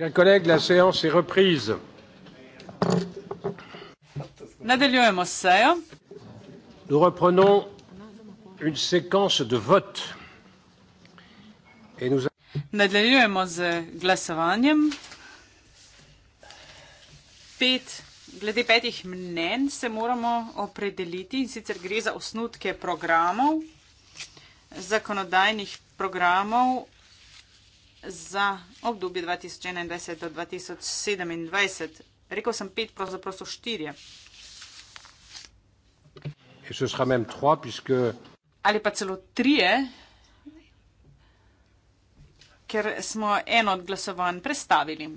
Chers collègues, la séance est reprise. Nadaljujemo sejo. Nous reprenons une séquence de vote. Et nous Nadaljujemo z glasovanjem. Pet, glede petih mnen se moramo opredeliti in sicer gre za osnutke programov, zakonodajnih programov za obdobje 2021 do 2027. Rekel sem pet, pravzaprav so štirje. Ali pa celo trije, ker smo eno od glasovanj predstavili.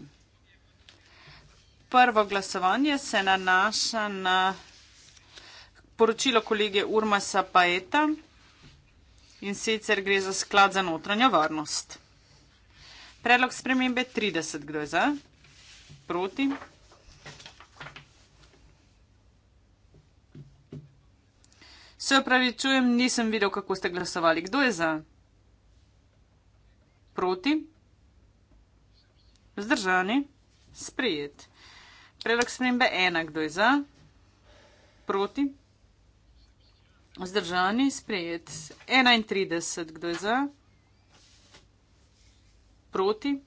Prvo glasovanje se nanaša na poročilo kolege Urmasa Paeta in sicer gre za sklad za notranjo varnost. Predlog spremembe 30, kdo je za? Proti. Se upravičujem, nisem videl, kako ste glasovali. Kdo je za? Proti. Vzdržani. Sprijet. Predlog spremembe 1, kdo je za? Proti. Vzdržani, sprejet. 31, kdo je za? proti?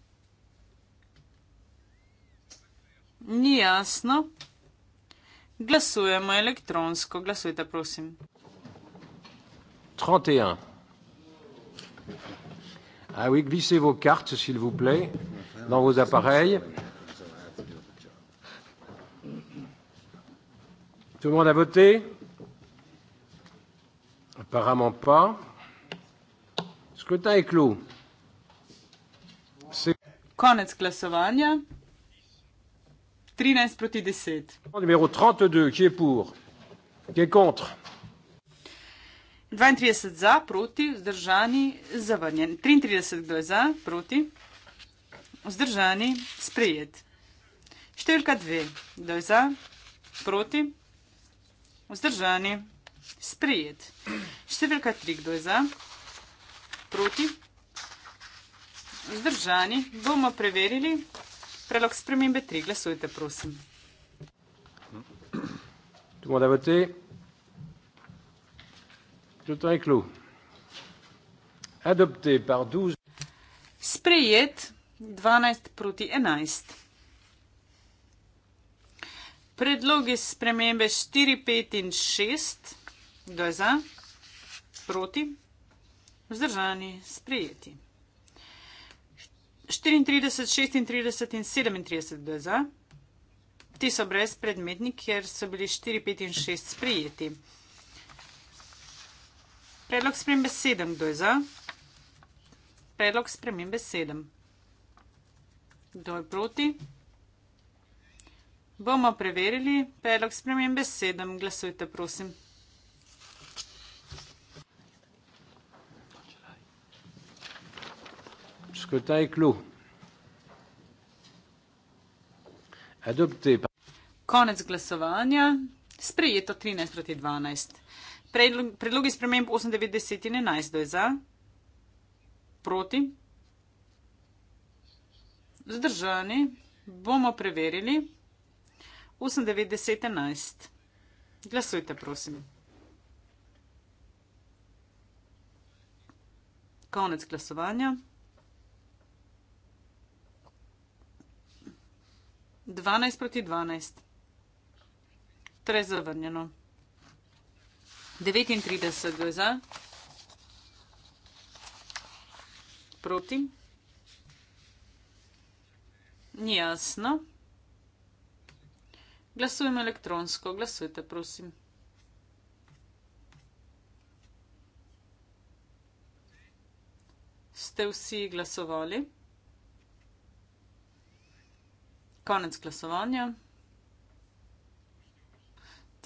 Ni jasno. Glasujemo elektronsko. Glasujte, prosim. 31. Ah, oui, glissez vos cartes, s'il vous plaît, dans vos appareils. Tout le monde a voté Apparemment pas. Scrutin est clos. Konec glasovanja. 13 proti 10. Numero 32, ki je pour, ki je contre. 32 za, proti, vzdržani, zavrnjen. 33 kdo je za, proti, vzdržani, sprejet. Številka 2, kdo je za, proti, vzdržani, sprejet. Številka 3, kdo je za, proti, vzdržani. Zdržani, bomo preverili. Predlog spremembe 3, glasujte, prosim. Tu bomo devati. Tudi je klub. Adopté par 12. Sprejet 12 proti 11. Predlogi spremembe 4, 5 in 6. Kdo je za? Proti. Vzdržani, sprejeti. 34, 36 in 37 DZ. Ti so brez predmetni, ker so bili 4, 5 in 6 sprijeti. Predlog spremembe 7, kdo je za? Predlog spremembe 7. Kdo je proti? Bomo preverili. Predlog spremembe 7, glasujte prosim. Scrutin est clos. Adopté. Konec glasovanja. Sprejeto 13 proti 12. Predlog, predlogi sprememb 98 in 11. Kdo je za? Proti? Zdržani? Bomo preverili. 98 in 11. Glasujte, prosim. Konec glasovanja. 12 proti 12. Torej zavrnjeno. 39 je za. Proti. Jasno. Glasujemo elektronsko. Glasujte, prosim. Ste vsi glasovali? konec glasovanja.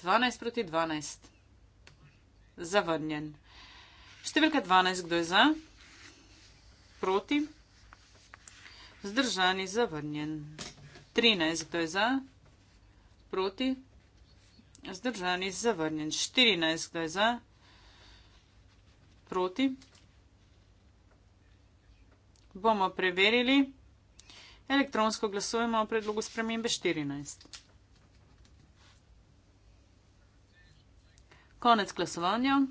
12 proti 12. Zavrnjen. Številka 12, kdo je za? Proti. Zdržani, zavrnjen. 13, kdo je za? Proti. Zdržani, zavrnjen. 14, kdo je za? Proti. Bomo preverili. Elektronsko glasujemo o predlogu spremembe 14. Konec glasovanja.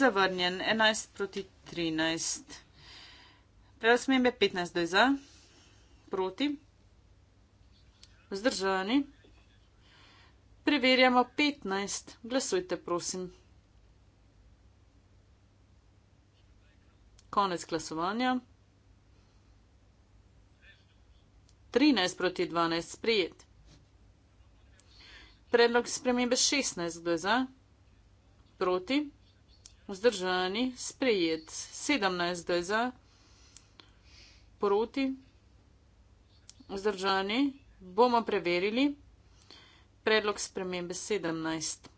Zavrnjen 11 proti 13. Predlog spremembe 15 do za, proti, vzdržani. Preverjamo 15. Glasujte, prosim. Konec glasovanja. 13 proti 12 sprejet. Predlog spremembe 16, kdo je za? Proti. Vzdržani, sprejet. 17, kdo je za? Proti. Vzdržani, bomo preverili. Predlog spremembe 17.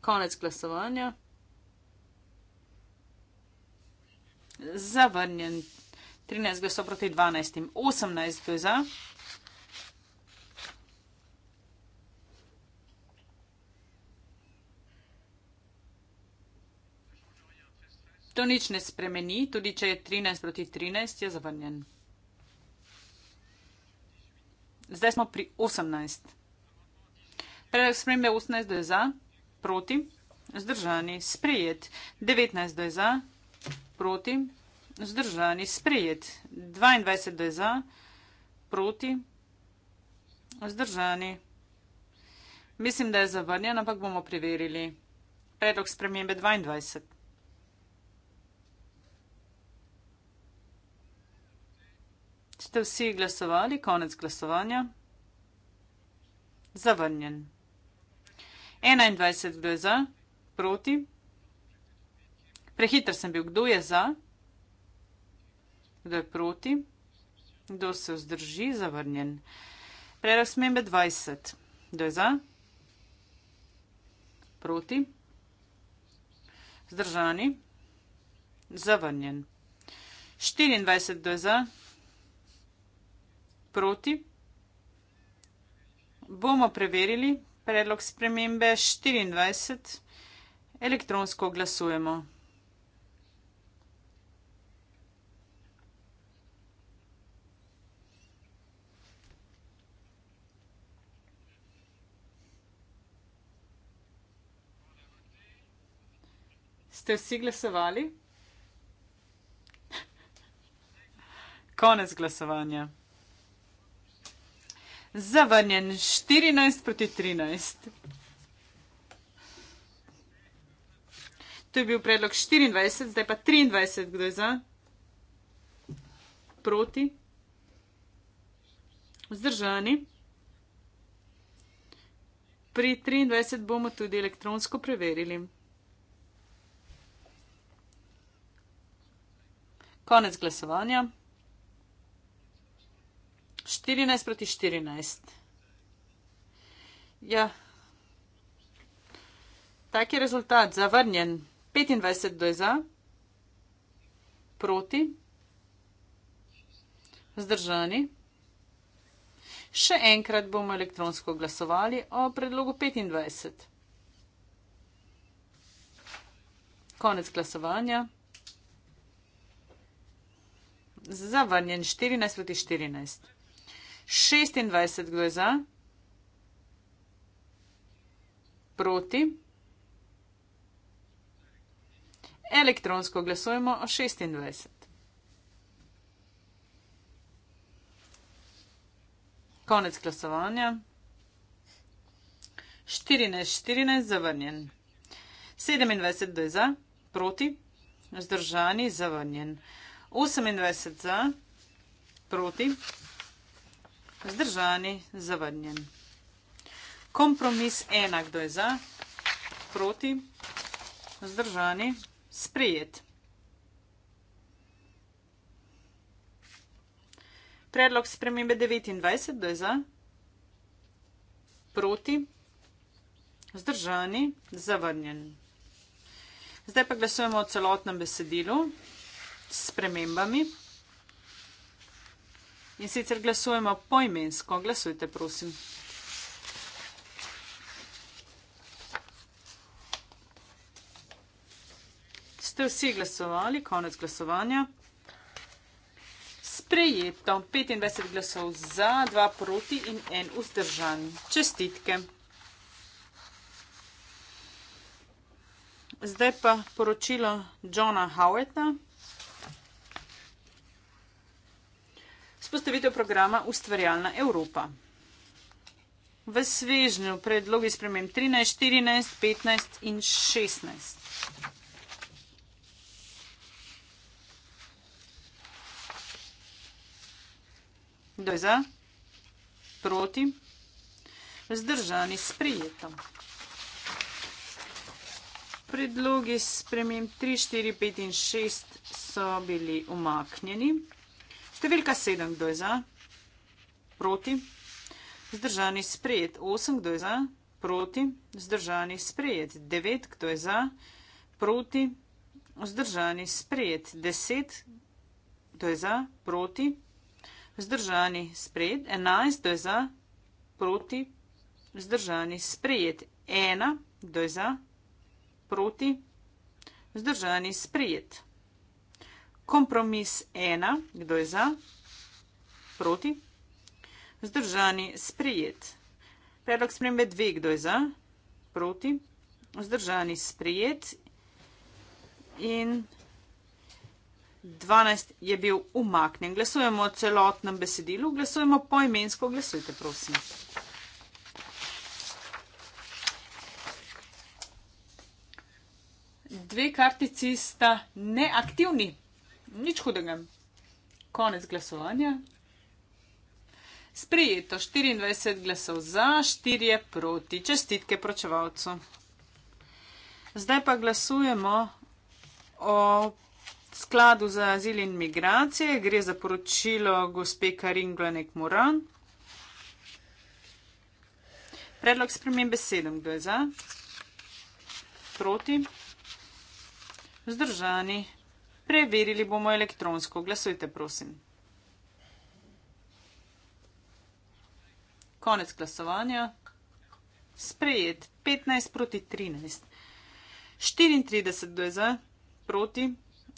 Konec glasovanja. Zavrnjen 13 glasov proti 12, 18 za. To nič ne spremeni, tudi če je 13 proti 13, je zavrnjen. Zdaj smo pri 18. Predlog spremembe 18 je za, proti, zdržani, sprejet. 19 je za, proti, Zdržani, sprejet. 22 je za, proti. Zdržani. Mislim, da je zavrnjen, ampak bomo preverili. Predlog spremembe 22. Ste vsi glasovali? Konec glasovanja. Zavrnjen. 21 je za, proti. Prehiter sem bil, kdo je za. Kdo je proti? Kdo se vzdrži? Zavrnjen. Predlog smembe 20. Kdo je za? Proti? Zdržani? Zavrnjen. 24. Kdo je za? Proti? Bomo preverili predlog spremembe 24. Elektronsko glasujemo. Ste vsi glasovali? Konec glasovanja. Zavrnjen 14 proti 13. To je bil predlog 24, zdaj pa 23, kdo je za? Proti? Vzdržani? Pri 23 bomo tudi elektronsko preverili. Konec glasovanja. 14 proti 14. Ja, tak je rezultat. Zavrnjen 25 do je za, proti, zdržani. Še enkrat bomo elektronsko glasovali o predlogu 25. Konec glasovanja zavrnjen 14 proti 14. 26 kdo je za? Proti. Elektronsko glasujemo o 26. Konec glasovanja. 14, 14 zavrnjen. 27 kdo je za? Proti. Zdržani, zavrnjen. 28 za, proti, zdržani, zavrnjen. Kompromis ena, kdo je za, proti, zdržani, sprejet. Predlog spremembe 29, kdo je za, proti, zdržani, zavrnjen. Zdaj pa glasujemo o celotnem besedilu. Zdaj pa glasujemo o celotnem besedilu spremembami. In sicer glasujemo poimensko, glasujte prosim. Ste vsi glasovali, konec glasovanja. Sprejeto 25 glasov za, 2 proti in 1 vzdržan. Čestitke. Zdaj pa poročilo Johna Howeta. vzpostavitev programa Ustvarjalna Evropa. V svežnju predlogi spremem 13, 14, 15 in 16. Kdo je za? Proti? Zdržani s prijetom. Predlogi spremem 3, 4, 5 in 6 so bili umaknjeni. Številka 7, kdo je za? Proti. Zdržani sprejet. 8, kdo je za? Proti. Zdržani sprejet. 9, kdo je za? Proti. Zdržani sprejet. 10, kdo je za? Proti. Zdržani sprejet. 11, kdo je za? Proti. Zdržani sprejet. 1, kdo je za? Proti. Zdržani sprejet. Kompromis ena, kdo je za, proti, vzdržani, sprejet. Predlog spremembe dve, kdo je za, proti, vzdržani, sprejet. In 12 je bil umaknen. Glasujemo o celotnem besedilu, glasujemo poimensko, glasujte, prosim. Dve kartici sta neaktivni nič hudega. Konec glasovanja. Sprijeto 24 glasov za, 4 proti. Čestitke pročevalcu. Zdaj pa glasujemo o skladu za azil in migracije. Gre za poročilo gospe Karin Glenek Moran. Predlog spremembe 7. Kdo je za? Proti? Zdržani. Preverili bomo elektronsko. Glasujte, prosim. Konec glasovanja. Sprejet 15 proti 13. 34 do je za, proti,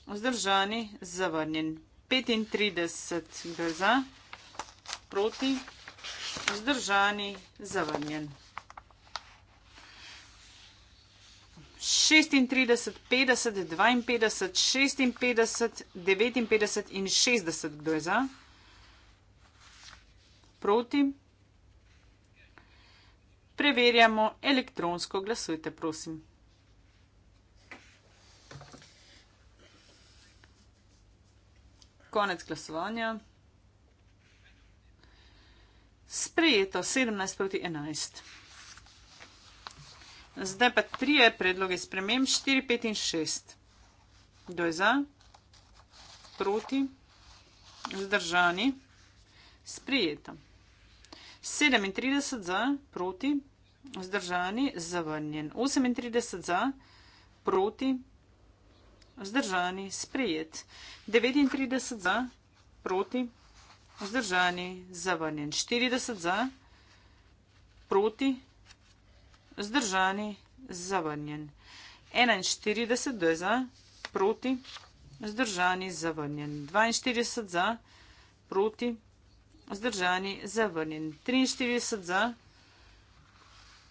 vzdržani, zavrnjen. 35 do je za, proti, vzdržani, zavrnjen. 36, 50, 52, 56, 59 in 60. Kdo je za? Proti. Preverjamo elektronsko. Glasujte, prosim. Konec glasovanja. Sprejeto 17 proti 11. Zdaj pa trije predloge spremem, 4, 5 in 6. Kdo je za? Proti? Zdržani? Sprijeta. 37 za, proti, vzdržani, zavrnjen. 38 za, proti, vzdržani, sprijet. 39 za, proti, vzdržani, zavrnjen. 40 za, proti, vzdržani zdržani, zavrnjen. 41 do je za, proti, zdržani, zavrnjen. 42 za, proti, zdržani, zavrnjen. 43 za,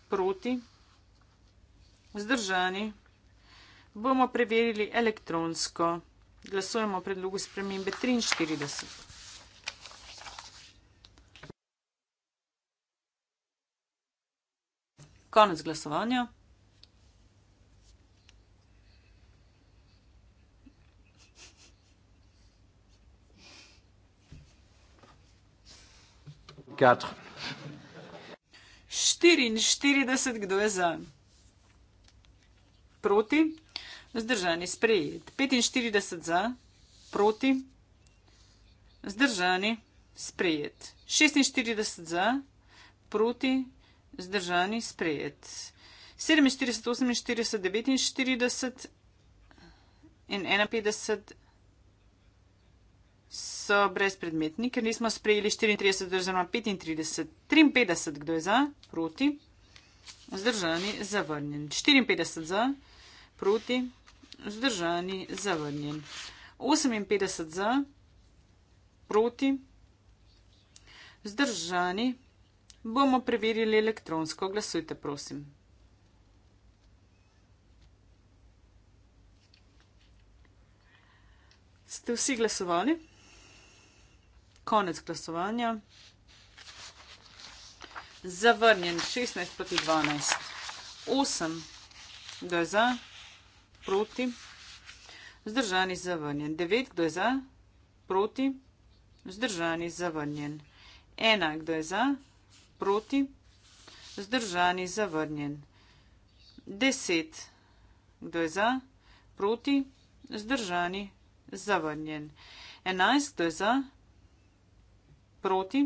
proti, zdržani. Bomo preverili elektronsko. Glasujemo o predlogu spremembe 43. 43. Konec glasovanja. Quatre. 44, kdo je za? Proti, zdržani, sprejet. 45 za, proti, zdržani, sprejet. 46 za, proti, zdržani. Zdržani sprejet. 47, 48, 49 in 51 so brezpredmetni, ker nismo sprejeli 34, oziroma 35. 53, kdo je za, proti. Zdržani, zavrnjen. 54 za, proti. Zdržani, zavrnjen. 58 za, proti. Zdržani, bomo preverili elektronsko. Glasujte, prosim. Ste vsi glasovali? Konec glasovanja. Zavrnjen 16 proti 12. 8 kdo je za, proti, zdržani, zavrnjen. 9 kdo je za, proti, zdržani, zavrnjen. 1 kdo je za, proti, zdržani, zavrnjen. 10. Kdo je za, proti, zdržani, zavrnjen. 11. Kdo je za, proti.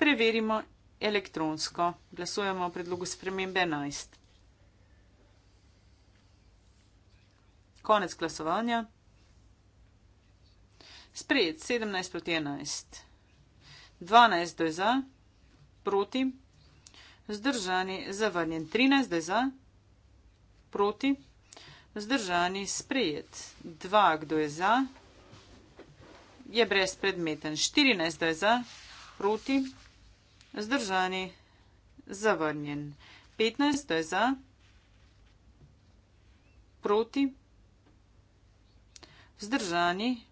Preverimo elektronsko. Glasujemo o predlogu spremembe 11. Konec glasovanja. Sprejet 17 proti 11. 12 je za, proti, zdržani, zavrnjen 13 je za, proti, zdržani, sprejet 2, kdo je za, je brezpredmeten 14 je za, proti, zdržani, zavrnjen 15 je za, proti, zdržani,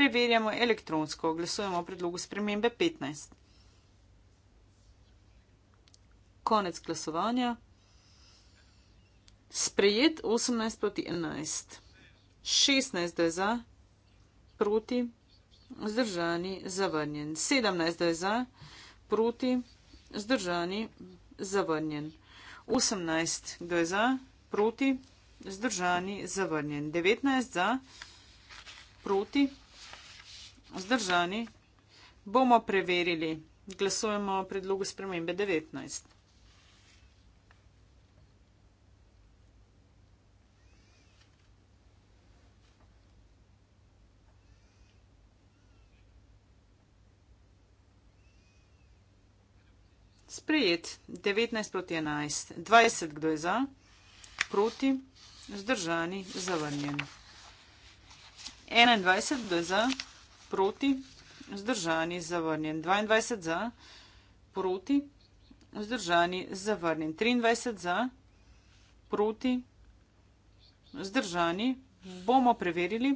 Preverjamo elektronsko. Glasujemo o predlogu spremembe 15. Konec glasovanja. Sprejet 18 proti 11. 16 je za, proti, zdržani, zavrnjen. 17 je za, proti, zdržani, zavrnjen. 18 je za, proti, zdržani, zavrnjen. 19 za, proti. Zdržani. Bomo preverili. Glasujemo o predlogu spremembe 19. Sprejet 19 proti 11. 20 kdo je za, proti, zdržani, zavrnjen. 21 kdo je za proti, vzdržani, zavrnjen. 22 za, proti, vzdržani, zavrnjen. 23 za, proti, vzdržani. Bomo preverili.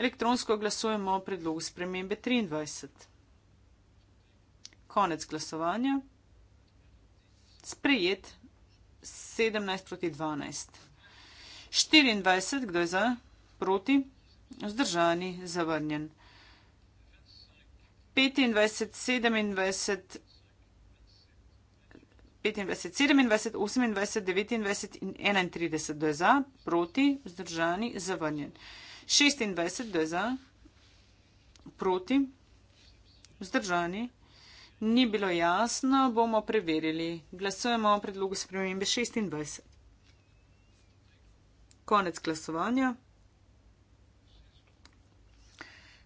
Elektronsko glasujemo o predlogu spremembe 23. Konec glasovanja. Sprejet 17 proti 12. 24, kdo je za? Proti. Zdržani, zavrnjen. 25, 25, 27, 28, 29 in 31, kdo je za, proti, vzdržani, zavrnjen. 26, kdo je za, proti, vzdržani, ni bilo jasno, bomo preverili. Glasujemo o predlogu spremembe 26. Konec glasovanja.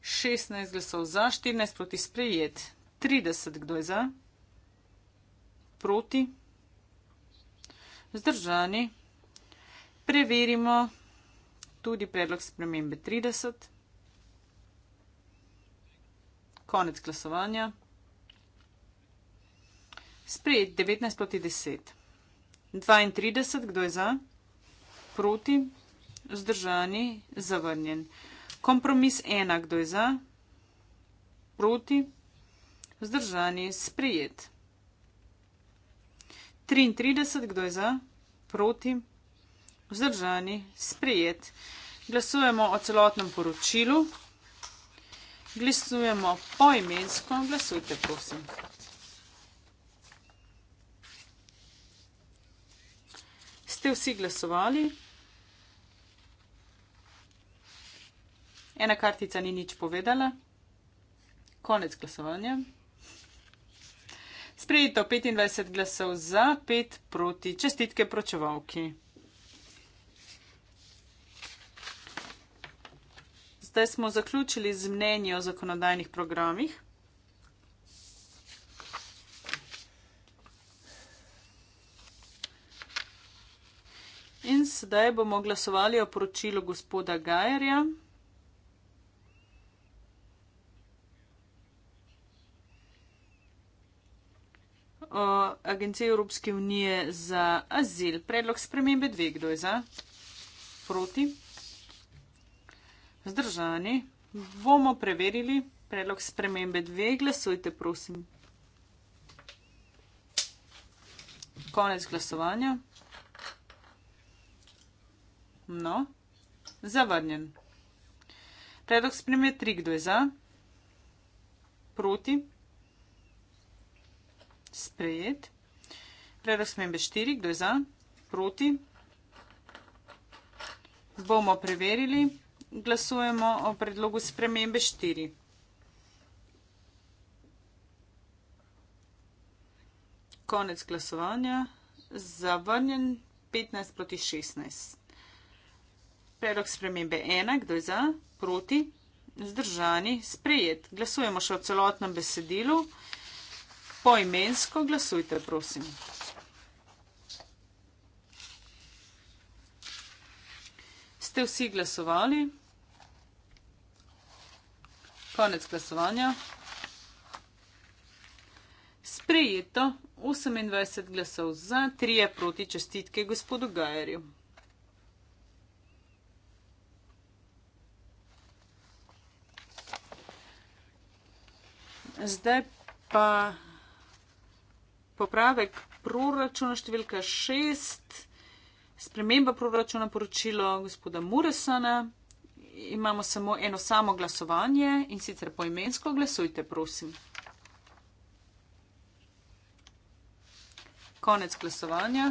16 glasov za, 14 proti sprejet, 30 kdo je za, proti, zdržani. Preverimo tudi predlog spremembe 30. Konec glasovanja. Sprejet 19 proti 10. 32, kdo je za? Proti? Zdržani? Zavrnjen. Kompromis ena, kdo je za, proti, vzdržani, sprejet. 33, kdo je za, proti, vzdržani, sprejet. Glasujemo o celotnem poročilu. Glasujemo poimensko, glasujte, prosim. Ste vsi glasovali? Ena kartica ni nič povedala, konec glasovanja. Sprejeto 25 glasov za, 5 proti. Čestitke pročevalki. Zdaj smo zaključili z mnenji o zakonodajnih programih. In sedaj bomo glasovali o poročilu gospoda Gajerja. Agencije Evropske unije za azil. Predlog spremembe dve, kdo je za? Proti? Zdržani? Bomo preverili. Predlog spremembe dve, glasujte, prosim. Konec glasovanja. No, zavrnjen. Predlog spremembe tri, kdo je za? Proti? sprejet. Predlog smembe 4, kdo je za, proti. Bomo preverili, glasujemo o predlogu spremembe 4. Konec glasovanja, zavrnjen 15 proti 16. Predlog spremembe 1, kdo je za, proti, zdržani, sprejet. Glasujemo še o celotnem besedilu poimensko glasujte, prosim. Ste vsi glasovali? Konec glasovanja. Sprejeto 28 glasov za, 3 proti čestitke gospodu Gajerju. Zdaj pa popravek proračuna številka 6, sprememba proračuna poročilo gospoda Muresana. Imamo samo eno samo glasovanje in sicer poimensko glasujte, prosim. Konec glasovanja.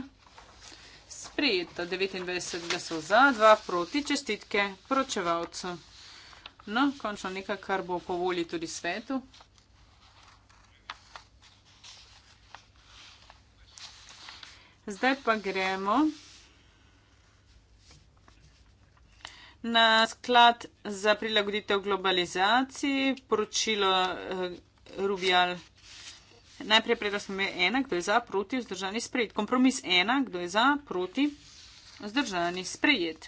Sprejeto 29 glasov za, 2 proti, čestitke poročevalcu. No, končno nekaj, kar bo po volji tudi svetu. Zdaj pa gremo na sklad za prilagoditev globalizaciji, poročilo eh, Rubial. Najprej predlog smo imeli ena, kdo je za, proti, vzdržani sprejet. Kompromis ena, kdo je za, proti, vzdržani sprejet.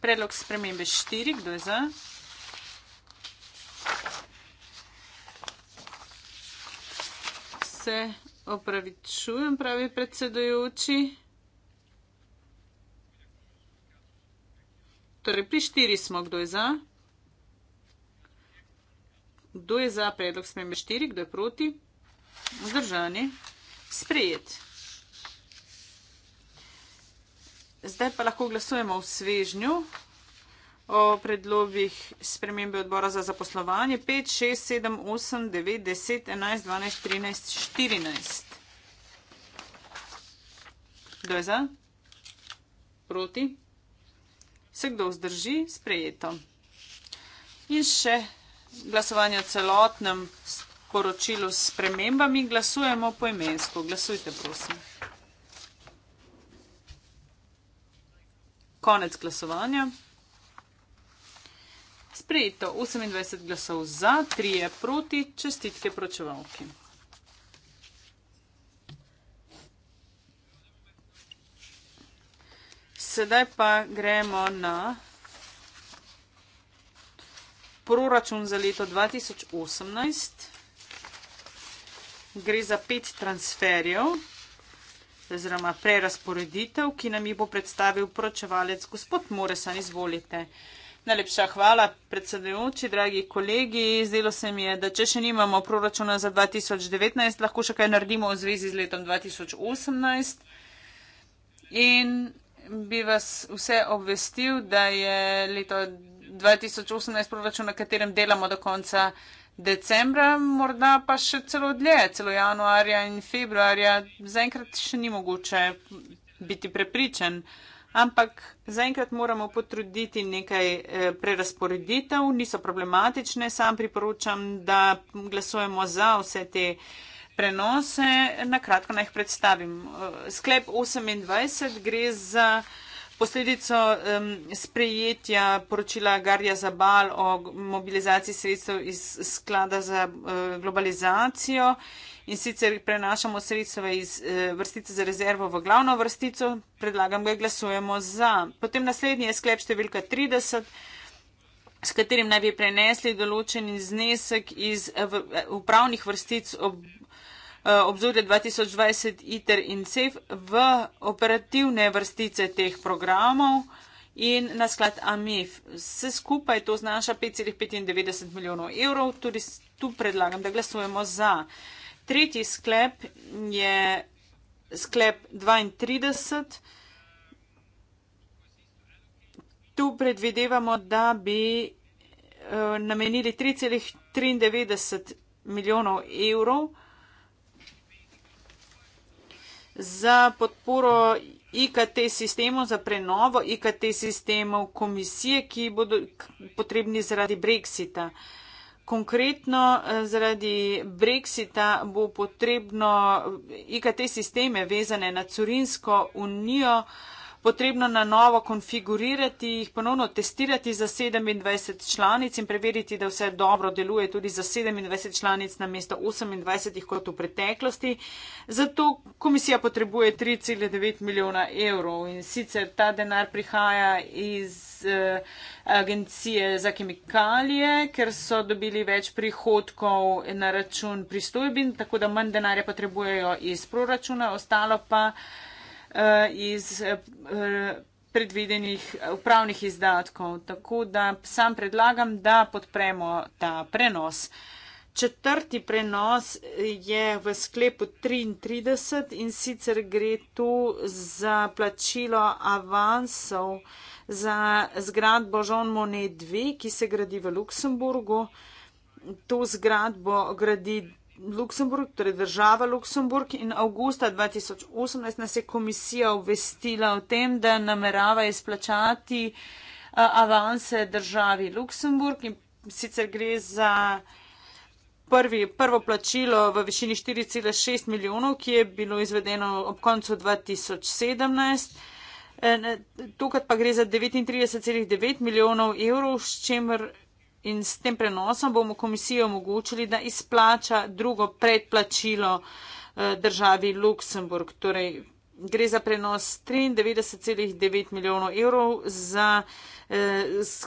Predlog spremembe štiri, kdo je za, se opravičujem, pravi predsedujoči. Torej, pri štiri smo, kdo je za? Kdo je za predlog smeme štiri, kdo je proti? Zdržani. Sprejet. Zdaj pa lahko glasujemo v svežnju o predlogih spremembe odbora za zaposlovanje 5, 6, 7, 8, 9, 10, 11, 12, 13, 14. Kdo je za? Proti? Se kdo vzdrži? Sprejeto. In še glasovanje o celotnem poročilu s premembami. Glasujemo poimensko. Glasujte, prosim. Konec glasovanja. Sprejeto 28 glasov za, 3 je proti, čestitke pročevalki. Sedaj pa gremo na proračun za leto 2018. Gre za pet transferjev, oziroma prerasporeditev, ki nam jih bo predstavil pročevalec gospod Moresan. Izvolite. Najlepša hvala, predsedujoči, dragi kolegi. Zdelo se mi je, da če še nimamo proračuna za 2019, lahko še kaj naredimo v zvezi z letom 2018. In bi vas vse obvestil, da je leto 2018 proračun, na katerem delamo do konca decembra, morda pa še celo dlje, celo januarja in februarja. Zaenkrat še ni mogoče biti prepričan ampak zaenkrat moramo potruditi nekaj eh, prerasporeditev, niso problematične. Sam priporočam, da glasujemo za vse te prenose. Na kratko naj jih predstavim. Eh, sklep 28 gre za. Posledico um, sprejetja poročila Garja Zabal o mobilizaciji sredstev iz sklada za uh, globalizacijo in sicer prenašamo sredstva iz eh, vrstice za rezervo v glavno vrstico, predlagam, da glasujemo za. Potem naslednji je sklep številka 30, s katerim naj bi prenesli določen znesek iz eh, eh, upravnih vrstic ob, eh, obzorja 2020 ITER in SEF v operativne vrstice teh programov. In na sklad AMIF. Vse skupaj to znaša 5,95 milijonov evrov, tudi tu predlagam, da glasujemo za. Uh, Tretji sklep je sklep 32. Tu predvidevamo, da bi uh, namenili 3,93 milijonov evrov za podporo IKT sistemov, za prenovo IKT sistemov komisije, ki bodo potrebni zaradi brexita. Uh, konkretno eh, zaradi brexita bo potrebno eh, IKT sisteme vezane na Curinsko unijo potrebno na novo konfigurirati, jih ponovno testirati za 27 članic in preveriti, da vse dobro deluje tudi za 27 članic na mesto 28 kot v preteklosti. Zato komisija potrebuje 3,9 milijona evrov in sicer ta denar prihaja iz Eh, agencije za kemikalije, ker so dobili več prihodkov na račun pristojbin, tako da manj denarja potrebujejo iz proračuna, ostalo pa eh, iz eh, predvidenih upravnih izdatkov. Tako da sam predlagam, da podpremo ta prenos. Četrti prenos je v sklepu 33 in sicer gre tu za plačilo avansov za zgradbo Jean Monnet 2, ki se gradi v Luksemburgu. To zgradbo gradi Luksemburg, torej država Luksemburg in avgusta 2018 nas je komisija obvestila o tem, da namerava izplačati avanse državi Luksemburg in sicer gre za prvi, prvo plačilo v višini 4,6 milijonov, ki je bilo izvedeno ob koncu 2017. Eh, tukaj pa gre za 39,9 milijonov evrov, s čemer in s tem prenosom bomo komisijo omogočili, da izplača drugo predplačilo eh, državi Luksemburg. Torej, gre za prenos 93,9 milijonov evrov za eh,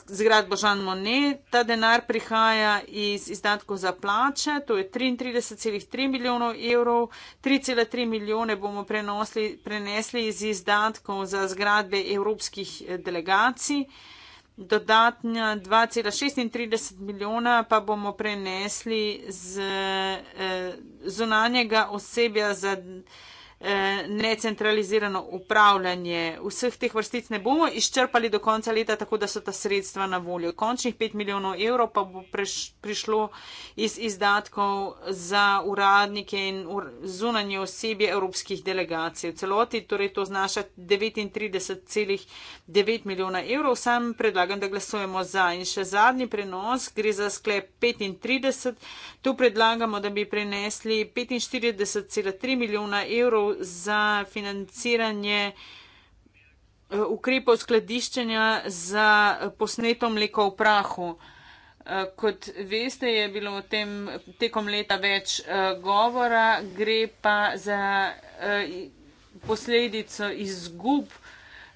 zgradbo Žan Monet. Ta denar prihaja iz izdatkov za plače, to je 33,3 milijonov evrov. 3,3 milijone bomo prenosli, prenesli iz izdatkov za zgradbe evropskih eh, delegacij. Dodatnja 2,36 milijona pa bomo prenesli z eh, zunanjega osebja za. Eh, Eh, necentralizirano upravljanje vseh teh vrstic ne bomo izčrpali do konca leta, tako da so ta sredstva na voljo. Končnih 5 milijonov evrov pa bo preš, prišlo iz izdatkov za uradnike in ur, zunanje osebje evropskih delegacij. V celoti torej to znaša 39,9 milijona evrov. Sam predlagam, da glasujemo za. In še zadnji prenos gre za sklep 35. Tu predlagamo, da bi prenesli 45,3 milijona evrov za financiranje eh, ukrepov skladiščenja za posneto mleko v prahu. Eh, kot veste, je bilo o tem tekom leta več eh, govora, gre pa za posledico izgub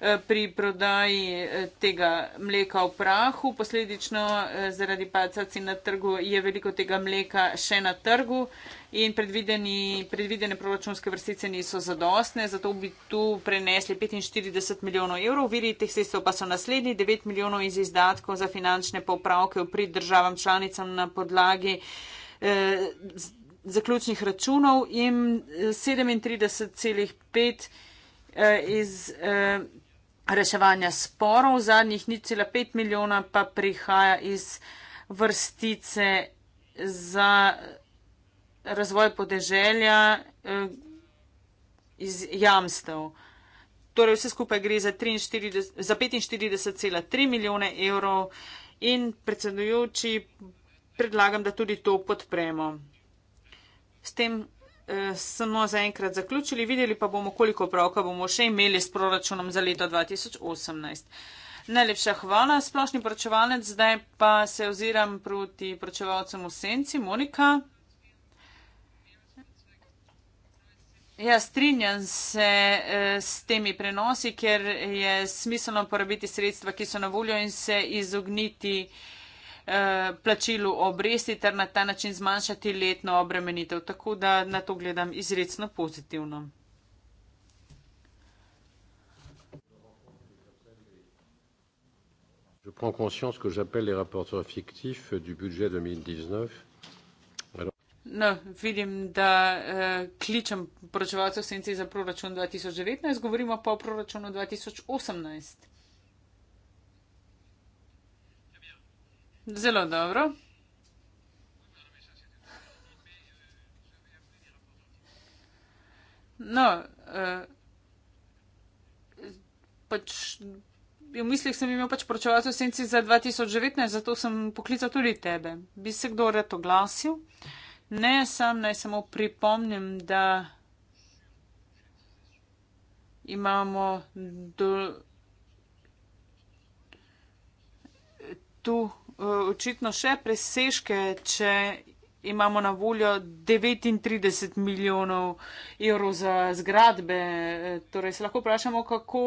Eh, pri prodaji eh, tega mleka v prahu. Posledično eh, zaradi pacaci na trgu je veliko tega mleka še na trgu in predvidene proračunske vrstice niso zadostne, zato bi tu prenesli 45 milijonov evrov. Viri teh sredstev pa so naslednji 9 milijonov iz izdatkov za finančne popravke v prid državam članicam na podlagi. Zaključnih računov in 37,5 iz reševanja sporov, zadnjih ni cela pet milijona pa prihaja iz vrstice za razvoj podeželja eh, iz jamstev. Torej vse skupaj gre za, za 45,3 milijone evrov in predsedujoči predlagam, da tudi to podpremo. S tem Eh, samo za enkrat zaključili, videli pa bomo, koliko pravka bomo še imeli s proračunom za leto 2018. Najlepša hvala, splošni poročevalec, zdaj pa se oziram proti poročevalcem v senci, Monika. Ja, strinjam se eh, s temi prenosi, ker je smiselno porabiti sredstva, ki so na voljo in se izogniti. Eh, plačilu obresti ter na ta način zmanjšati letno obremenitev. Tako da na to gledam izredno pozitivno. Je prends conscience que j'appelle les rapporteurs fictifs du budget 2019. Alors... No, vidim, da, uh, eh, 2019. Zelo dobro. No, uh, pač v mislih sem imel pač poročevati v senci za 2019, zato sem poklical tudi tebe. Bi se kdo rad oglasil? Ne, sam naj samo pripomnim, da imamo do, tu. Eh, očitno še presežke, če imamo na voljo 39 milijonov evrov za zgradbe. Eh, torej se lahko vprašamo, kako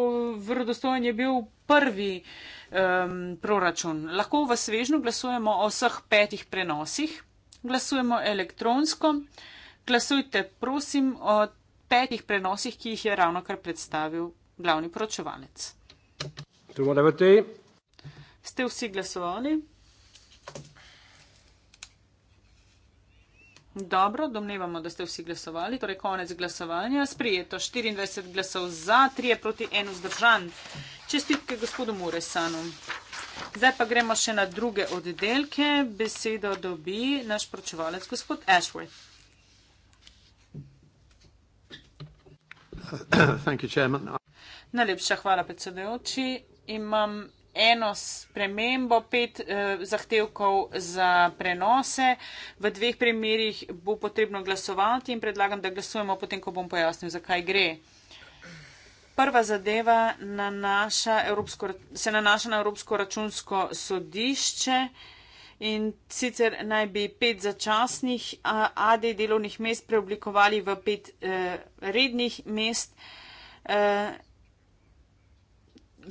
vrdostojen je bil prvi um, proračun. Lahko v svežnu glasujemo o vseh petih prenosih, glasujemo elektronsko. Glasujte, prosim, o petih prenosih, ki jih je ravno kar predstavil glavni poročevalec. Ste vsi glasovali? Dobro, domnevamo, da ste vsi glasovali, torej konec glasovanja. Sprijeto 24 glasov za, 3 proti 1 vzdržan. Čestitke gospodu Muresanu. Zdaj pa gremo še na druge oddelke. Besedo dobi naš pročevalec gospod Ashworth. Najlepša hvala, predsedujoči. Imam eno spremembo, pet eh, zahtevkov za prenose. V dveh primerjih bo potrebno glasovati in predlagam, da glasujemo potem, ko bom pojasnil, zakaj gre. Prva zadeva nanaša Evropsko, se nanaša na Evropsko računsko sodišče. In sicer naj bi pet začasnih AD delovnih mest preoblikovali v pet eh, rednih mest. Eh,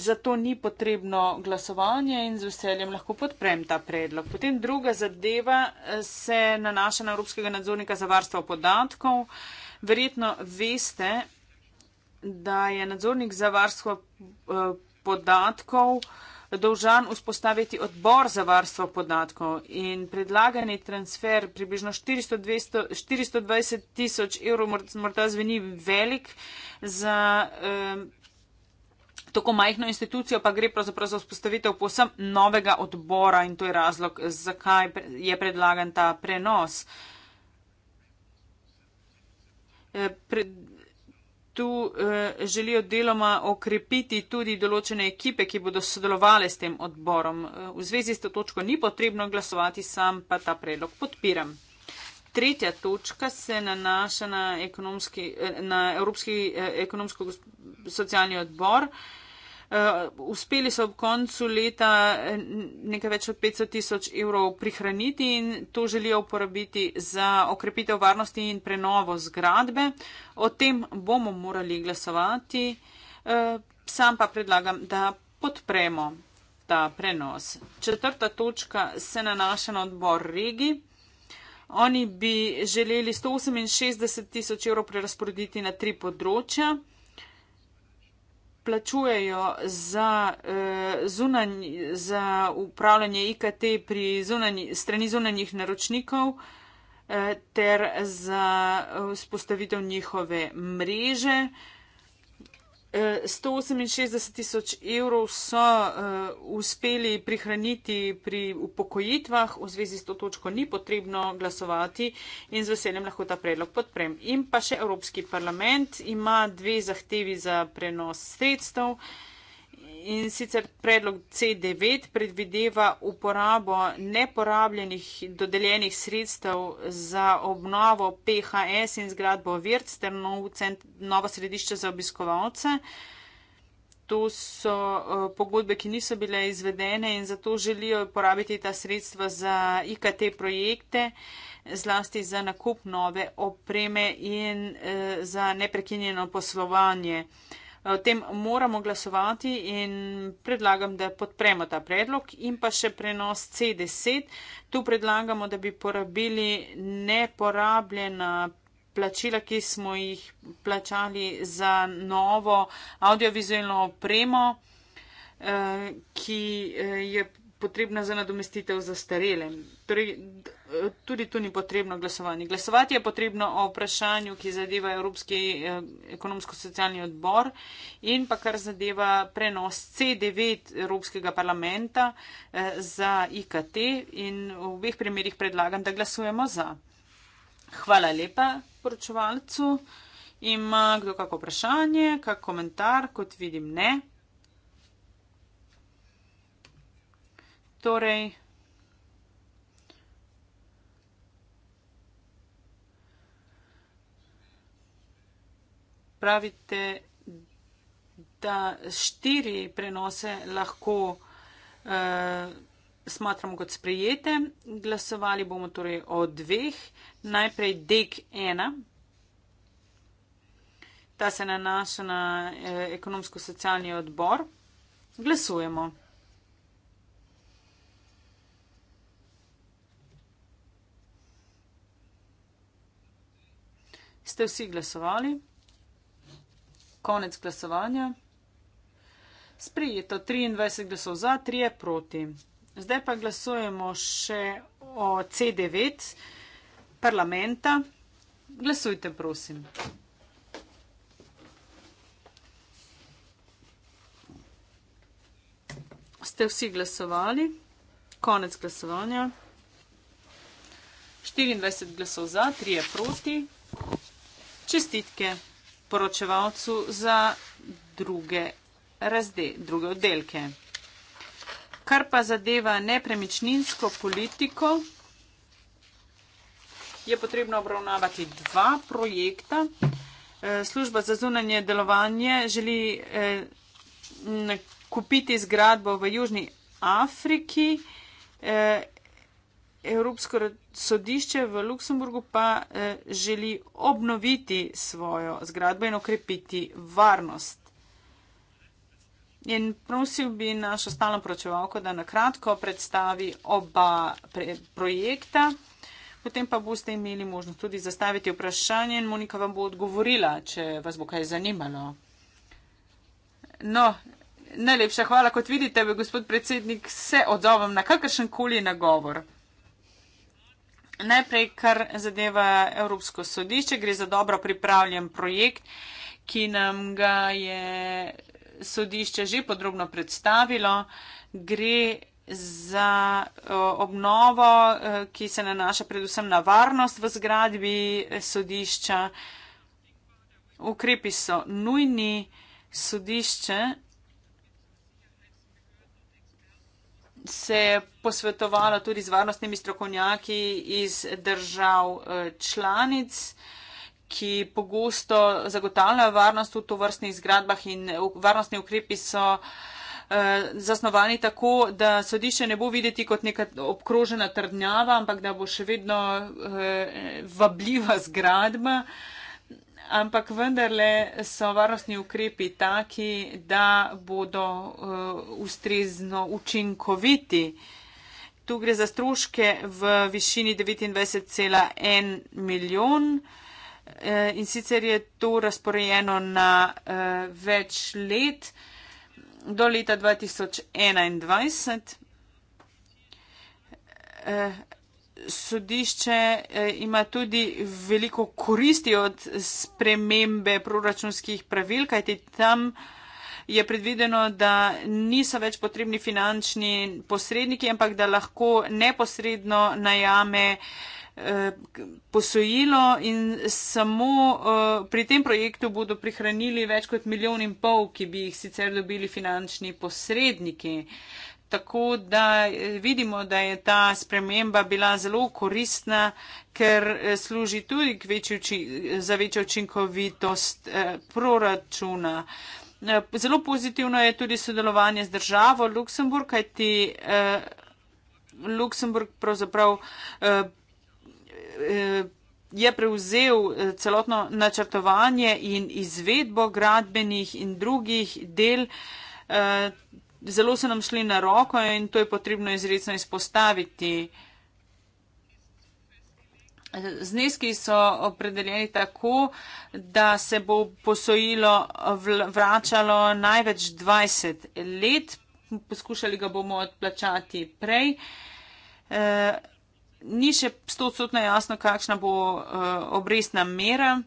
zato ni potrebno glasovanje in z veseljem lahko podprem ta predlog. Potem druga zadeva eh, se nanaša na Evropskega nadzornika za varstvo podatkov. Verjetno veste, da je nadzornik za varstvo eh, podatkov dolžan vzpostaviti odbor za varstvo podatkov in predlagani transfer približno 400, 200, 420 tisoč evrov morda zveni velik za eh, tako majhno institucijo, pa gre pravzaprav za vzpostavitev posem novega odbora in to je razlog, zakaj je predlagan ta prenos. E, tu e, želijo deloma okrepiti tudi določene ekipe, ki bodo sodelovali s tem odborom. E, v zvezi s to točko ni potrebno glasovati, sam pa ta predlog podpiram. Tretja točka se nanaša na, na Evropski ekonomsko-socialni odbor. Eh, Eh, uspeli so ob koncu leta eh, nekaj več od 500 tisoč evrov prihraniti in to želijo uporabiti za okrepitev varnosti in prenovo zgradbe. O tem bomo morali glasovati. Eh, sam pa predlagam, da podpremo ta prenos. Četrta točka se nanaša na odbor regi. Oni bi želeli 168 tisoč evrov prerasporediti na tri področja plačujejo za, uh, zunanj, za upravljanje IKT pri zunanj, strani zunanjih naročnikov uh, ter za uh, eh, spostavitev njihove mreže. Uh, 168 tisoč evrov so uh, uspeli prihraniti pri upokojitvah, v zvezi s to točko ni potrebno glasovati in z veseljem lahko ta predlog podprem. In pa še Evropski parlament ima dve zahtevi za prenos sredstev. Uh, in sicer predlog C9 predvideva uporabo neporabljenih dodeljenih sredstev za obnovo PHS in zgradbo Virc ter novo središče za obiskovalce. To so eh, pogodbe, ki niso bile izvedene in zato želijo uporabiti ta sredstva za IKT projekte, zlasti za nakup nove opreme in eh, za neprekinjeno poslovanje o tem moramo glasovati in predlagam, da podpremo ta predlog in pa še prenos C10. Tu predlagamo, da bi porabili neporabljena plačila, ki smo jih plačali za novo audiovizualno opremo, eh, ki eh, je potrebna za nadomestitev za starele. Torej, tudi tu ni potrebno glasovanje. Glasovati je potrebno o vprašanju, ki zadeva Evropski eh, ekonomsko-socialni odbor in pa kar zadeva prenos C9 Evropskega parlamenta eh, za IKT in v obeh primerjih predlagam, da glasujemo za. Hvala lepa poročevalcu. Ima kdo kako vprašanje, kak komentar, kot vidim ne. Torej, pravite, da štiri prenose lahko eh, smatramo kot sprejete. Glasovali bomo torej o dveh. Najprej DEG 1. Ta se nanaša na eh, ekonomsko-socialni odbor. Glasujemo. Ste vsi glasovali? konec glasovanja. Sprijeto 23 glasov za, 3 proti. Zdaj pa glasujemo še o C9 parlamenta. Glasujte, prosim. Ste vsi glasovali? Konec glasovanja. 24 glasov za, 3 proti. Čestitke poročevalcu za druge, razde, druge oddelke. Kar pa zadeva nepremičninsko politiko, je potrebno obravnavati dva projekta. Eh, služba za zunanje delovanje želi eh, kupiti zgradbo v Južni Afriki. Eh, Evropsko sodišče v Luksemburgu pa eh, želi obnoviti svojo zgradbo in okrepiti varnost. In prosil bi našo stalno pročevalko, da nakratko predstavi oba pre projekta, potem pa boste imeli možnost tudi zastaviti vprašanje in Monika vam bo odgovorila, če vas bo kaj zanimalo. No, najlepša hvala, kot vidite, gospod predsednik, se odzovem na kakršen koli nagovor. Najprej, kar zadeva Evropsko sodišče, gre za dobro pripravljen projekt, ki nam ga je sodišče že podrobno predstavilo. Gre za obnovo, e, ki se nanaša predvsem na varnost v zgradbi e, sodišča. Ukrepi so nujni, sodišče se posvetovala tudi z varnostnimi strokovnjaki iz držav eh, članic, ki pogosto zagotavljajo varnost v tovrstnih zgradbah in eh, varnostni ukrepi so eh, zasnovani tako, da sodišče ne bo videti kot neka obkrožena trdnjava, ampak da bo še vedno vabljiva zgradba ampak vendarle so varnostni ukrepi taki, da bodo uh, ustrezno učinkoviti. Tu gre za stroške v višini 29,1 milijon eh, in sicer je to razporejeno na uh, več let do leta 2021. Uh, sodišče eh, ima tudi veliko koristi od spremembe proračunskih pravil, kajti tam je predvideno, da niso več potrebni finančni posredniki, ampak da lahko neposredno najame eh, posojilo in samo eh, pri tem projektu bodo prihranili več kot milijon in pol, ki bi jih sicer dobili finančni posredniki. Tako da eh, vidimo, da je ta sprememba bila zelo koristna, ker eh, služi tudi za večjo učinkovitost eh, proračuna. Zelo pozitivno je tudi sodelovanje z državo Luksemburg, kajti Luksemburg pravzaprav je prevzel celotno načrtovanje in izvedbo gradbenih in drugih del zelo so nam šli na roko in to je potrebno izredno izpostaviti. Zneski so opredeljeni tako, da se bo posojilo vračalo največ 20 let, poskušali ga bomo odplačati prej. E, ni še 100% jasno, kakšna bo e, obrestna mera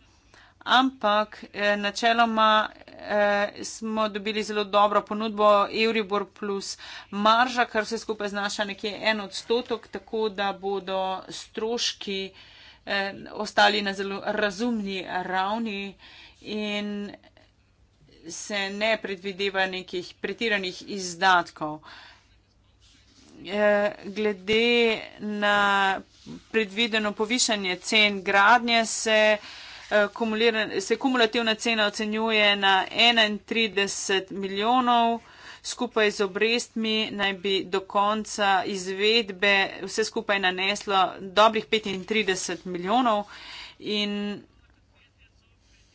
ampak eh, načeloma eh, smo dobili zelo dobro ponudbo Euribor plus marža, kar se skupaj znaša nekje en odstotek, tako da bodo stroški eh, ostali na zelo razumni ravni in se ne predvideva nekih pretiranih izdatkov. Eh, glede na predvideno povišanje cen gradnje se eh, se kumulativna cena ocenjuje na 31 milijonov, skupaj z obrestmi naj bi do konca izvedbe vse skupaj naneslo dobrih 35 milijonov. In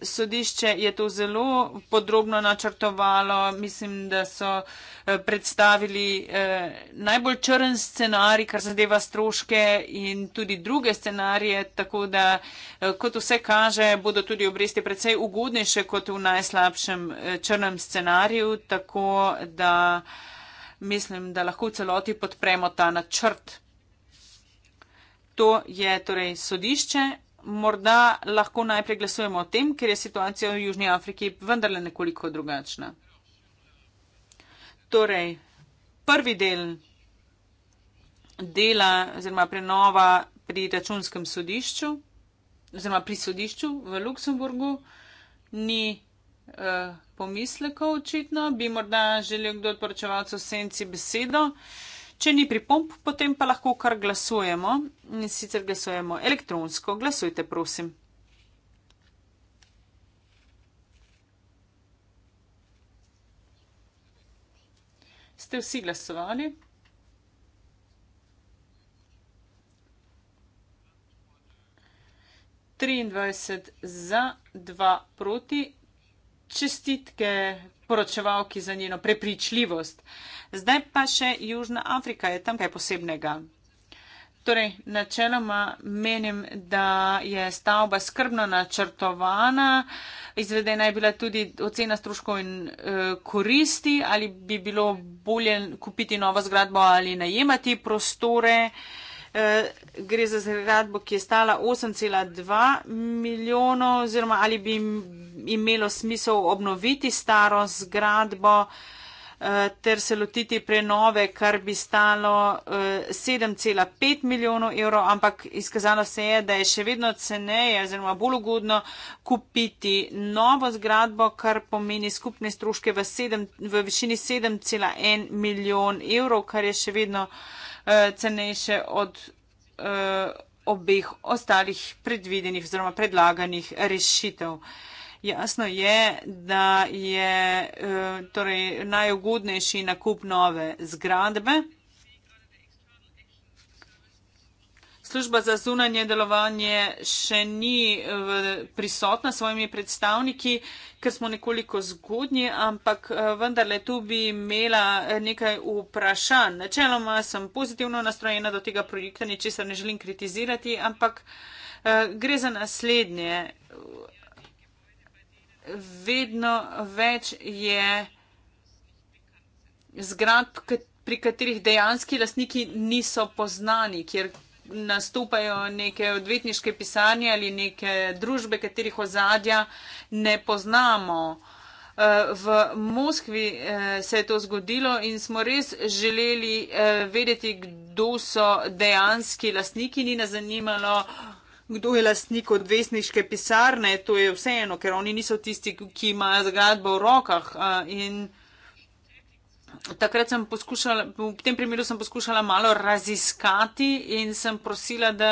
sodišče je to zelo podrobno načrtovalo. Mislim, da so eh, predstavili eh, najbolj črn scenarij, kar zadeva stroške in tudi druge scenarije, tako da, eh, kot vse kaže, bodo tudi obresti predvsej ugodnejše kot v najslabšem črnem scenariju, tako da mislim, da lahko v celoti podpremo ta načrt. To je torej sodišče morda lahko najprej glasujemo o tem, ker je situacija v Južnji Afriki vendarle nekoliko drugačna. Torej, prvi del dela oziroma prenova pri računskem sodišču oziroma pri sodišču v Luksemburgu ni eh, pomislekov očitno. Bi morda želel kdo od poročevalcev senci besedo? Eh, Če ni pripomp, potem pa lahko kar glasujemo in sicer glasujemo elektronsko. Glasujte, prosim. Ste vsi glasovali? Triindvajset za, dva proti, čestitke poročevalki za njeno prepričljivost. Zdaj pa še Južna Afrika je tam kaj posebnega. Torej, načeloma menim, da je stavba skrbno načrtovana, izvedena je bila tudi ocena stroškov in e, koristi, ali bi bilo bolje kupiti novo zgradbo ali najemati prostore. E, gre za zgradbo, ki je stala 8,2 milijonov, oziroma ali bi imelo smisel obnoviti staro zgradbo eh, ter se lotiti prenove, kar bi stalo 7,5 eh, milijonov evrov, ampak izkazalo se je, da je še vedno ceneje oziroma bolj ugodno kupiti novo zgradbo, kar pomeni skupne stroške v, 7, v višini 7,1 milijon evrov, kar je še vedno eh, cenejše od obeh ostalih predvidenih oziroma predlaganih rešitev jasno je, da je eh, torej, najugodnejši nakup nove zgradbe. Služba za zunanje delovanje še ni eh, prisotna s svojimi predstavniki, ker smo nekoliko zgodnji, ampak eh, vendarle tu bi imela nekaj vprašanj. Načeloma sem pozitivno nastrojena do tega projekta, ničesar ne želim kritizirati, ampak gre za naslednje vedno več je zgrad, pri katerih dejanski lastniki niso poznani, kjer nastopajo neke odvetniške pisanje ali neke družbe, katerih ozadja ne poznamo. Eh, v Moskvi eh, se je to zgodilo in smo res želeli eh, vedeti, kdo so dejanski lastniki. Ni nas zanimalo, kdo je lastnik odvesniške pisarne, to je vseeno, ker oni niso tisti, ki imajo zgradbo v rokah. In takrat sem poskušala, v tem primeru sem poskušala malo raziskati in sem prosila, da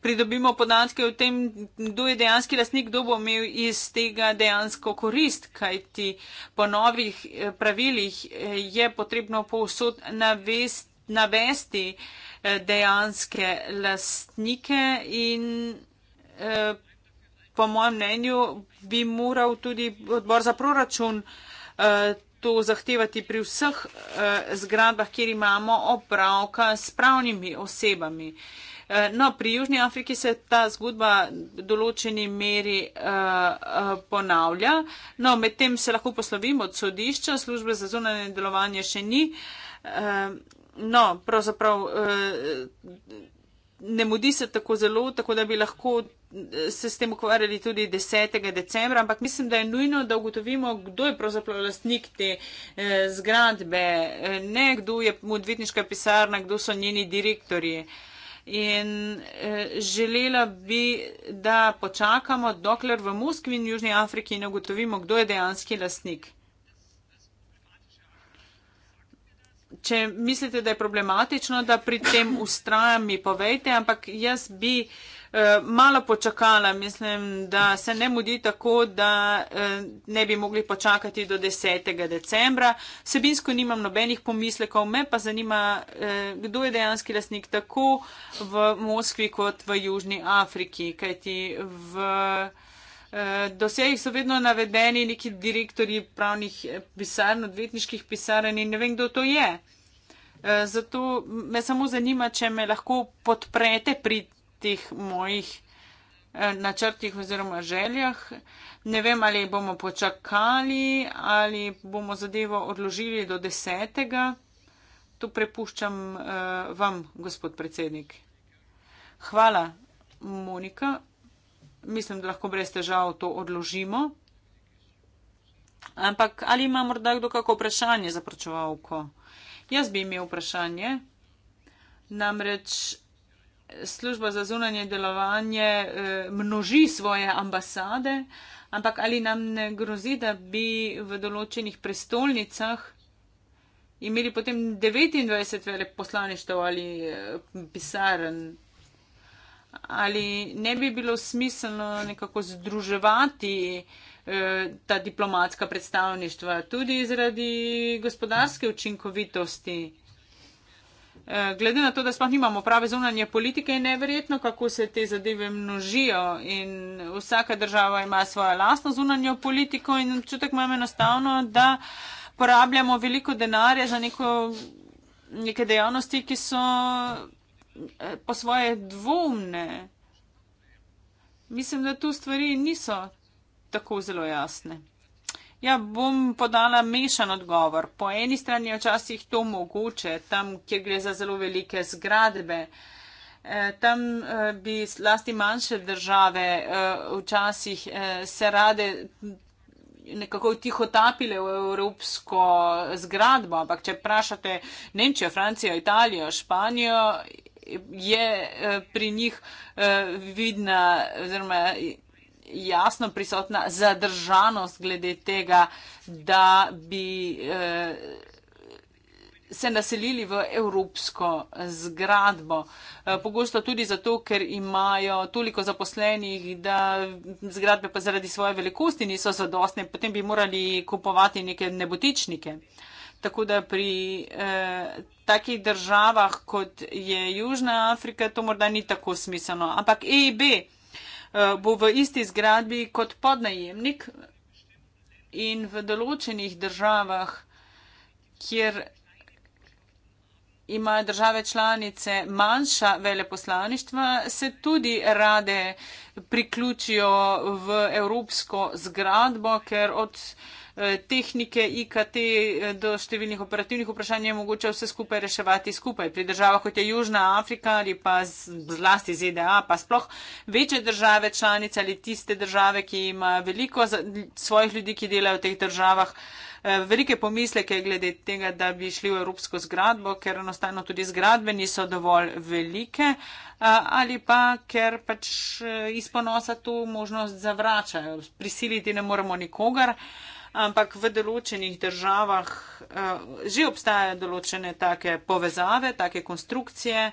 pridobimo podatke o tem, kdo je dejanski lastnik, kdo bo imel iz tega dejansko korist, kajti po novih eh, pravilih eh, je potrebno povsod navesti navesti eh, dejanske lastnike in eh, po mojem mnenju bi moral tudi odbor za proračun eh, to zahtevati pri vseh zgradbah, kjer imamo opravka s pravnimi osebami. No, pri Južni Afriki se ta zgodba v določeni meri uh, uh, ponavlja. No, medtem se lahko poslovimo od sodišča, službe za zunanje delovanje še ni uh, no, pravzaprav eh, ne mudi se tako zelo, tako da bi lahko eh, se s tem ukvarjali tudi 10. decembra, ampak mislim, da je nujno, da ugotovimo, kdo je pravzaprav lastnik te eh, zgradbe, ne kdo je modvetniška pisarna, kdo so njeni direktorji. In eh, želela bi, da počakamo, dokler v Moskvi in Južni Afriki ne ugotovimo, kdo je dejanski lasnik. če mislite, da je problematično, da pri tem ustrajam, mi povejte, ampak jaz bi eh, malo počakala, mislim, da se ne mudi tako, da eh, ne bi mogli počakati do 10. decembra. Sebinsko nimam nobenih pomislekov, me pa zanima, eh, kdo je dejanski lasnik tako v Moskvi kot v Južni Afriki, kajti v. Eh, dosejih so vedno navedeni neki direktori pravnih eh, pisarn, odvetniških pisarn in ne vem, kdo to je. Eh, zato me samo zanima, če me lahko podprete pri teh mojih načrtih oziroma željah. Ne vem, ali bomo počakali, ali bomo zadevo odložili do desetega. To prepuščam vam, gospod predsednik. Hvala, Monika mislim, da lahko brez težav to odložimo. Ampak ali ima morda kdo kako vprašanje za pročevalko? Jaz bi imel vprašanje. Namreč služba za zunanje delovanje eh, množi svoje ambasade, ampak ali nam ne grozi, da bi v določenih prestolnicah imeli potem 29 veleposlaništev ali eh, pisaren? ali ne bi bilo smiselno nekako združevati eh, ta diplomatska predstavništva tudi zaradi gospodarske učinkovitosti. Eh, glede na to, da sploh nimamo prave zunanje politike, je neverjetno, kako se te zadeve množijo in vsaka država ima svojo lastno zunanje politiko in občutek imam enostavno, da porabljamo veliko denarja za neko, neke dejavnosti, ki so Eh, po svoje dvomne. Mislim, da tu stvari niso tako zelo jasne. Ja, bom podala mešan odgovor. Po eni strani je včasih to mogoče, tam, kjer gre za zelo velike zgradbe. Eh, tam eh, bi lasti manjše države včasih se rade nekako tiho tapile v evropsko zgradbo, ampak če vprašate Nemčijo, Francijo, Italijo, Španijo, je eh, pri njih eh, vidna oziroma jasno prisotna zadržanost glede tega, da bi eh, se naselili v evropsko zgradbo. Pogosto tudi zato, ker imajo toliko zaposlenih, da zgradbe pa zaradi svoje velikosti niso zadostne, potem bi morali kupovati neke nebotičnike. Tako da pri eh, takih državah, kot je Južna Afrika, to morda ni tako smiselno. Ampak EIB eh, bo v isti zgradbi kot podnajemnik in v določenih državah, kjer imajo države članice manjša veleposlaništva, se tudi rade priključijo v evropsko zgradbo, ker od eh, Eh, tehnike IKT eh, do številnih operativnih vprašanj je mogoče vse skupaj reševati skupaj. Pri državah kot je Južna Afrika ali pa z, zlasti ZDA, pa sploh večje države članice ali tiste države, ki ima veliko svojih ljudi, ki delajo v teh državah. Eh, velike pomisleke glede tega, da bi šli v evropsko zgradbo, ker enostavno tudi zgradbe niso dovolj velike ali pa ker pač iz ponosa to možnost zavračajo. Prisiliti ne moremo nikogar ampak v določenih državah eh, že obstajajo določene take povezave, take konstrukcije.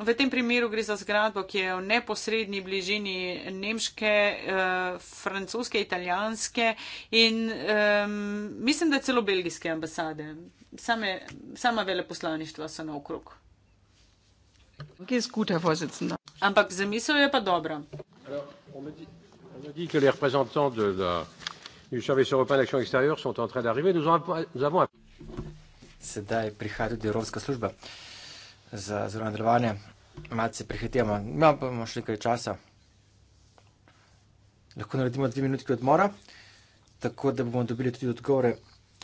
V tem primeru gre za zgradbo, ki je v neposrednji bližini nemške, eh, francoske, italijanske in mislim, da celo belgijske ambasade. Same, sama veleposlaništva so na okrog. Kje je skuta, vozicna? Ampak zamisel je pa dobra. Alors, du service européen d'action extérieure sont en train d'arriver. Nous, nous avons. Sedaj prihaja tudi Evropska služba za zelo delovanje. Malce prihitevamo, imamo pa še nekaj časa. Lahko naredimo dve minuti odmora, tako da bomo dobili tudi odgovore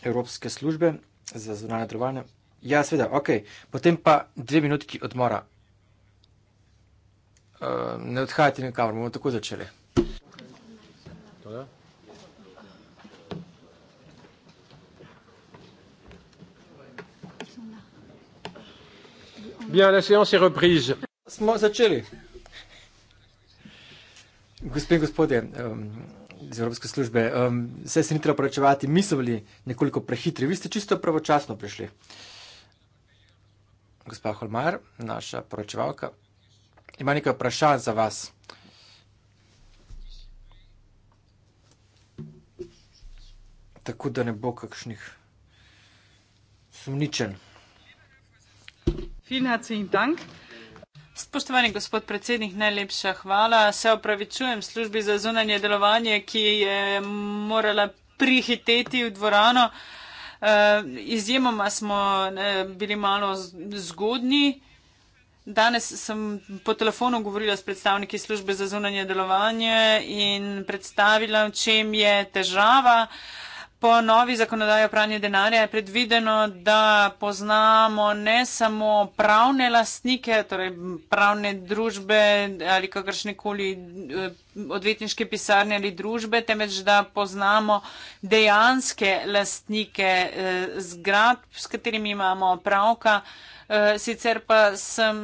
Evropske službe za zelo delovanje. Ja, sveda, ok. Potem pa dve minuti odmora. Uh, ne odhajajte nikamor, bomo tako začeli. Tore. Bien, la séance est reprise. Smo začeli. Gospe in gospode um, iz Evropske službe, um, vse se ni treba pravčevati, mi smo bili nekoliko prehitri, vi ste čisto pravočasno prišli. Gospa Holmar, naša pravčevalka, ima nekaj vprašanj za vas. Tako da ne bo kakšnih sumničenj. Spoštovani gospod predsednik, najlepša hvala. Se opravičujem službi za zunanje delovanje, ki je morala prihiteti v dvorano. E, izjemoma smo e, bili malo zgodni. Danes sem po telefonu govorila s predstavniki službe za zunanje delovanje in predstavila, v čem je težava. E, Po novi zakonodaji o pranju denarja je predvideno, da poznamo ne samo pravne lastnike, torej pravne družbe ali kakršne koli eh, odvetniške pisarne ali družbe, temveč da poznamo dejanske lastnike eh, zgrad, s katerimi imamo pravka. Eh, sicer pa sem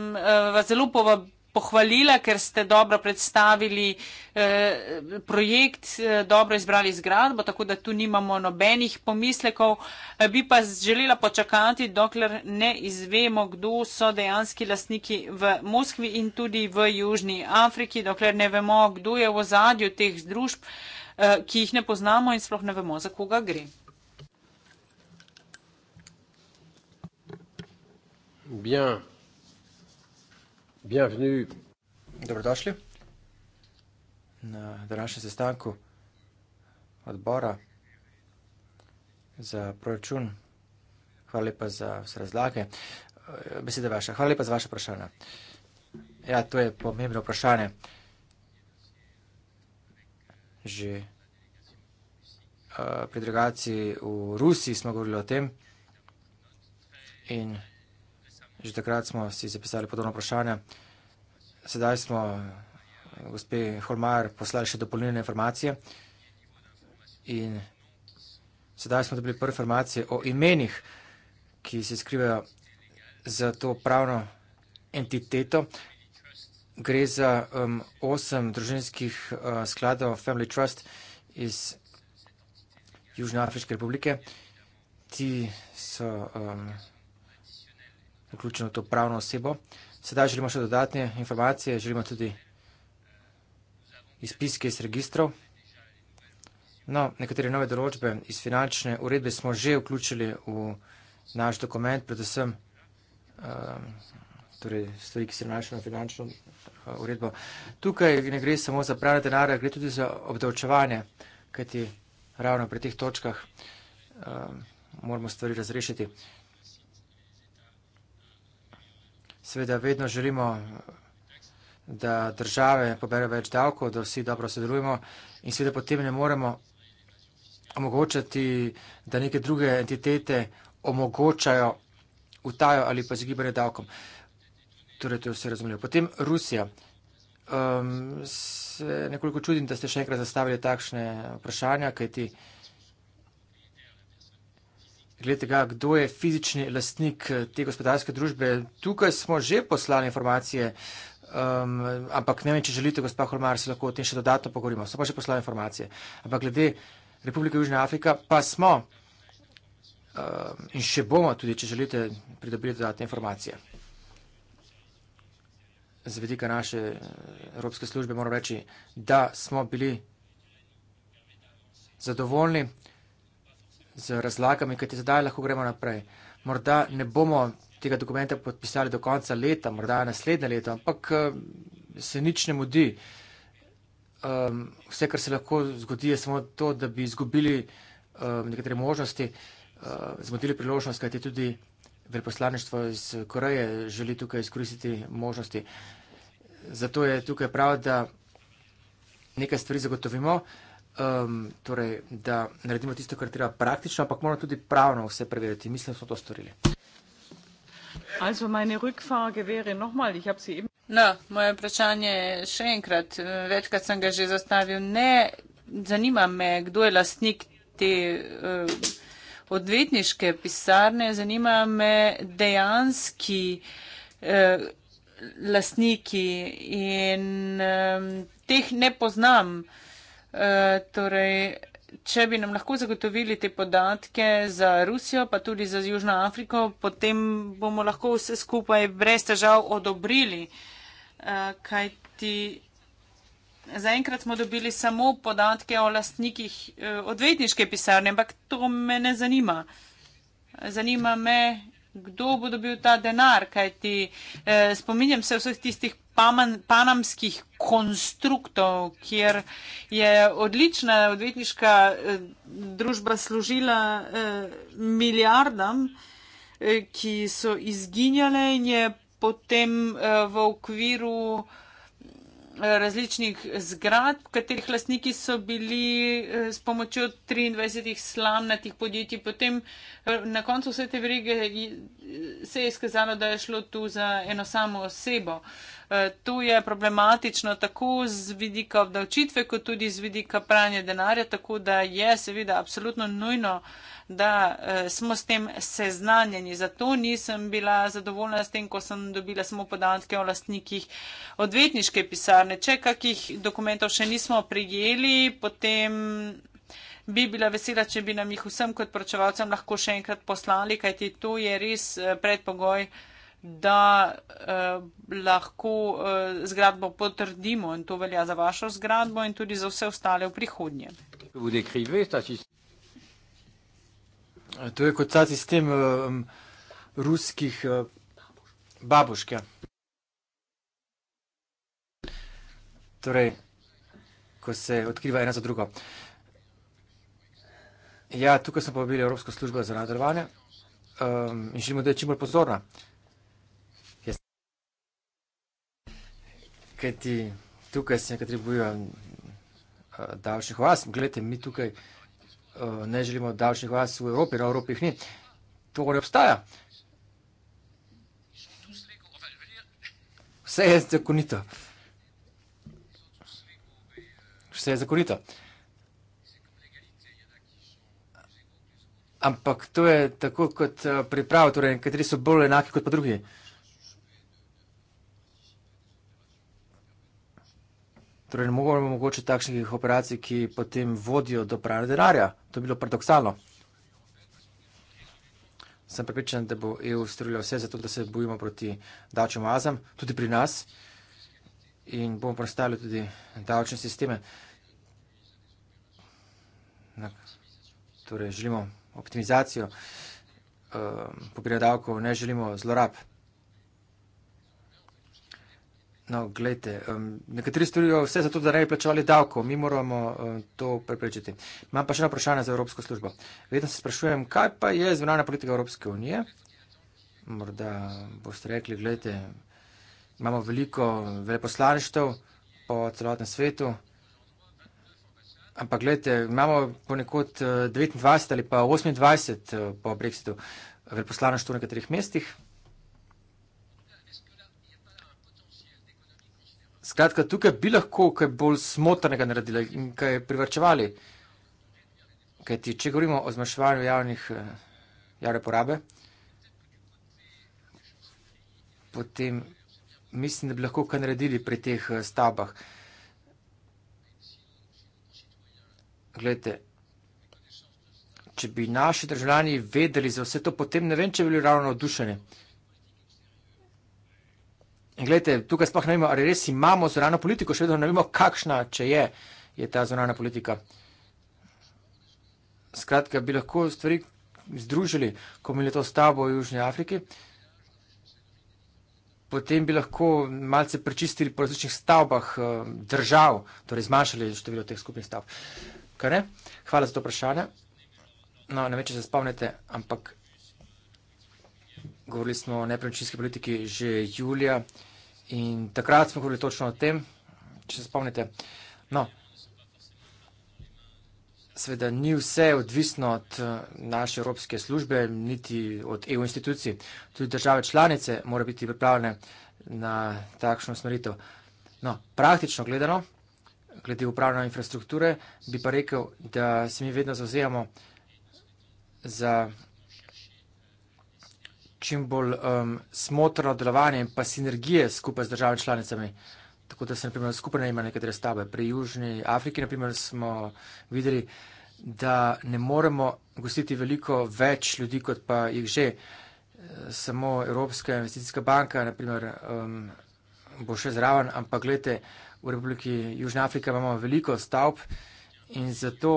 vas zelo povabila pohvalila, ker ste dobro predstavili eh, projekt, eh, dobro izbrali zgradbo, tako da tu nimamo nobenih pomislekov. Eh, bi pa želela počakati, dokler ne izvemo, kdo so dejanski lastniki v Moskvi in tudi v Južni Afriki, dokler ne vemo, kdo je v ozadju teh združb, eh, ki jih ne poznamo in sploh ne vemo, za koga gre. Bien. Bienvenue. Dobrodošli. Na današnjem sestanku odbora za proračun. Hvala lepa za vse razlage. Beseda vaša. Hvala lepa za vaše vprašanje. Ja, to je pomembno vprašanje. Že eh, pri drugaciji v Rusiji smo govorili o tem in Že takrat smo si zapisali podobno vprašanje. Sedaj smo eh, gospe Holmajer poslali še dopolnilne informacije in sedaj smo dobili prve informacije o imenih, ki se skrivajo za to pravno entiteto. Gre za um, osem družinskih uh, skladov Family Trust iz Južnoafriške republike. Ti so um, vključeno v to pravno osebo. Sedaj želimo še dodatne informacije, želimo tudi izpiske iz registrov. No, nekatere nove določbe iz finančne uredbe smo že vključili v naš dokument, predvsem um, torej stvari, ki se nanašajo na finančno uh, uredbo. Tukaj ne gre samo za pravne denare, gre tudi za obdavčevanje, kajti ravno pri teh točkah um, moramo stvari razrešiti. Seveda vedno želimo, da države poberajo več davkov, da vsi dobro sodelujemo in seveda potem ne moremo omogočati, da neke druge entitete omogočajo utajo ali pa zgibanje davkom. Torej, to vse razumljajo. Potem Rusija. Um, se nekoliko čudim, da ste še enkrat zastavili takšne vprašanja, kajti uh, glede tega, kdo je fizični lastnik eh, te gospodarske družbe. Tukaj smo že poslali informacije, um, ampak ne vem, če želite, gospod Holmar, se lahko o tem še dodatno pogovorimo. Smo pa že poslali informacije. Ampak glede Republike Južna Afrika pa smo um, in še bomo tudi, če želite, pridobili dodatne informacije. Zvedika naše eh, Evropske službe moram reči, da smo bili zadovoljni z razlagami, kajti zdaj lahko gremo naprej. Morda ne bomo tega dokumenta podpisali do konca leta, morda naslednje leto, ampak eh, se nič ne mudi. Um, vse, kar se lahko zgodi, je samo to, da bi izgubili um, nekatere možnosti, uh, eh, zmodili priložnost, kajti tudi veljposlaništvo iz Koreje želi tukaj izkoristiti možnosti. Zato je tukaj prav, da nekaj stvari zagotovimo. Uh, um, torej, da naredimo tisto, kar treba praktično, ampak moramo tudi pravno vse preveriti. Mislim, da smo to storili. Also meine Rückfrage wäre nochmal, ich habe sie eben. No, moje vprašanje je še enkrat, večkrat sem ga že zastavil. Ne zanima me, kdo je lastnik te uh, odvetniške pisarne, zanima me dejanski uh, lastniki in uh, teh ne poznam. Uh, E, torej, če bi nam lahko zagotovili te podatke za Rusijo, pa tudi za Južno Afriko, potem bomo lahko vse skupaj brez težav odobrili, e, kaj ti. Zaenkrat smo dobili samo podatke o lastnikih e, odvetniške pisarne, ampak to me ne zanima. Zanima me, kdo bo dobil ta denar, kajti eh, spominjam se vseh tistih panamskih konstruktov, kjer je odlična odvetniška eh, družba služila eh, milijardam, eh, ki so izginjale in je potem v okviru različnih zgradb, katerih lastniki so bili eh, s pomočjo 23 slamnatih podjetij. Potem eh, na koncu vse te verige se je izkazalo, da je šlo tu za eno samo osebo. Eh, to je problematično tako z vidika obdavčitve, kot tudi z vidika pranja denarja, tako da je seveda absolutno nujno da eh, smo s tem seznanjeni. Zato nisem bila zadovoljna s tem, ko sem dobila samo podatke o lastnikih odvetniške pisarne. Če kakih dokumentov še nismo prijeli, potem bi bila vesela, če bi nam jih vsem kot pročevalcem lahko še enkrat poslali, kajti to je res eh, predpogoj da eh, lahko eh, zgradbo potrdimo in to velja za vašo zgradbo in tudi za vse ostale v prihodnje. To je kot ta sistem um, ruskih um, eh, babušk. Torej, ko se odkriva ena za drugo. Ja, tukaj smo povabili Evropsko službo za nadaljevanje um, in želimo, da je čim bolj pozorna. Jaz. Kajti tukaj se nekateri bojijo uh, davčnih oas. Gledajte, mi tukaj. Eh, ne želimo davčnih vas v Evropi, na Evropi jih ni. Torej obstaja. Vse je zakonito. Vse je zakonito. Ampak to je tako kot eh, priprava, torej nekateri so bolj enaki kot pa drugi. Torej, ne moremo omogočiti takšnih operacij, ki potem vodijo do pranja denarja. To je bilo paradoksalno. Sem pripričan, da bo EU storila vse za to, da se bojimo proti davčnim oazam, tudi pri nas, in bomo prestali tudi davčne sisteme. Torej, želimo optimizacijo, eh, pobiranje davkov, ne želimo zlorab. No, gledajte, um, nekateri storijo vse zato, da ne bi plačevali davkov, mi moramo um, to preprečiti. Imam pa še eno vprašanje za Evropsko službo. Vedno se sprašujem, kaj pa je zvonana politika Evropske unije? Morda boste rekli, gledajte, imamo veliko veleposlaništev po celotnem svetu, ampak gledajte, imamo ponekod 29 eh, ali pa 28 eh, po Brexitu veleposlaništev v nekaterih mestih. Skratka, tukaj bi lahko kaj bolj smotrnega naredili in kaj privrčevali. Kaj ti, če govorimo o zmanjševanju javnih, eh, javne porabe, potem mislim, da bi lahko kaj naredili pri teh eh, stavbah. Glejte, če bi naši državljani vedeli za vse to, potem ne vem, če bi bili ravno odušeni. In gledajte, tukaj sploh ne vemo, ali res imamo zunanjo politiko, še vedno ne vemo, kakšna, če je, je ta zunanja politika. Skratka, bi lahko stvari združili, ko bi imeli to stavbo v Južni Afriki, potem bi lahko malce prečistili po različnih stavbah eh, držav, torej zmanjšali število teh skupnih stavb. Kaj ne? Hvala za to vprašanje. No, ne vem, če se spomnite, ampak govorili smo o nepremičninski politiki že julija. In takrat smo govorili točno o tem, če se spomnite. No, seveda ni vse odvisno od eh, naše evropske službe, niti od EU institucij. Tudi države članice morajo biti pripravljene na takšno smeritev. No, praktično gledano, glede upravljanja infrastrukture, bi pa rekel, da se mi vedno zauzemamo za čim bolj um, smotrno delovanje in pa sinergije skupaj z državami članicami. Tako da se naprimer skupaj najma nekatere stave. Pri Južni Afriki naprimer smo videli, da ne moremo gostiti veliko več ljudi, kot pa jih že. Eh, samo Evropska investicijska banka naprimer um, bo še zraven, ampak gledajte, v Republiki Južna Afrika imamo veliko stavb in zato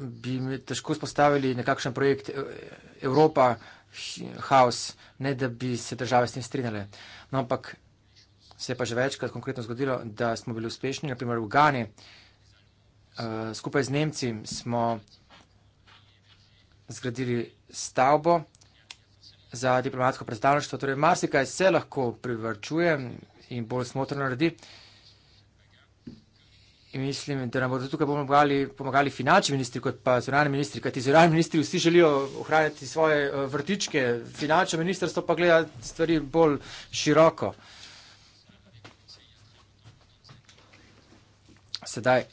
bi mi težko spostavili nekakšen projekt eh, Evropa, haos, ne da bi se države s tem strinjale. No, ampak se je pa že večkrat konkretno zgodilo, da smo bili uspešni, naprimer v Gani, eh, skupaj z Nemci smo zgradili stavbo za diplomatsko predstavništvo, torej marsikaj se lahko privrčuje in bolj smotrno naredi. In mislim, da nam bodo tukaj pomagali, pomagali finančni ministri, kot pa zunani ministri, kajti zunani ministri vsi želijo ohraniti svoje eh, vrtičke, finančno ministrstvo pa gleda stvari bolj široko. Sedaj,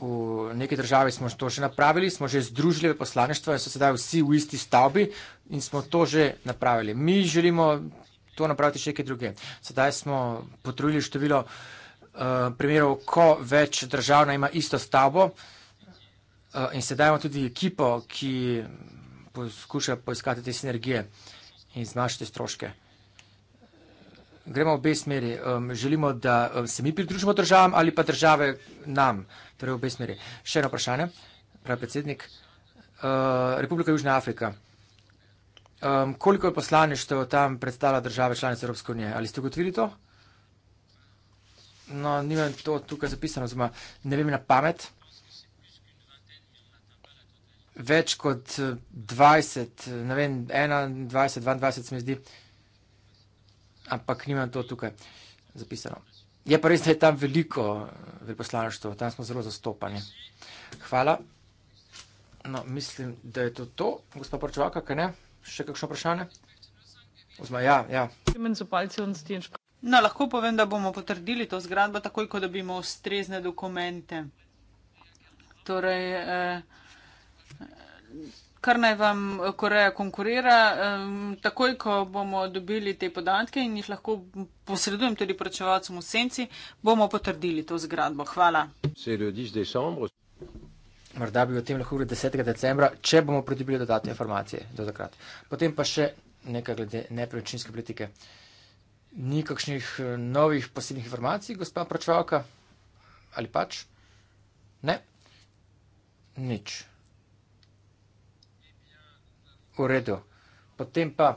v neki državi smo to že napravili, smo že združili poslaništva, so sedaj vsi v isti stavbi in smo to že napravili. Mi želimo to napraviti še nekaj druge. Sedaj smo potrudili število. Eh, primerov, ko več držav ima isto stavbo eh, in sedaj imamo tudi ekipo, ki poskuša poiskati te sinergije in zmanjšati stroške. Gremo v obe smeri. Um, želimo, da um, se mi pridružimo državam ali pa države nam. Torej v obe smeri. Še eno vprašanje, pravi predsednik. Uh, Republika Južna Afrika. Um, koliko je poslaništvo tam predstavlja države članice Evropske unije? Ali ste ugotovili to? Uh, No, nimam to tukaj zapisano, oziroma ne vem na pamet. Več kot 20, eh, eh, ne vem, 21, 22 se mi zdi, ampak nimam to tukaj zapisano. Je pa res, da je tam veliko eh, veliposlaništvo, tam smo zelo zastopani. Hvala. No, mislim, da je to to, gospod Porčovak, kaj ne? Še kakšno vprašanje? Ja, ja. No, lahko povem, da bomo potrdili to zgradbo takoj, ko dobimo ustrezne dokumente. Torej, eh, kar naj vam Koreja konkurira, eh, takoj, ko bomo dobili te podatke in jih lahko posredujem tudi pračevalcem v senci, bomo potrdili to zgradbo. Hvala. Morda bi o tem lahko govorili 10. decembra, če bomo pridobili dodatne informacije do takrat. Potem pa še nekaj glede nepremičninske politike. Eh, ni kakšnih eh, novih posebnih informacij, gospa pročevalka? Ali pač? Ne? Nič. V redu. Potem pa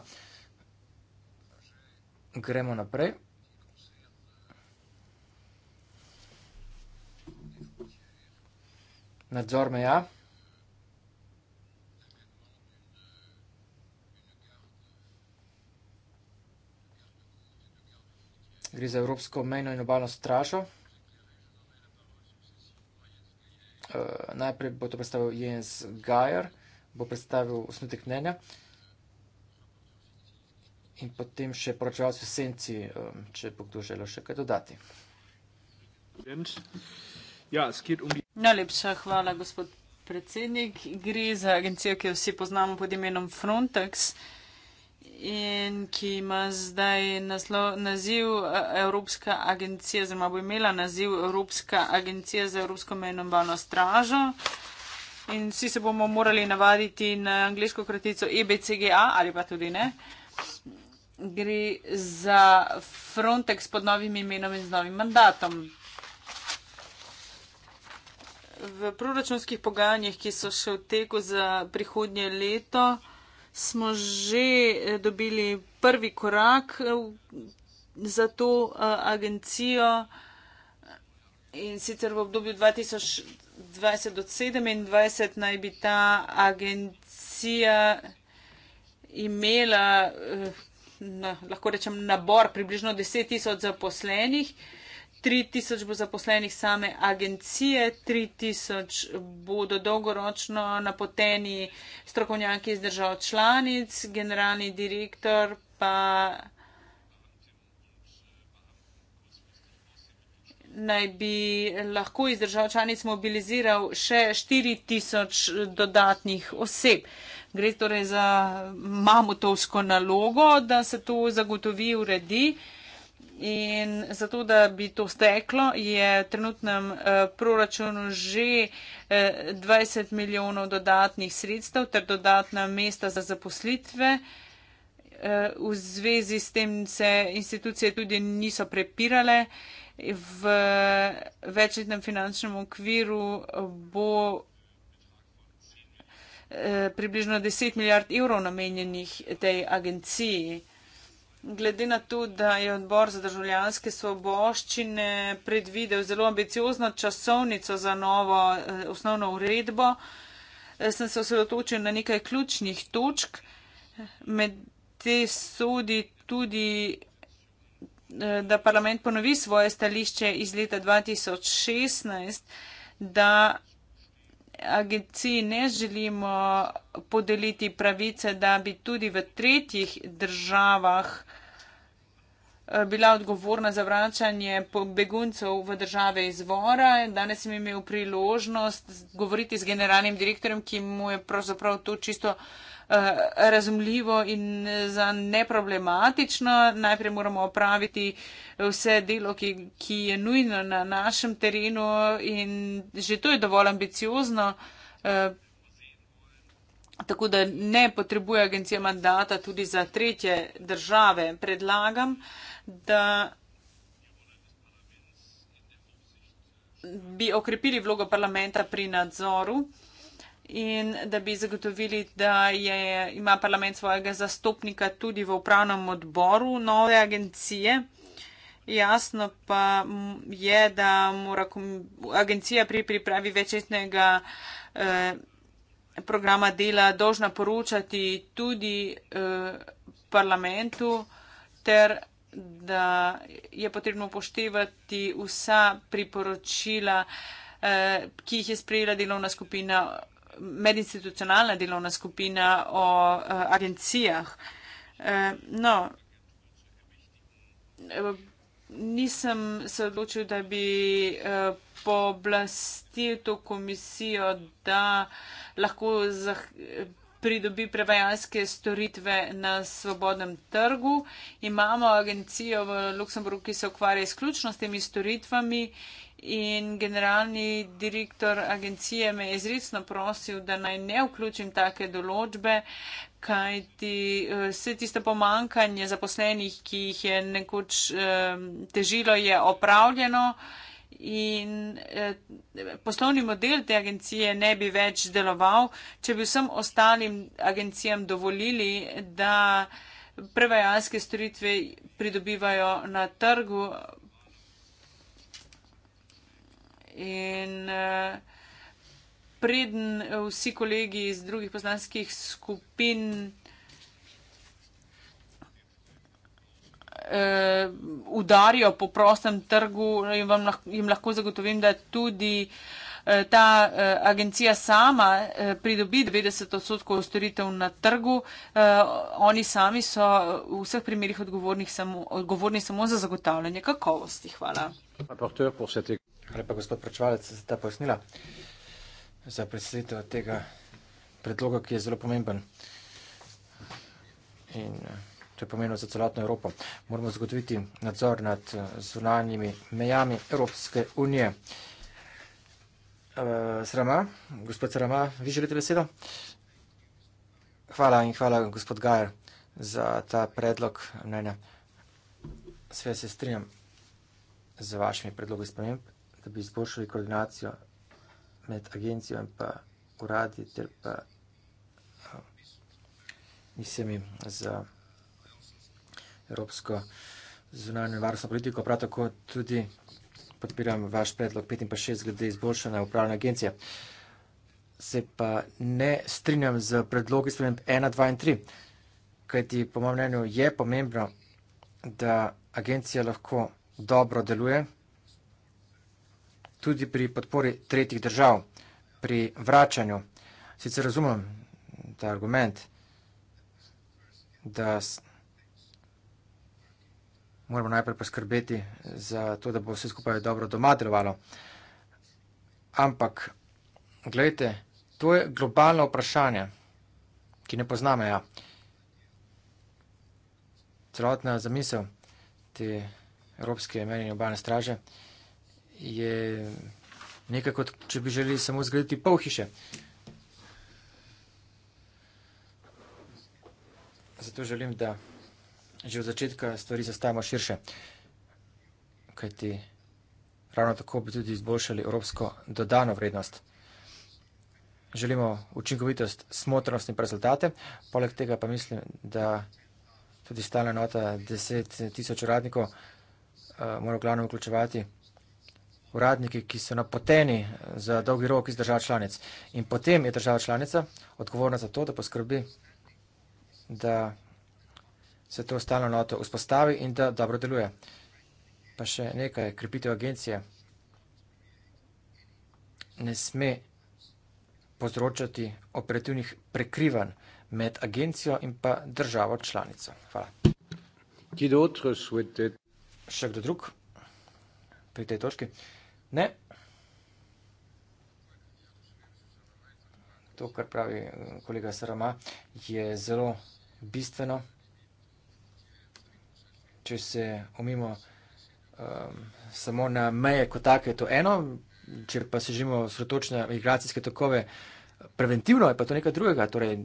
gremo naprej. Nadzor meja. Ja. gre za Evropsko mejno in obalno stražo. Uh, najprej bo to predstavil Jens Geier, bo predstavil osnutek mnenja in potem še poročevalci v senci, um, če bo kdo želel še kaj dodati. Ja, um Najlepša hvala, gospod predsednik. Gre za agencijo, ki jo vsi poznamo pod imenom Frontex. Uh, in ki ima zdaj naslov, naziv eh, Evropska agencija, oziroma bo imela naziv Evropska agencija za Evropsko mejno obalno stražo. In vsi se bomo morali navaditi na angliško kratico EBCGA ali pa tudi ne. Gre za Frontex pod novim imenom in z novim mandatom. V proračunskih pogajanjih, ki so še v teku za prihodnje leto, smo že eh, dobili prvi korak eh, za to uh, agencijo in sicer v obdobju 2020 do 2027 naj bi ta agencija imela, uh, na, lahko rečem, nabor približno 10 tisoč zaposlenih. Uh, 3000 bo zaposlenih same agencije, 3000 bodo dolgoročno napoteni strokovnjaki iz držav članic, generalni direktor pa naj bi lahko iz držav članic mobiliziral še 4000 dodatnih oseb. Gre torej za mamutovsko nalogo, da se to zagotovi uredi. In zato, da bi to steklo, je v trenutnem eh, proračunu že 20 eh, milijonov dodatnih sredstev ter dodatna mesta za zaposlitve. Eh, v zvezi s tem se institucije tudi niso prepirale. V večletnem finančnem okviru bo približno 10 milijard evrov namenjenih tej agenciji glede na to, da je odbor za državljanske svoboščine predvidel zelo ambiciozno časovnico za novo eh, osnovno uredbo, eh, sem se osredotočil na nekaj ključnih točk. Med te sodi tudi, eh, da parlament ponovi svoje stališče iz leta 2016, da agenciji ne želimo podeliti pravice, da bi tudi v tretjih državah eh, bila odgovorna za vračanje beguncev v države izvora. Danes sem imel priložnost govoriti z generalnim direktorjem, ki mu je pravzaprav to čisto. Eh, razumljivo in za neproblematično. Najprej moramo opraviti vse delo, ki, ki je nujno na našem terenu in že to je dovolj ambiciozno. Eh, tako da ne potrebuje agencija mandata tudi za tretje države. Predlagam, da bi okrepili vlogo parlamenta pri nadzoru in da bi zagotovili, da je, ima parlament svojega zastopnika tudi v upravnem odboru nove agencije. Jasno pa je, da mora agencija pri pripravi večetnega eh, programa dela dožna poročati tudi eh, parlamentu, ter da je potrebno upoštevati vsa priporočila, eh, ki jih je sprejela delovna skupina medinstitucionalna delovna skupina o uh, agencijah. Uh, no, eh, nisem se odločil, da bi uh, poblastil to komisijo, da lahko zah, pridobi prevajalske storitve na svobodnem trgu. Imamo agencijo v Luksemburgu, ki se ukvarja izključno s temi storitvami in generalni direktor agencije me je izredno prosil, da naj ne vključim take določbe, kajti eh, vse tisto pomankanje zaposlenih, ki jih je nekoč eh, težilo, je opravljeno. In eh, poslovni model te agencije ne bi več deloval, če bi vsem ostalim agencijam dovolili, da prevajalske storitve pridobivajo na trgu, in eh, preden eh, vsi kolegi iz drugih poslanskih skupin eh, udarijo po prostem trgu in vam lahko, jim lahko zagotovim, da tudi ta agencija sama pridobi 90 odstotkov storitev na trgu. Oni sami so v vseh primerjih odgovorni samo, odgovorni samo za zagotavljanje kakovosti. Hvala. Hvala pa, gospod Pračvalec, za ta pojasnila, za predstavitev tega predloga, ki je zelo pomemben. In eh, to je pomenilo za celotno Evropo. Moramo zagotoviti nadzor nad eh, zunanjimi mejami Evropske unije. Eh, Srama, gospod Srama, vi želite besedo? Hvala in hvala, gospod Gajer, za ta predlog mnenja. Sve se strinjam z vašimi predlogi spremembe da bi izboljšali koordinacijo med agencijo in pa uradi ter pa um, misljami za evropsko zunanje varstvo politiko. Prav tako tudi podpiram vaš predlog 5 in pa 6 glede izboljšanja upravljanja agencije. Se pa ne strinjam z predlogi spremenb 1, 2 in 3, kajti po mojem mnenju je pomembno, da agencija lahko dobro deluje tudi pri podpori tretjih držav, pri vračanju. Sicer razumem ta argument, da moramo najprej poskrbeti za to, da bo vse skupaj dobro doma delovalo. Ampak, gledajte, to je globalno vprašanje, ki ne pozname, ja. Celotna zamisel te Evropske menjenje obalne straže je, je nekako, če bi želeli samo zgraditi pol hiše. Zato želim, da že od začetka stvari zastavimo širše, kajti ravno tako bi tudi izboljšali evropsko dodano vrednost. Želimo učinkovitost, smotrnost in rezultate, poleg tega pa mislim, da tudi stalna nota 10 tisoč uradnikov uh, mora v glavnem vključevati uradniki, ki so napoteni eh, za dolgi rok iz držav članic. In potem je država članica odgovorna za to, da poskrbi, da se to stalno noto vzpostavi in da dobro deluje. Pa še nekaj, krepitev agencije ne sme povzročati operativnih prekrivanj med agencijo in pa državo članico. Hvala. Še kdo drug pri tej točki? Ne. To, kar pravi eh, kolega Sarama, je zelo bistveno. Če se omimo um, samo na meje kot take, je to eno, če pa se želimo sretočiti na migracijske tokove preventivno, je pa to nekaj drugega. Torej,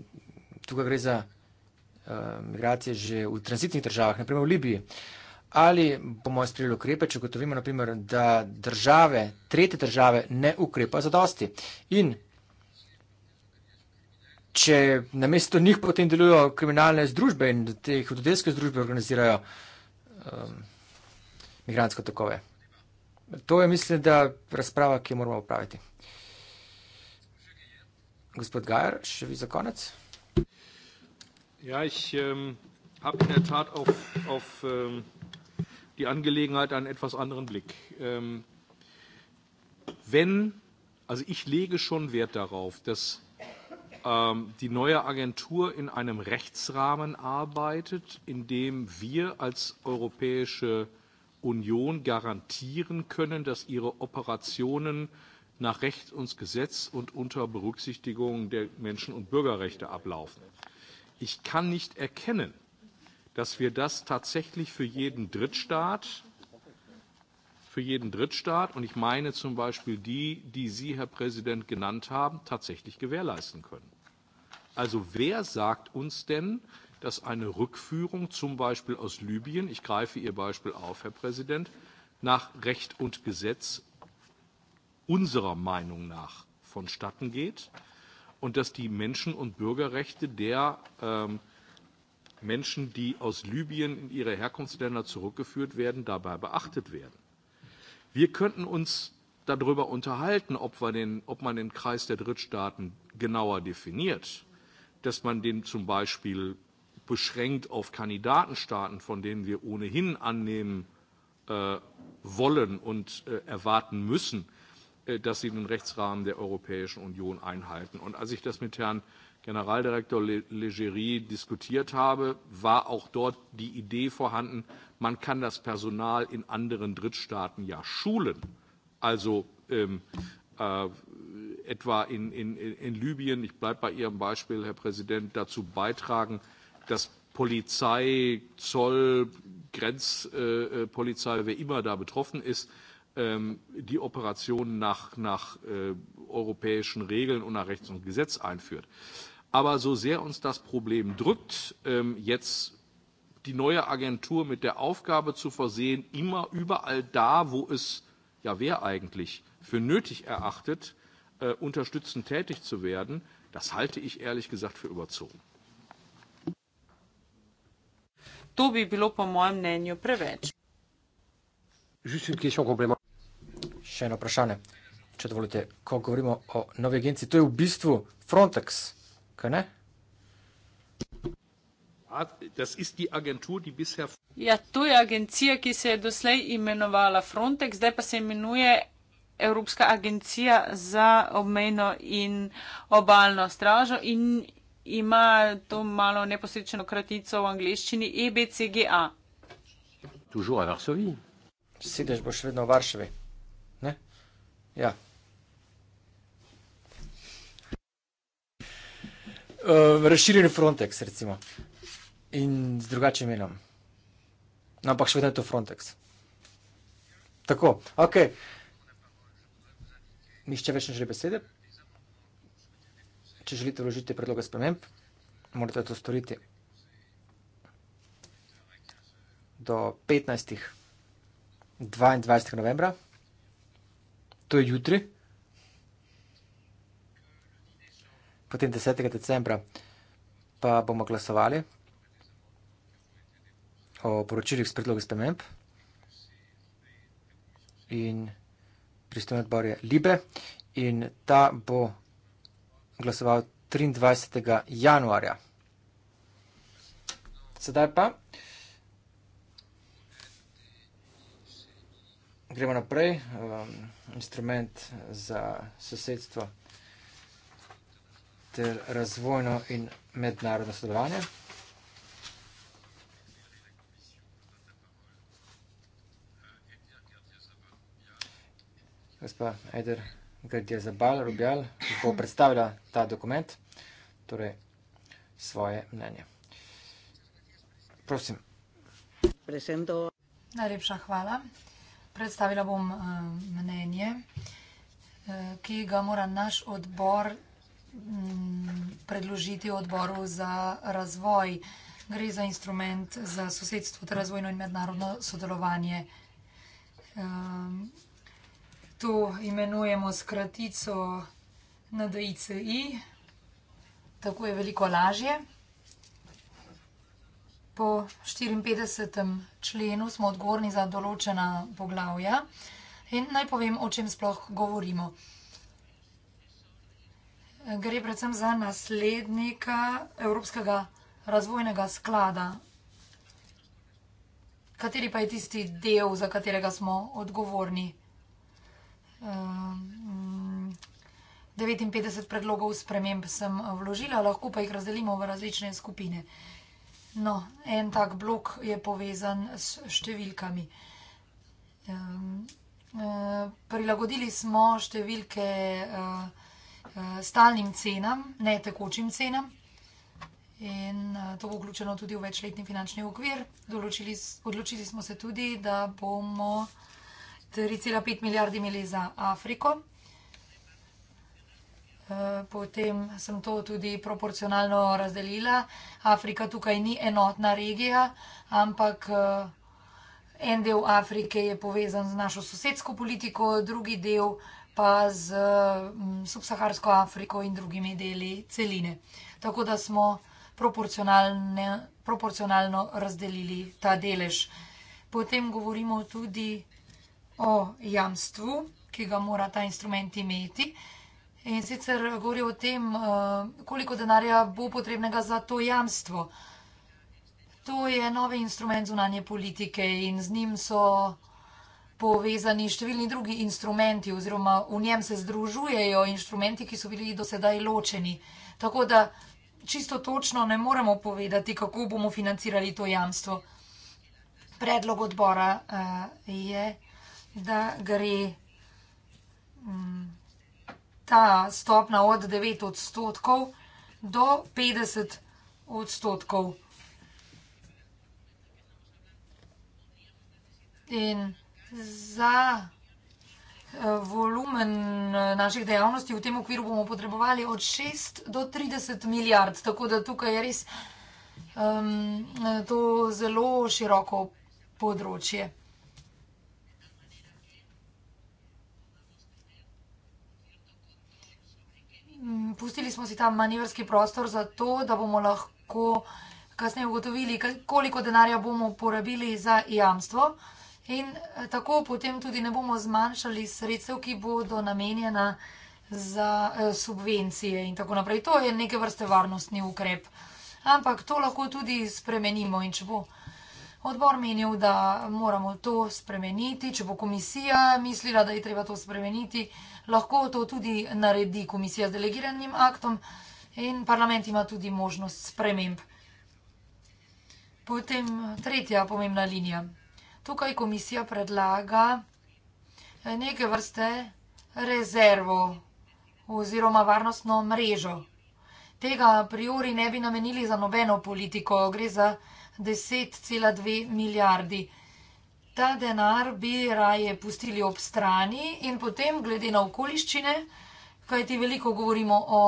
tukaj gre za uh, migracije že v tranzitnih državah, naprimer v Libiji. Uh, ali bomo sprejeli ukrepe, če gotovimo, naprimer, da države, tretje države ne ukrepa za dosti. In če na mesto njih potem delujo kriminalne združbe in te hudodelske združbe organizirajo um, migransko takove. To je, mislim, da razprava, ki jo moramo opraviti. Gospod Gajer, še vi za konec? Ja, ich, um, hab in der Tat auf, auf um die Angelegenheit einen etwas anderen Blick. Ähm, wenn, also ich lege schon Wert darauf, dass ähm, die neue Agentur in einem Rechtsrahmen arbeitet, in dem wir als Europäische Union garantieren können, dass ihre Operationen nach Recht und Gesetz und unter Berücksichtigung der Menschen- und Bürgerrechte ablaufen. Ich kann nicht erkennen, dass wir das tatsächlich für jeden Drittstaat, für jeden Drittstaat, und ich meine zum Beispiel die, die Sie, Herr Präsident, genannt haben, tatsächlich gewährleisten können. Also wer sagt uns denn, dass eine Rückführung zum Beispiel aus Libyen, ich greife Ihr Beispiel auf, Herr Präsident, nach Recht und Gesetz unserer Meinung nach vonstatten geht und dass die Menschen- und Bürgerrechte der ähm, Menschen, die aus Libyen in ihre Herkunftsländer zurückgeführt werden, dabei beachtet werden. Wir könnten uns darüber unterhalten, ob, wir den, ob man den Kreis der Drittstaaten genauer definiert, dass man den zum Beispiel beschränkt auf Kandidatenstaaten, von denen wir ohnehin annehmen äh, wollen und äh, erwarten müssen, äh, dass sie den Rechtsrahmen der Europäischen Union einhalten. Und als ich das mit Herrn äh, Generaldirektor Legerie diskutiert habe, war auch dort die Idee vorhanden, man kann das Personal in anderen Drittstaaten ja schulen. Also ähm, äh, etwa in, in, in Libyen, ich bleibe bei Ihrem Beispiel, Herr Präsident, dazu beitragen, dass Polizei, Zoll, Grenzpolizei, äh, äh wer immer da betroffen ist, ähm, die Operationen nach, nach äh, europäischen Regeln und nach Rechts und Gesetz einführt. Äh, Aber so sehr uns das Problem drückt, ähm, jetzt die neue Agentur mit der Aufgabe zu versehen, immer überall da, wo es ja wer eigentlich für nötig erachtet, äh, unterstützend tätig zu werden, das halte ich ehrlich gesagt für überzogen. To bi bilo po mojem mnenju preveč. Še eno vprašanje, če dovolite, ko govorimo o novi agenciji, to je v bistvu Frontex kajne? Ah, ja, to je agencija, ki se je doslej imenovala Frontex, zdaj pa se imenuje Evropska agencija za obmejno in obalno stražo in ima to malo neposrečeno kratico v angliščini EBCGA. Sedež bo še vedno v Varšavi. Ne? Ja. Eh, razširjeni Frontex, recimo. In z drugačnim imenom. No, ampak še vedno je to Frontex. Tako, ok. Nihče več ne želi besede. Če želite vložiti predloge sprememb, morate to storiti do 15. 22. novembra, to je jutri. potem 10. decembra pa bomo glasovali o poročilih s predlogi spremenb in pristojni odbor je Libe in ta bo glasoval 23. januarja. Sedaj pa gremo naprej. Um, instrument za sosedstvo ter razvojno in mednarodno sodelovanje. Gospa Eder Gardjezabal Rubjal bo predstavila ta dokument, torej svoje mnenje. Prosim. Najlepša hvala. Predstavila bom eh, mnenje, eh, ki ga mora naš odbor Mm, predložiti odboru za razvoj. Gre za instrument za sosedstvo, razvojno in mednarodno sodelovanje. Ehm, to imenujemo skratico NDICI, tako je veliko lažje. Po 54. členu smo odgovorni za določena poglavja. In naj povem, o čem sploh govorimo. Gre predvsem za naslednika Evropskega razvojnega sklada. Kateri pa je tisti del, za katerega smo odgovorni? 59 ehm, predlogov sprememb sem vložila, lahko pa jih razdelimo v različne skupine. No, en tak blok je povezan s številkami. Ehm, eh, prilagodili smo številke vsega, eh, Eh, stalnim cenam, ne tekočim cenam. In eh, to bo vključeno tudi v večletni finančni okvir. Določili, odločili smo se tudi, da bomo 3,5 milijarde imeli za Afriko. Eh, potem sem to tudi proporcionalno razdelila. Afrika tukaj ni enotna regija, ampak en del Afrike je povezan z našo sosedsko politiko, drugi del pa z mm, subsaharsko Afriko in drugimi deli celine. Tako da smo proporcionalno razdelili ta delež. Potem govorimo tudi o jamstvu, ki ga mora ta instrument imeti. In sicer govori o tem, eh, koliko denarja bo potrebnega za to jamstvo. To je novi instrument zunanje politike in z njim so povezani številni drugi instrumenti, oziroma v njem se združujejo instrumenti, ki so bili do sedaj ločeni. Tako da čisto točno ne moremo povedati, kako bomo financirali to jamstvo. Predlog odbora uh, je, da gre um, ta stopna od 9 odstotkov do 50 odstotkov. In za eh, volumen eh, naših dejavnosti v tem okviru bomo potrebovali od 6 do 30 milijard, tako da tukaj je res um, to zelo široko področje. Mm, pustili smo si ta manevrski prostor za to, da bomo lahko kasneje ugotovili, koliko denarja bomo porabili za jamstvo. In eh, tako potem tudi ne bomo zmanjšali sredstev, ki bodo namenjena za eh, subvencije in tako naprej. To je neke vrste varnostni ukrep. Ampak to lahko tudi spremenimo in če bo odbor menil, da moramo to spremeniti, če bo komisija mislila, da je treba to spremeniti, lahko to tudi naredi komisija z delegiranim aktom in parlament ima tudi možnost sprememb. Potem tretja pomembna linija tukaj komisija predlaga eh, neke vrste rezervo oziroma varnostno mrežo. Tega priori ne bi namenili za nobeno politiko, gre za 10,2 milijardi. Ta denar bi raje pustili ob strani in potem glede na okoliščine, kajti veliko govorimo o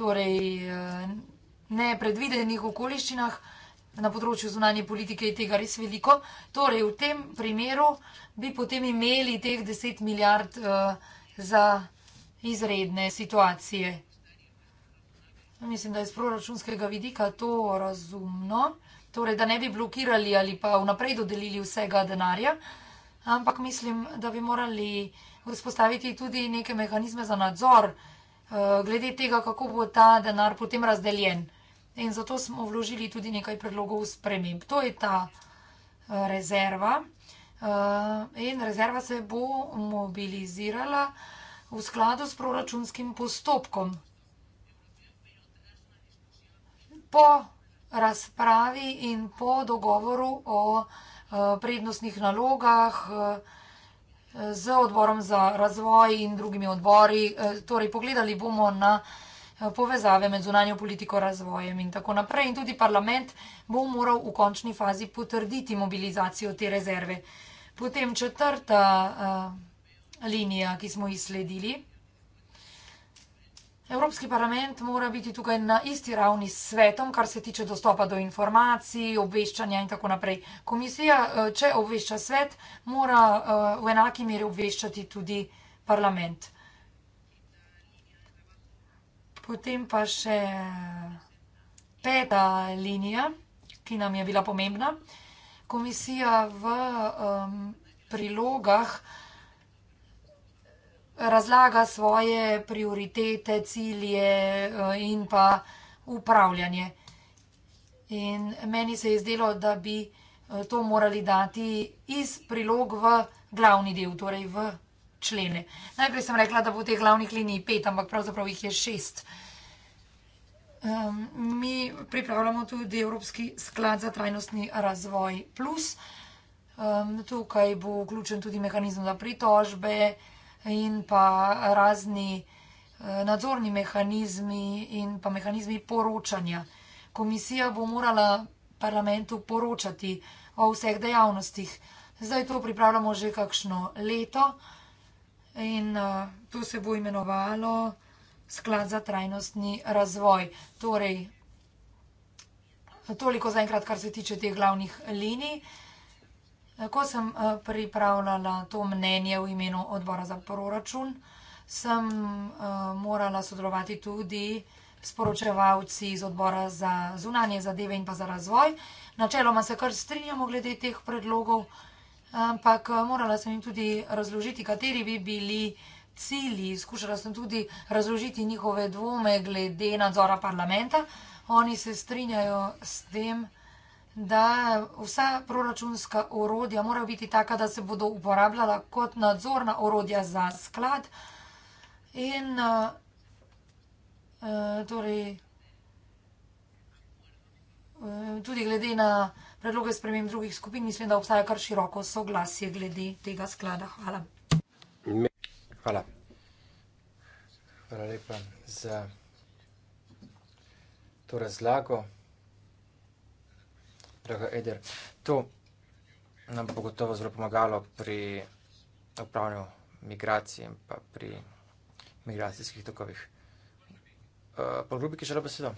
torej, eh, nepredvidenih okoliščinah, na področju zunanje politike je tega res veliko. Torej, v tem primeru bi potem imeli teh 10 milijard uh, za izredne situacije. Mislim, da je z proračunskega vidika to razumno. Torej, da ne bi blokirali ali pa vnaprej dodelili vsega denarja, ampak mislim, da bi morali vzpostaviti tudi neke mehanizme za nadzor uh, glede tega, kako bo ta denar potem razdeljen. In zato smo vložili tudi nekaj predlogov sprememb. To je ta eh, rezerva. Eh, in rezerva se bo mobilizirala v skladu s proračunskim postopkom. Po razpravi in po dogovoru o eh, prednostnih nalogah z odborom za razvoj in drugimi odbori, torej pogledali bomo na vsega, Eh, povezave med zunanjo politiko, razvojem in tako naprej. In tudi parlament bo moral v končni fazi potrditi mobilizacijo te rezerve. Potem četrta eh, linija, ki smo jih sledili. Evropski parlament mora biti tukaj na isti ravni s svetom, kar se tiče dostopa do informacij, obveščanja in tako naprej. Komisija, eh, če obvešča svet, mora v enaki meri obveščati tudi parlament. Potem pa še eh, peta linija, ki nam je bila pomembna. Komisija v um, prilogah razlaga svoje prioritete, cilje eh, in pa upravljanje. In meni se je zdelo, da bi eh, to morali dati iz prilog v glavni del, torej v člene. Najprej sem rekla, da bo teh glavnih linij pet, ampak pravzaprav jih je šest. Ehm, mi pripravljamo tudi Evropski sklad za trajnostni razvoj plus. Ehm, tukaj bo vključen tudi mehanizem za pritožbe in pa razni eh, nadzorni mehanizmi in pa mehanizmi poročanja. Komisija bo morala parlamentu poročati o vseh dejavnostih. Zdaj to pripravljamo že kakšno leto in in uh, to se bo imenovalo sklad za trajnostni razvoj. Torej, toliko zaenkrat, kar se tiče teh glavnih linij. Ko sem uh, pripravljala to mnenje v imenu odbora za proračun, sem uh, morala sodelovati tudi s poročevalci iz odbora za zunanje zadeve in pa za razvoj. Načeloma se kar strinjamo glede teh predlogov, ampak eh, morala sem jim tudi razložiti, kateri bi bili cilji. Skušala sem tudi razložiti njihove dvome glede nadzora parlamenta. Oni se strinjajo s tem, da vsa proračunska orodja morajo biti taka, da se bodo uporabljala kot nadzorna orodja za sklad. In eh, eh, torej, tudi glede na predloge spremem drugih skupin. Mislim, da obstaja kar široko soglasje glede tega sklada. Hvala. Hvala. Hvala lepa za to razlago. Draga Eder, to nam bo gotovo zelo pomagalo pri upravljanju migracij in pa pri migracijskih tokovih. Uh, eh, po grubi, ki želel besedo.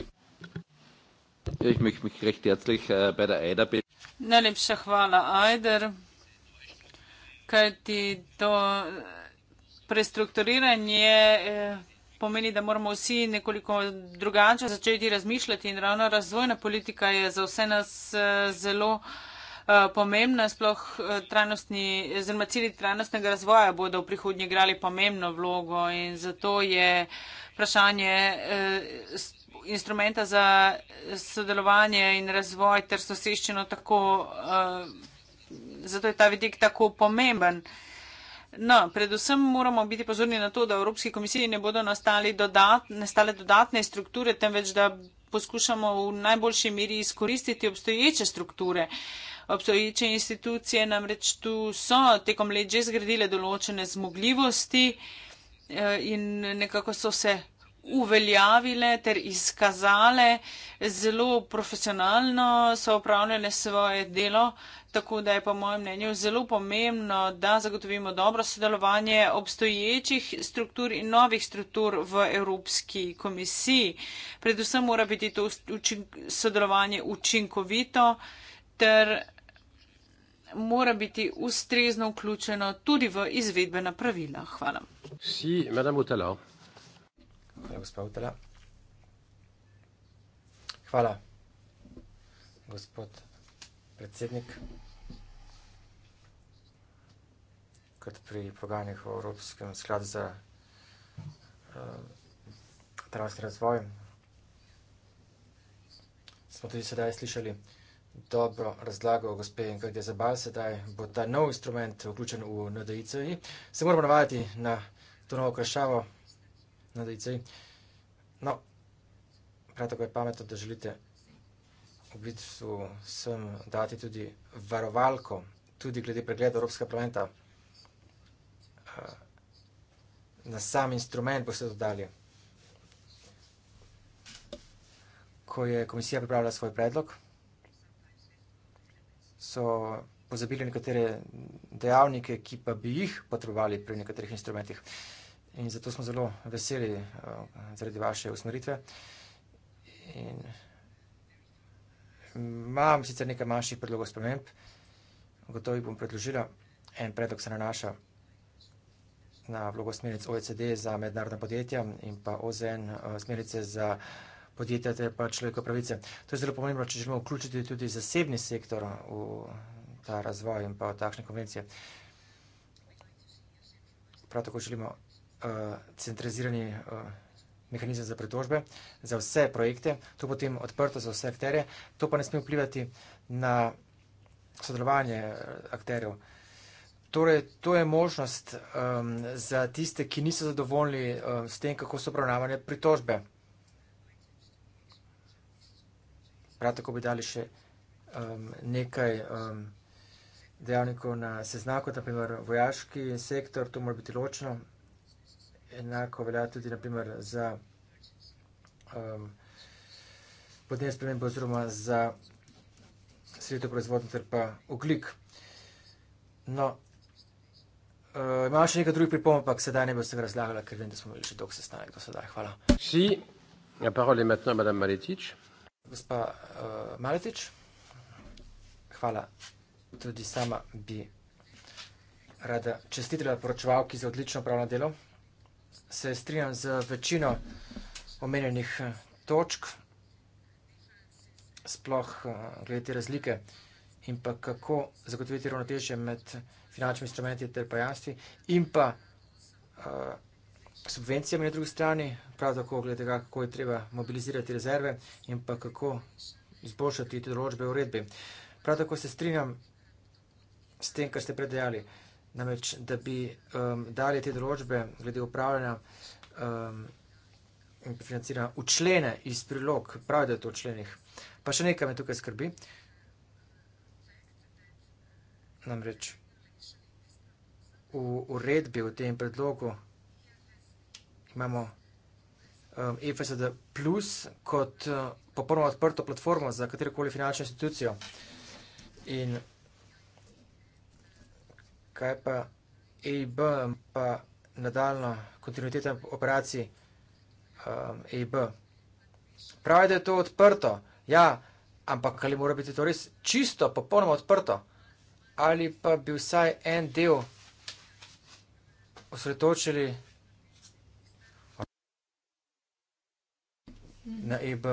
Ja, ich möchte mich recht herzlich äh, bei der AIDA bedanken. Najlepša hvala Ajder, kaj ti to eh, prestrukturiranje eh, pomeni, da moramo vsi nekoliko drugače začeti razmišljati in ravno razvojna politika je za vse nas eh, zelo pomembna, sploh trajnostni, oziroma cilji trajnostnega razvoja bodo v prihodnje igrali pomembno vlogo in zato je vprašanje instrumenta za sodelovanje in razvoj ter soseščino tako, uh, zato je ta vidik tako pomemben. No, predvsem moramo biti pozorni na to, da v Evropski komisiji ne bodo nastali dodat, nastale dodatne strukture, temveč da poskušamo v najboljši miri izkoristiti obstoječe strukture. Obstoječe institucije namreč tu so tekom let že zgradile določene zmogljivosti eh, in nekako so se uveljavile ter izkazale zelo profesionalno, so upravljale svoje delo, tako da je po mojem mnenju zelo pomembno, da zagotovimo dobro sodelovanje obstoječih struktur in novih struktur v Evropski komisiji. Predvsem mora biti to učink sodelovanje učinkovito ter mora biti ustrezno vključeno tudi v izvedbena pravila. Hvala. Si, Hvala, gospod Avtela. Hvala, gospod predsednik. Kot pri pogajanjih o Evropskem skladu za uh, trajnostni razvoj, smo tudi sedaj slišali dobro razlago gospe Ingrid Zabal, sedaj bo ta nov instrument vključen v NDIC. Se moramo navajati na to novo vprašavo, на дейце. Но, прето е паметно да желите в бидство съм дати туди варовалко, туди гледи преглед Европска парламента на сам инструмент, после то дали, кой е комисия приправила свой предлог, со позабили некотери деявники, ки па би их потребовали при некоторих инструментах. In zato smo zelo veseli eh, zaradi vaše usmeritve. In imam sicer nekaj manjših predlogov sprememb, gotovo jih bom predložila. En predlog se nanaša na vlogo smernic OECD za mednarodna podjetja in pa OZN eh, smernice za podjetja ter pa človeka pravice. To je zelo pomembno, če želimo vključiti tudi zasebni sektor eh, v ta razvoj in pa v takšne konvencije. Prav tako želimo Eh, centralizirani eh, mehanizem za pritožbe za vse projekte, to potem odprto za vse akterje, to pa ne sme vplivati na sodelovanje eh, akterjev. Torej, to je možnost um, za tiste, ki niso zadovoljni um, s tem, kako so obravnavane pritožbe. Prav tako bi dali še um, nekaj um, dejavnikov na seznaku, naprimer vojaški sektor, to mora biti ločno, enako velja tudi naprimer, za um, podnebne spremembe, oziroma za sredo proizvodnje ter pa oglik. No, uh, imamo še nekaj drugih pripomb, ampak sedaj ne bi se razlagala, ker vem, da smo imeli že dolg sestanek do sedaj. Hvala. Si, na parole je metno, madam Maritič. Gospa uh, Maritič, hvala. Tudi sama bi rada čestitila poročevalki za odlično pravno delo se strinjam z večino omenjenih eh, točk, sploh eh, glede te razlike in pa kako zagotoviti ravnotežje med finančnimi instrumenti ter pajanstvi in pa eh, subvencijami na drugi strani, prav tako glede tega, kako je treba mobilizirati rezerve in pa kako izboljšati te določbe v redbi. Prav tako se strinjam s tem, kar ste predajali. Namreč, da bi um, dali te določbe glede upravljanja um, in um, financiranja v člene iz prilog, pravi, da je to v členih. Pa še nekaj me tukaj skrbi. Namreč, v uredbi, v tem predlogu imamo um, EFSD plus kot uh, popolnoma odprto platformo za katerokoli finančno institucijo. In kaj pa EIB, pa nadaljna kontinuiteta operacij um, EIB. Pravi, da je to odprto, ja, ampak ali mora biti to res čisto, popolnoma odprto, ali pa bi vsaj en del osredotočili na EIB.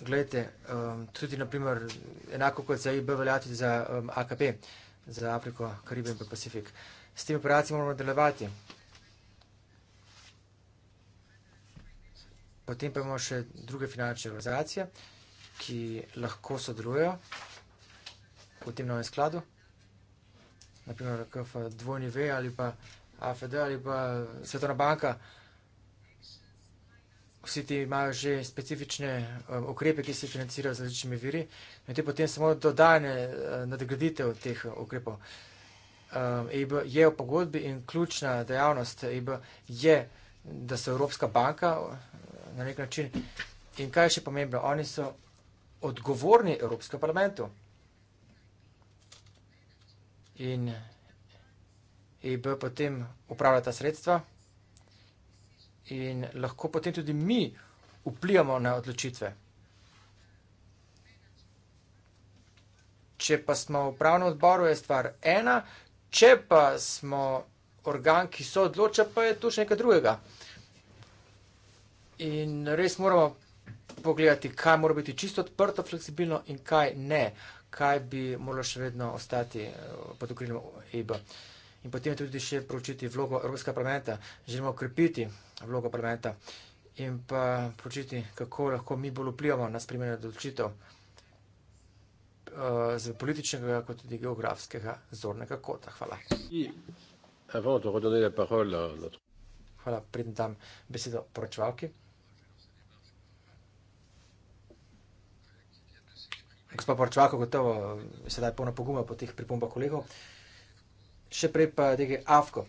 Gledajte, um, tudi naprimer, enako kot za EIB veljati za um, AKP. Uh, za Afriko, Karibijo in Pacifik. S temi operacijami moramo nadaljevati. Potem pa imamo še druge finančne organizacije, ki lahko sodelujejo v tem novem skladu, naprimer KFW ali pa AFD ali pa Svetovna banka vsi ti imajo že specifične um, ukrepe, ki se financirajo z različnimi viri, in te potem samo dodane uh, eh, nadgraditev teh eh, ukrepov. Um, EIB je v pogodbi in ključna dejavnost EIB je, da so Evropska banka na nek način in kaj je še pomembno, oni so odgovorni Evropskem parlamentu. In EIB potem upravlja ta sredstva in lahko potem tudi mi vplivamo na odločitve. Če pa smo v pravnem odboru, je stvar ena, če pa smo organ, ki se odloča, pa je to še nekaj drugega. In res moramo pogledati, kaj mora biti čisto odprto, fleksibilno in kaj ne, kaj bi moralo še vedno ostati eh, pod okriljem EBA in potem tudi še pročiti vlogo Evropskega parlamenta. Želimo ukrepiti vlogo parlamenta in pa pročiti, kako lahko mi bolj vplivamo na spremenje odločitev eh, z političnega, kot tudi geografskega zornega kota. Hvala. Hvala, pridem tam besedo poročevalki. Gospod poročevalko, gotovo sedaj polno poguma po teh pripombah kolegov še prej pa tega AFKO.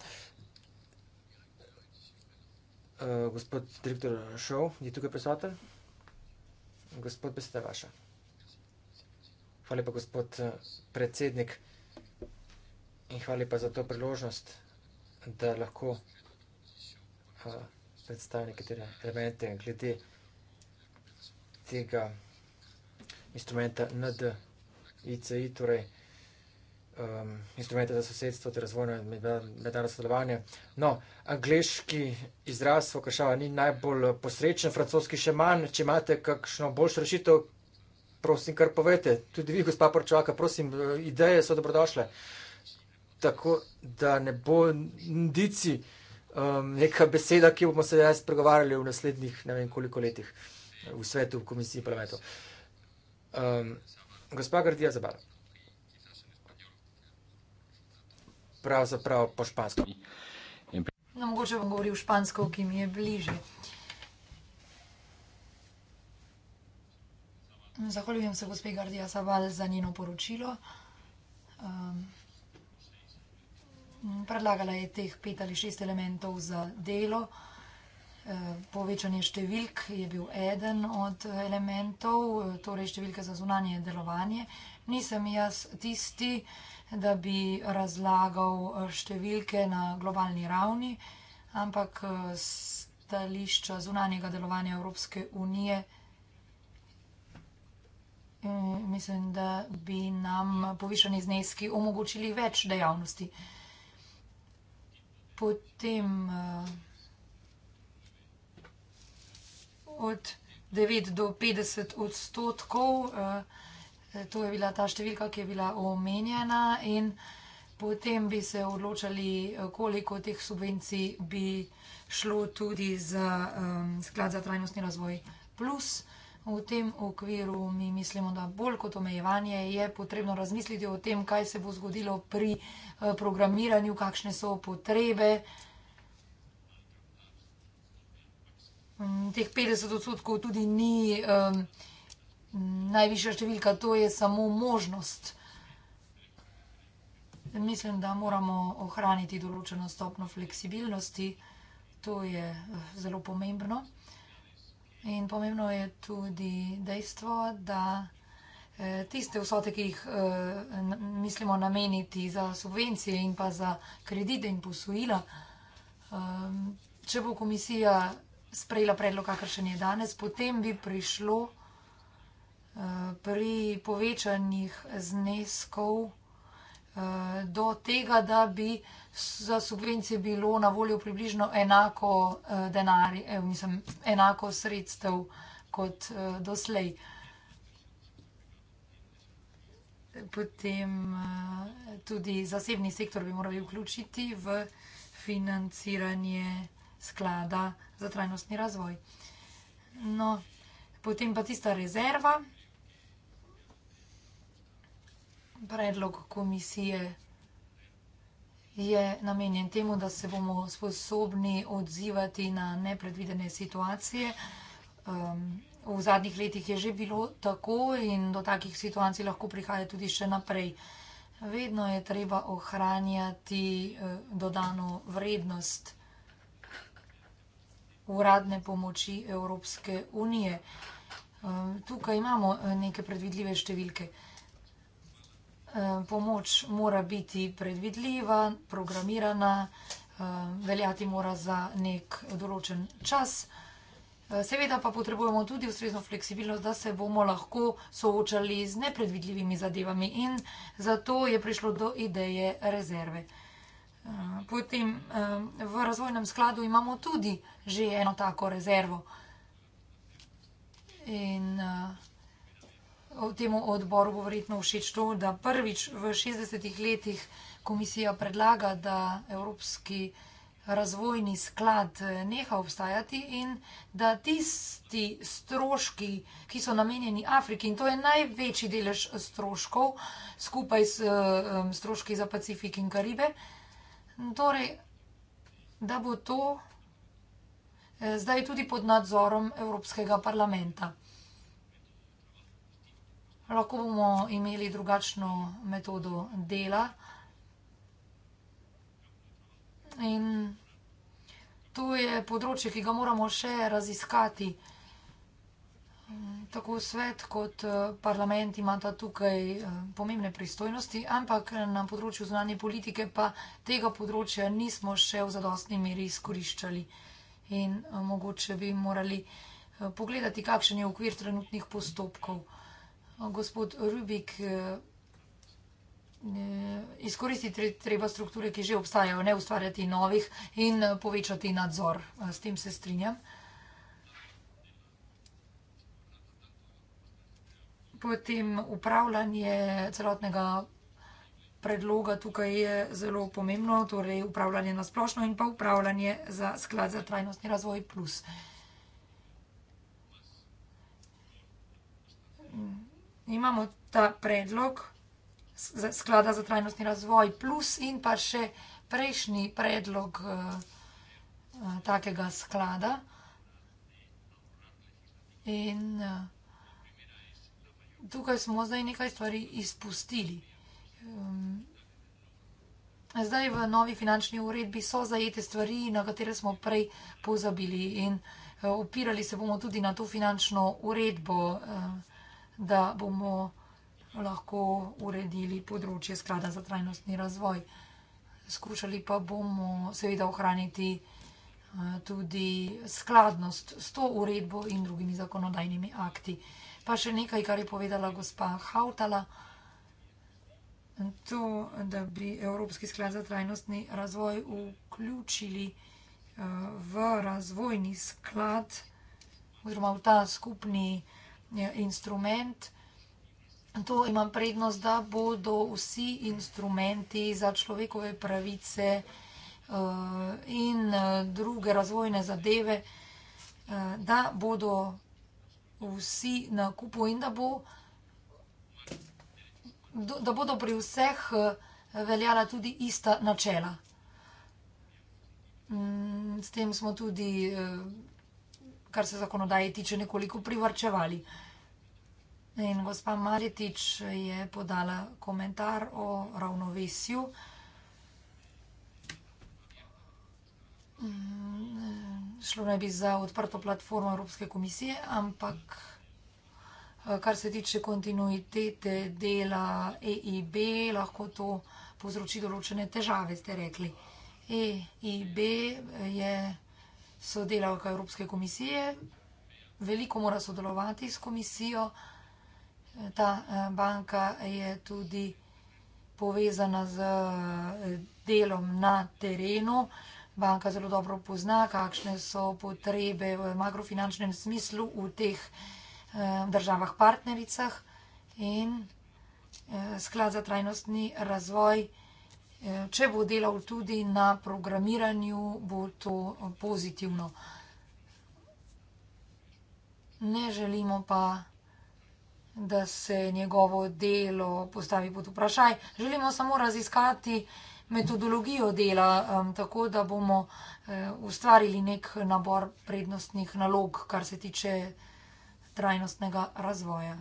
Uh, gospod direktor Šov, je tukaj prisoten? Gospod, beseda vaša. Hvala pa, gospod eh, predsednik, in hvala pa za to priložnost, da lahko uh, predstavim nekatere elemente glede tega instrumenta NDICI, torej um, instrumente za sosedstvo ter razvojno mednarodno sodelovanje. No, angliški izraz okrašava ni najbolj posrečen, francoski še manj. Če imate kakšno boljšo rešitev, prosim, kar povete. Tudi vi, gospa Porčovaka, prosim, ideje so dobrodošle. Tako da ne bo indici um, neka beseda, ki bomo se zdaj spregovarjali v naslednjih ne vem koliko letih v svetu, v komisiji parlamentov. Um, gospa Gardija Zabala. pravzaprav po špansko. No, mogoče bom govoril špansko, ki mi je bližje. Zahvaljujem se gospe Gardija Saval za njeno poročilo. Ehm, predlagala je teh pet ali šest elementov za delo. Ehm, povečanje številk je bil eden od elementov, torej številka za zunanje delovanje. Nisem jaz tisti, ki da bi razlagal eh, številke na globalni ravni, ampak eh, stališča zunanjega delovanja Evropske unije eh, mislim, da bi nam povišani zneski omogočili več dejavnosti. Potem od 9 do 50 odstotkov. Eh, to je bila ta številka, ki je bila omenjena in potem bi se odločali, eh, koliko teh subvencij bi šlo tudi za um, sklad za trajnostni razvoj plus. V tem okviru mi mislimo, da bolj kot omejevanje je potrebno razmisliti o tem, kaj se bo zgodilo pri eh, programiranju, kakšne so potrebe. Um, teh 50 odstotkov tudi ni. Um, najvišja številka, to je samo možnost. Mislim, da moramo ohraniti določeno stopno fleksibilnosti, to je eh, zelo pomembno. In pomembno je tudi dejstvo, da eh, tiste vsote, ki jih eh, mislimo nameniti za subvencije in pa za kredite in posojila, če bo komisija sprejela predlog, kakršen je danes, potem bi prišlo do pri povečanjih zneskov eh, do tega, da bi za subvencije bilo na voljo približno enako eh, denari, eh, mislim, enako sredstev kot doslej. Potem tudi zasebni sektor bi morali vključiti v financiranje sklada za trajnostni razvoj. No, potem pa tista rezerva. Predlog komisije je namenjen temu, da se bomo sposobni odzivati na nepredvidene situacije. Um, v zadnjih letih je že bilo tako in do takih situacij lahko prihaja tudi še naprej. Vedno je treba ohranjati eh, dodano vrednost uradne pomoči Evropske unije. Um, tukaj imamo eh, neke predvidljive številke pomoč mora biti predvidljiva, programirana, veljati mora za nek določen čas. Seveda pa potrebujemo tudi ustrezno fleksibilnost, da se bomo lahko soočali z nepredvidljivimi zadevami in zato je prišlo do ideje rezerve. Potem v razvojnem skladu imamo tudi že eno tako rezervo. In uh, temu odboru bo verjetno všeč to, da prvič v 60 letih komisija predlaga, da Evropski razvojni sklad eh, neha obstajati in da tisti stroški, ki so namenjeni Afriki, in to je največji delež stroškov, skupaj s eh, stroški za Pacifik in Karibe, torej da bo to eh, zdaj tudi pod nadzorom Evropskega parlamenta lahko bomo imeli drugačno metodo dela. In to je področje, ki ga moramo še raziskati. Tako svet kot eh, parlament imata tukaj eh, pomembne pristojnosti, ampak na področju zunanje politike pa tega področja nismo še v zadostni meri izkoriščali. In eh, mogoče bi morali pogledati, kakšen je okvir trenutnih postopkov. Gospod Rubik, eh, eh, izkoristiti treba strukture, ki že obstajajo, ne ustvarjati novih in eh, povečati nadzor. S tem se strinjam. Potem upravljanje celotnega predloga tukaj je zelo pomembno, torej upravljanje na splošno in pa upravljanje za sklad za trajnostni razvoj plus. imamo ta predlog sklada za trajnostni razvoj plus in pa še prejšnji predlog eh, eh, takega sklada. In eh, tukaj smo zdaj nekaj stvari izpustili. Ehm, zdaj v novi finančni uredbi so zajete stvari, na katere smo prej pozabili in opirali se bomo tudi na to finančno uredbo, ki da bomo lahko uredili področje sklada za trajnostni razvoj. Skušali pa bomo seveda ohraniti eh, tudi skladnost s to uredbo in drugimi zakonodajnimi akti. Pa še nekaj, kar je povedala gospa Hautala, to, da bi Evropski sklad za trajnostni razvoj vključili eh, v razvojni sklad oziroma v ta skupni razvoj instrument. To imam prednost, da bodo vsi instrumenti za človekove pravice eh, in eh, druge razvojne zadeve, eh, da bodo vsi na kupu in da bo da bodo pri vseh veljala tudi ista načela. Mm, s tem smo tudi kar se zakonodaje tiče, nekoliko privrčevali. In gospa Maritič je podala komentar o ravnovesju. Mm, šlo naj bi za odprto platformo Evropske komisije, ampak eh, kar se tiče kontinuitete dela EIB, lahko to povzroči določene težave, ste rekli. EIB eh, je sodelavka Evropske komisije, veliko mora sodelovati s komisijo. Ta eh, banka je tudi povezana z eh, delom na terenu. Banka zelo dobro pozna, kakšne so potrebe v makrofinančnem smislu v teh eh, državah partnericah in sklad za trajnostni razvoj. Eh, če bo delal tudi na programiranju, bo to pozitivno. Ne želimo pa, da se njegovo delo postavi pod vprašaj. Želimo samo raziskati metodologijo dela, tako da bomo eh, ustvarili nek nabor prednostnih nalog, kar se tiče trajnostnega razvoja.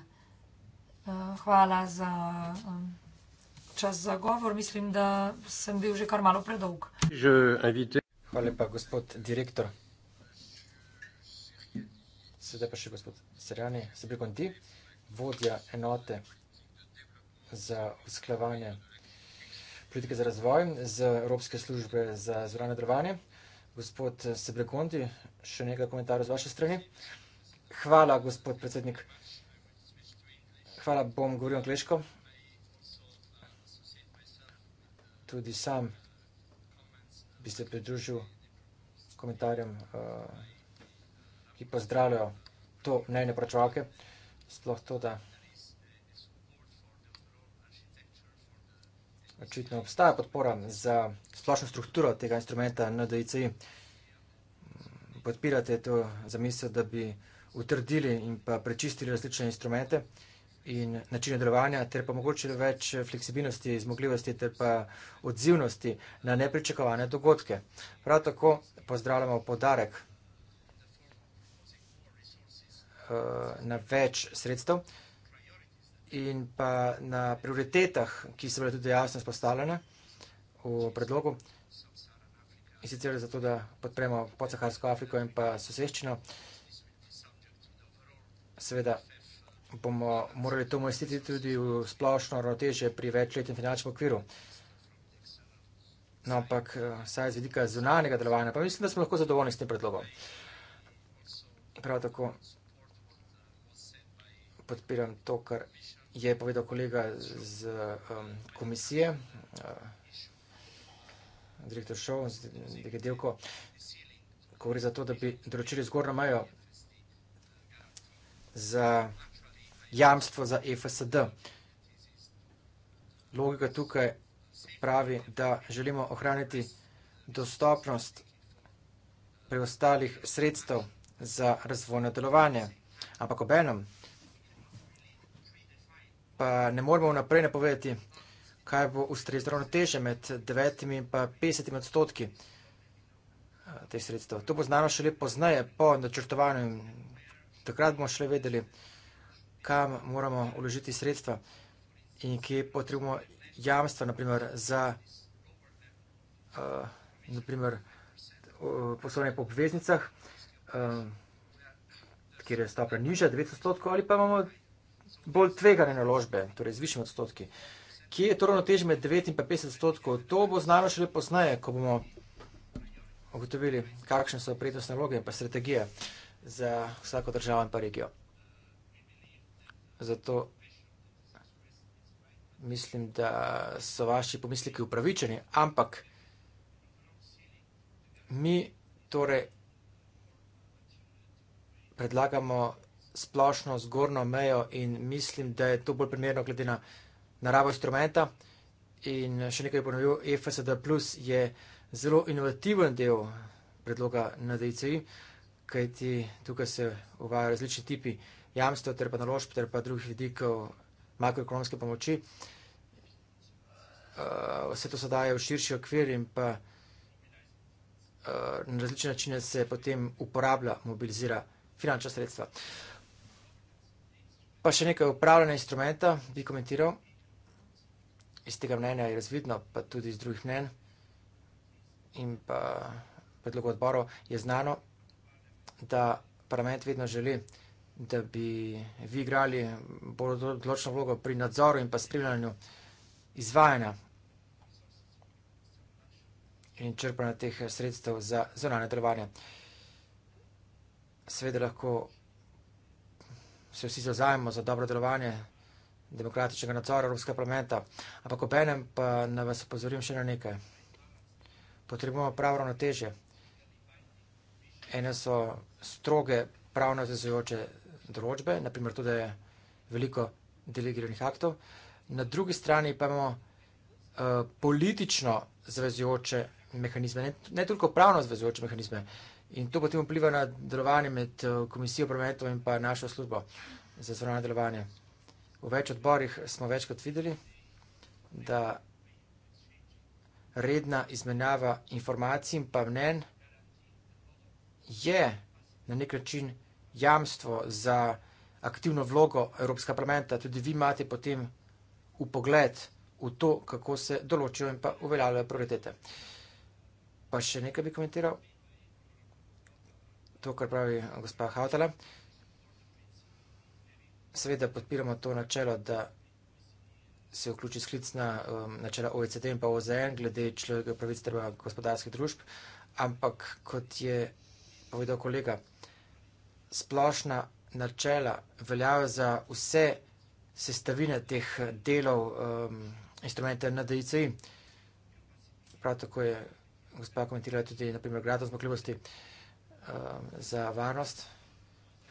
Eh, hvala za pozornost čas za govor, mislim, da sem bil že kar malo predolg. Hvala lepa, gospod direktor. Sedaj pa še gospod Serjani, se prikon ti, vodja enote za usklavanje politike za razvoj z Evropske službe za zvrane drvanje. Gospod Sebrekonti, še nekaj komentarov z vaše strani. Hvala, gospod predsednik. Hvala, bom govoril angliško. tudi sam bi se pridružil komentarjem, eh, ki pozdravljajo to mnenje pračevalke, sploh to, da očitno obstaja podpora za splošno strukturo tega instrumenta NDICI. Podpirate to za misel, da bi utrdili in pa prečistili različne instrumente, ki in načine delovanja, ter pa mogoče več fleksibilnosti, zmogljivosti ter pa odzivnosti na nepričakovane dogodke. Prav tako pozdravljamo podarek eh, na več sredstev in pa na prioritetah, ki so bile tudi jasno spostavljene v predlogu in sicer zato, da podpremo podsaharsko Afriko in pa soseščino, seveda bomo morali to mestiti tudi v splošno roteže pri večletnem finančnem okviru. No, ampak eh, saj z vidika zunanjega delovanja, pa mislim, da smo lahko zadovoljni s tem predlogom. Prav tako podpiram to, kar je povedal kolega z um, komisije, uh, direktor Šov, z delko, ko gre za to, da bi določili zgornjo mejo za jamstvo za e FSD. Logika tukaj pravi, da želimo ohraniti dostopnost preostalih sredstev za razvojno delovanje. Ampak ob enem pa ne moramo naprej napovedati, kaj bo ustrezno ravnoteže med 9 in pa 50 odstotki eh, teh sredstev. To bo znano šele pozneje po načrtovanju. Takrat bomo šele vedeli, kam moramo vložiti sredstva in kje potrebujemo jamstva, naprimer za eh, naprimer eh, poslovanje po obveznicah, eh, kjer je stopra nižja, 9 odstotkov, ali pa imamo bolj tvegane naložbe, torej z višjimi odstotki. Kje je to ravnotežje med 9 in 50 odstotkov? To bo znano šele poznaje, ko bomo ugotovili, kakšne so prednostne naloge in pa strategije za vsako državo in pa regijo. Zato mislim, da so vaši pomisliki upravičeni, ampak mi torej predlagamo splošno zgornjo mejo in mislim, da je to bolj primerno glede na naravo instrumenta. In še nekaj ponovil, e FSD Plus je zelo inovativen del predloga na DCI, kajti tukaj se uvajajo različni tipi jamstva, ter pa naložb, ter pa drugih vidikov makroekonomske pomoči. Eh, vse to se daje v širši okvir in pa eh, na različne načine se potem uporablja, mobilizira finančna sredstva. Pa še nekaj upravljanja instrumenta bi komentiral. Iz tega mnenja je razvidno, pa tudi iz drugih mnen in pa predlogov odborov je znano, da parlament vedno želi, da da bi vi igrali bolj odločno vlogo pri nadzoru in pa spremljanju izvajanja in črpanja teh sredstev za zunanje delovanje. Seveda lahko se vsi zauzajemo za dobro delovanje demokratičnega nadzora Evropskega parlamenta, ampak ob enem pa na vas opozorim še na nekaj. Potrebujemo pravo ravnotežje. Ene so stroge, pravno zazujoče določbe, naprimer tudi veliko delegiranih aktov, na drugi strani pa imamo uh, politično zvezujoče mehanizme, ne, ne toliko pravno zvezujoče mehanizme. In to potem vpliva na delovanje med eh, komisijo prometov in pa našo službo za zvonanje delovanje. V več odborih smo večkrat videli, da redna izmenjava informacij in pa mnen je na nek način jamstvo za aktivno vlogo Evropskega parlamenta, tudi vi imate potem upogled v to, kako se določijo in pa uveljavljajo prioritete. Pa še nekaj bi komentiral, to, kar pravi gospa Hautala. Seveda podpiramo to načelo, da se vključi sklic na um, načela OECD in pa OZN glede človekovih pravic ter gospodarskih družb, ampak kot je povedal kolega, splošna načela veljajo za vse sestavine teh delov um, instrumente NDICI. Prav tako je gospa komentirala tudi, naprimer, grado zmogljivosti um, za varnost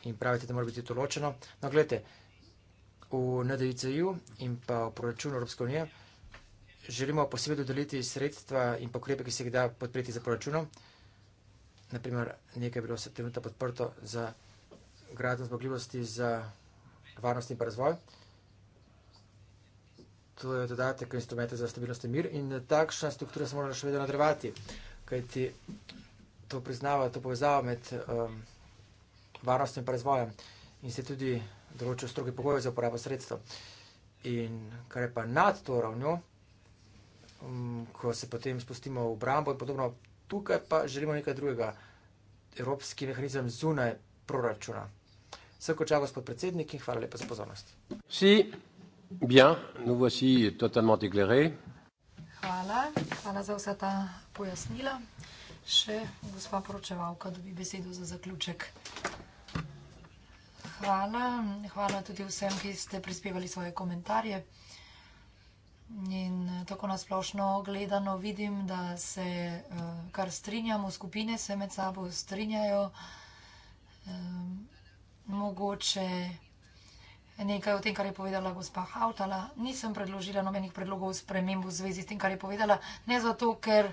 in pravite, da mora biti to ločeno. No, gledajte, v NDICI in pa v proračunu Evropske unije želimo posebej dodeliti sredstva in pokrepe, ki se jih da podpreti za proračunom. Naprimer, nekaj je bilo se trenutno podprto za gradnjo zmogljivosti za varnost in pa razvoj. To je dodatek instrumente za stabilnost in mir in takšna struktura se mora še vedno nadrevati, kajti to priznava, to povezava med um, varnostjo in pa razvojem in se tudi določijo stroge pogoje za uporabo sredstva. In kar je pa nad to ravnjo, um, ko se potem spustimo v brambo in podobno, tukaj pa želimo nekaj drugega. Evropski mehanizem zunaj proračuna. Vse kot čas, gospod predsednik, in hvala lepa za pozornost. Vsi, bien, nous voici totalement éclairés. Hvala, hvala za vsa ta pojasnila. Še gospa poročevalka dobi besedo za zaključek. Hvala, hvala tudi vsem, ki ste prispevali svoje komentarje. In tako nasplošno gledano vidim, da se eh, kar strinjamo, skupine se med sabo strinjajo. Ehm, mogoče nekaj o tem, kar je povedala gospa Hautala. Nisem predložila nobenih predlogov sprememb v zvezi s tem, kar je povedala. Ne zato, ker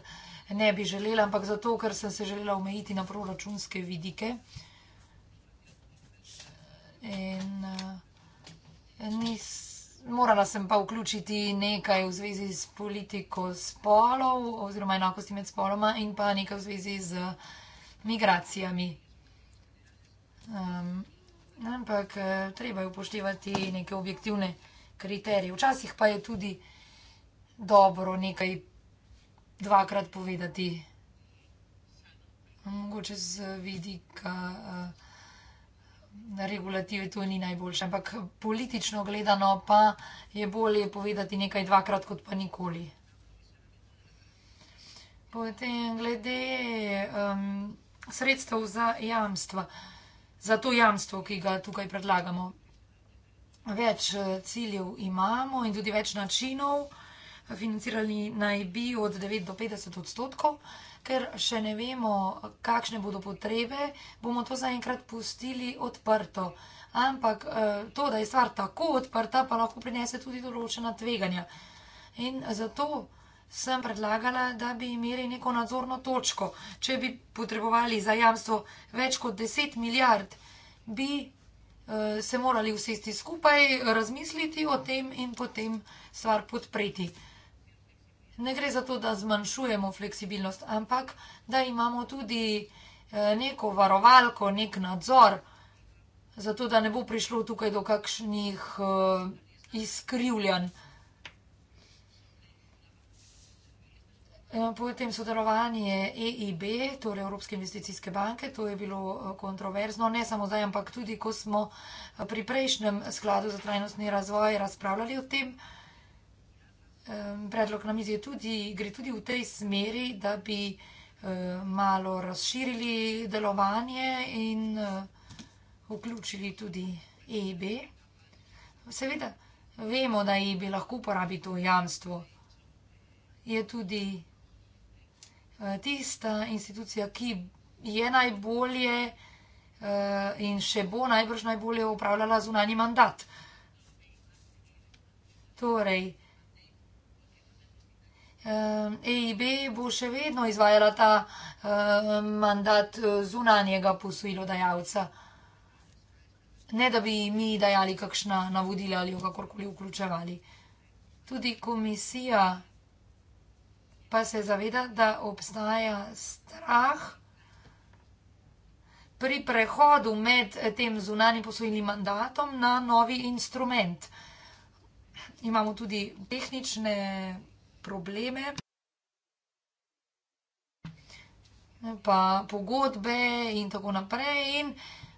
ne bi želela, ampak zato, ker sem se želela omejiti na proračunske vidike. In, eh, nis, morala sem pa vključiti nekaj v zvezi s politiko spolov oziroma enakosti med spoloma in pa nekaj v zvezi z migracijami. Um, ampak eh, treba je upoštevati neke objektivne kriterije. Včasih pa je tudi dobro nekaj dvakrat povedati, mogoče z vidika eh, regulative to ni najboljše, ampak politično gledano pa je bolje povedati nekaj dvakrat kot pa nikoli. Potem glede ehm, sredstev za jamstva. Potem glede sredstev za jamstva za to jamstvo, ki ga tukaj predlagamo. Več eh, ciljev imamo in tudi več načinov. Financirali naj bi od 9 do 50 odstotkov, ker še ne vemo, kakšne bodo potrebe, bomo to zaenkrat pustili odprto. Ampak eh, to, da je stvar tako odprta, pa lahko prinese tudi določena tveganja. In zato sem predlagala, da bi imeli neko nadzorno točko. Če bi potrebovali za jamstvo več kot 10 milijard, bi eh, se morali vsesti skupaj, razmisliti o tem in potem stvar podpreti. Ne gre za to, da zmanjšujemo fleksibilnost, ampak da imamo tudi eh, neko varovalko, nek nadzor, zato da ne bo prišlo tukaj do kakšnih eh, izkrivljanj. Eh, potem sodelovanje EIB, torej Evropske investicijske banke, to je bilo eh, kontroverzno, ne samo zdaj, ampak tudi, ko smo eh, pri prejšnjem skladu za trajnostni razvoj razpravljali o tem. Predlog na mizi tudi, gre tudi v tej smeri, da bi malo razširili delovanje in vključili tudi EIB. Seveda, vemo, da EIB lahko uporabi to jamstvo. Je tudi Eh, tista institucija, ki je najbolje eh, in še bo najbrž najbolje upravljala zunanji mandat. Torej, EIB eh, e bo še vedno izvajala ta mandat zunanjega posojilodajalca, ne da bi mi dajali kakšna navodila ali jo kakorkoli vključevali. Tudi komisija pa se zaveda, da obstaja strah pri prehodu med tem zunanjim posojilnim mandatom na novi instrument. Imamo tudi tehnične probleme. Pa pogodbe in tako naprej. In,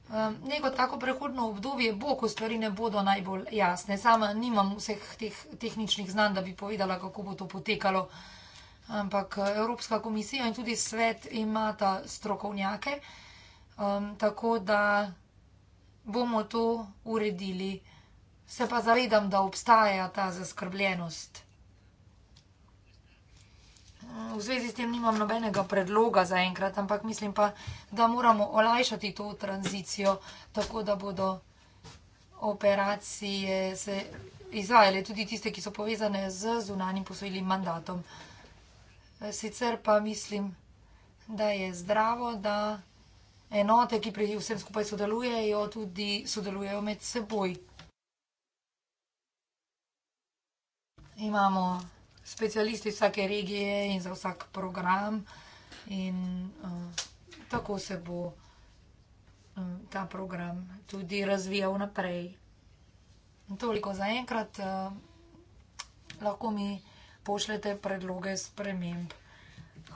um, neko tako prehodno obdobje bo, ko stvari ne bodo najbolj jasne. Sama nimam vseh teh tehničnih znanj, da bi povedala, kako bo to potekalo ampak eh, Evropska komisija in tudi svet imata strokovnjake, um, tako da bomo to uredili. Se pa zavedam, da obstaja ta zaskrbljenost. V zvezi s tem nimam nobenega predloga za enkrat, ampak mislim pa, da moramo olajšati to tranzicijo, tako da bodo operacije se izvajale, tudi tiste, ki so povezane z zunanim posojilim mandatom sicer pa mislim, da je zdravo, da enote, ki pri vsem skupaj sodelujejo, tudi sodelujejo med seboj. Imamo specialisti vsake regije in za vsak program in eh, tako se bo eh, ta program tudi razvijal naprej. Toliko za enkrat. Eh, lahko mi povedal, pošljete predloge sprememb.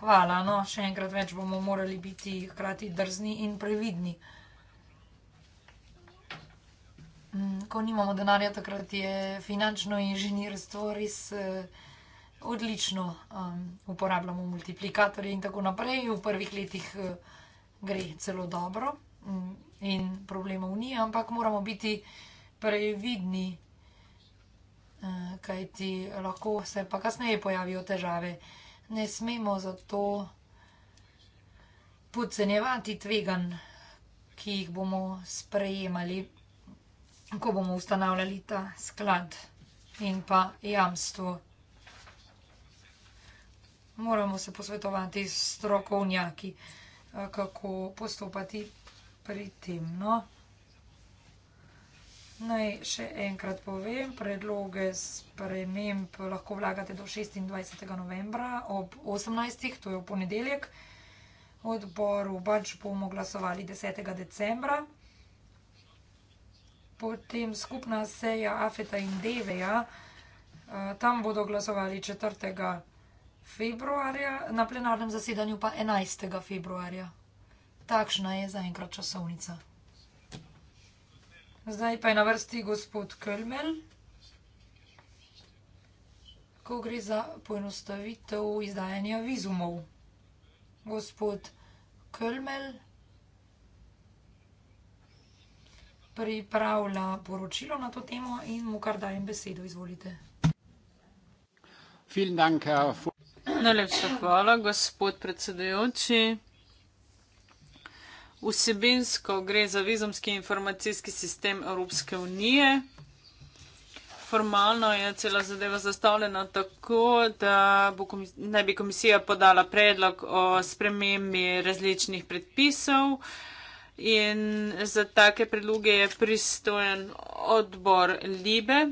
Hvala, no, še enkrat več bomo morali biti hkrati drzni in previdni. Mm, ko nimamo denarja, takrat je finančno inženirstvo res eh, odlično. Um, uporabljamo multiplikatorje in tako naprej. V prvih letih eh, gre celo dobro mm, in problemov ni, ampak moramo biti previdni kajti lahko se pa kasneje pojavijo težave. Ne smemo zato podcenjevati tvegan, ki jih bomo sprejemali, ko bomo ustanavljali ta sklad in pa jamstvo. Moramo se posvetovati s strokovnjaki, kako postopati pri tem. No? Naj še enkrat povem, predloge sprememb lahko vlagate do 26. novembra ob 18. to je v ponedeljek. Odbor v Banč bomo glasovali 10. decembra. Potem skupna seja Afeta in Deveja, eh, tam bodo glasovali 4. februarja, na plenarnem zasedanju pa 11. februarja. Takšna je zaenkrat časovnica. Zdaj pa je na vrsti gospod Kölmel. Ko gre za poenostavitev izdajanja vizumov. Gospod Kölmel pripravlja poročilo na to temo in mu kar dajem besedo. Izvolite. Najlepša hvala, gospod predsedujoči. Vsebinsko gre za vizumski informacijski sistem Evropske unije. Formalno je cela zadeva zastavljena tako, da komis naj bi komisija podala predlog o spremembi različnih predpisov in za take predloge je pristojen odbor Libe.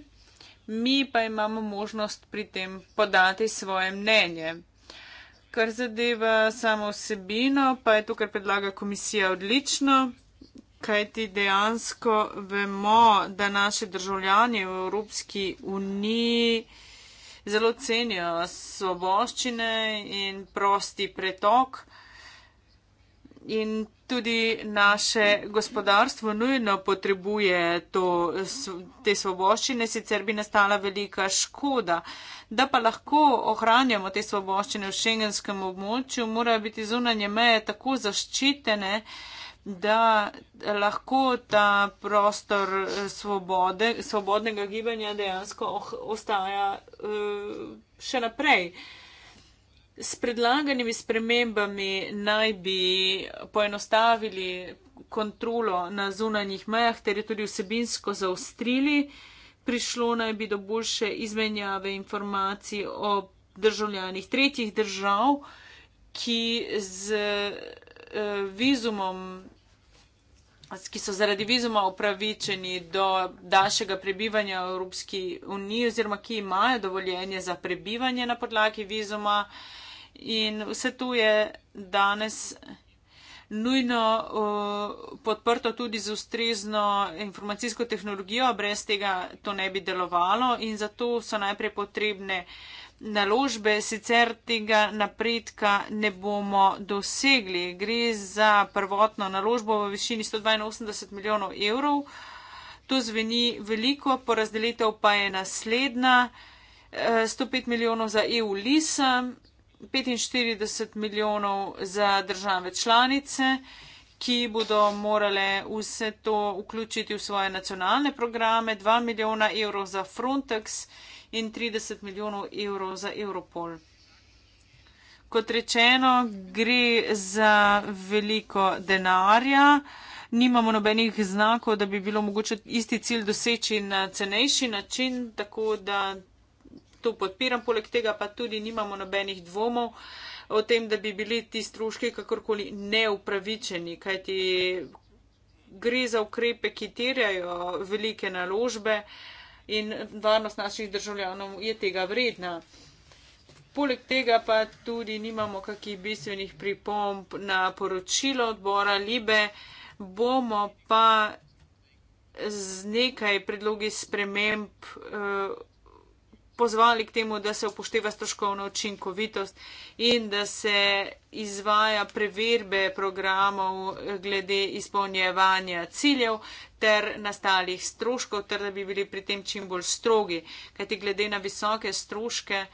Mi pa imamo možnost pri tem podati svoje mnenje. Kar zadeva samo vsebino, pa je to, kar predlaga komisija, odlično, kajti dejansko vemo, da naši državljani v Evropski uniji zelo cenijo svoboščine in prosti pretok. In tudi naše gospodarstvo nujno potrebuje to, te svoboščine, sicer bi nastala velika škoda. Da pa lahko ohranjamo te svoboščine v šengenskem območju, morajo biti zunanje meje tako zaščitene, da lahko ta prostor eh, svobode, svobodnega gibanja dejansko oh, ostaja eh, še naprej. S predlaganimi spremembami naj bi poenostavili kontrolo na zunanjih mejah, ter je tudi vsebinsko zaustrili, prišlo naj bi do boljše izmenjave informacij o državljanih tretjih držav, ki z eh, vizumom, ki so zaradi vizuma upravičeni do daljšega prebivanja v Evropski uniji oziroma ki imajo dovoljenje za prebivanje na podlagi vizuma. In vse to je danes nujno podprto tudi z ustrezno informacijsko tehnologijo, brez tega to ne bi delovalo in zato so najprej potrebne naložbe, sicer tega napredka ne bomo dosegli. Gre za prvotno naložbo v višini 182 milijonov evrov. To zveni veliko, porazdelitev pa je naslednja. 105 e, milijonov za EU-LISA 45 milijonov za države članice, ki bodo morale vse to vključiti v svoje nacionalne programe, 2 milijona evrov za Frontex in 30 milijonov evrov za Europol. Kot rečeno, gre za veliko denarja. Nimamo nobenih znakov, da bi bilo mogoče isti cilj doseči na cenejši način, tako da to podpiram, poleg tega pa tudi nimamo nobenih dvomov o tem, da bi bili ti stroški kakorkoli neupravičeni, kajti gre za ukrepe, ki terjajo velike naložbe in varnost naših državljanov je tega vredna. Poleg tega pa tudi nimamo kakih bistvenih pripomb na poročilo odbora Libe, bomo pa z nekaj predlogi sprememb. Uh, pozvali k temu, da se upošteva stroškovno učinkovitost in da se izvaja preverbe programov glede izpolnjevanja ciljev ter nastalih stroškov, ter da bi bili pri tem čim bolj strogi. Kajti glede na visoke stroške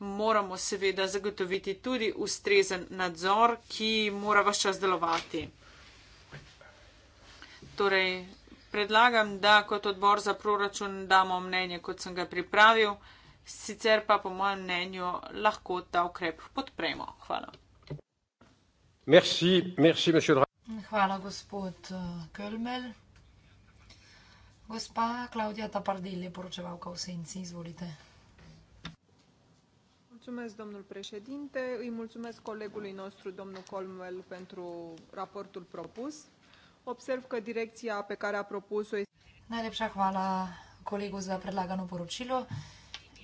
moramo seveda zagotoviti tudi ustrezen nadzor, ki mora vaš čas delovati. Torej, predlagam, da kot odbor za proračun damo mnenje, kot sem ga pripravil sicer pa po mojem mnenju lahko ta ukrep podpremo. Hvala. Merci, merci, Hvala, gospod eh, Kölmel. Gospa Klaudija Tapardil je poročevalka v senci. Izvolite. Mulțumesc, domnul președinte. Îi mulțumesc colegului nostru, domnul Colmel, pentru raportul propus. Observ că direcția pe care a propus-o este... Najlepșa hvala colegul za predlaganul porucilor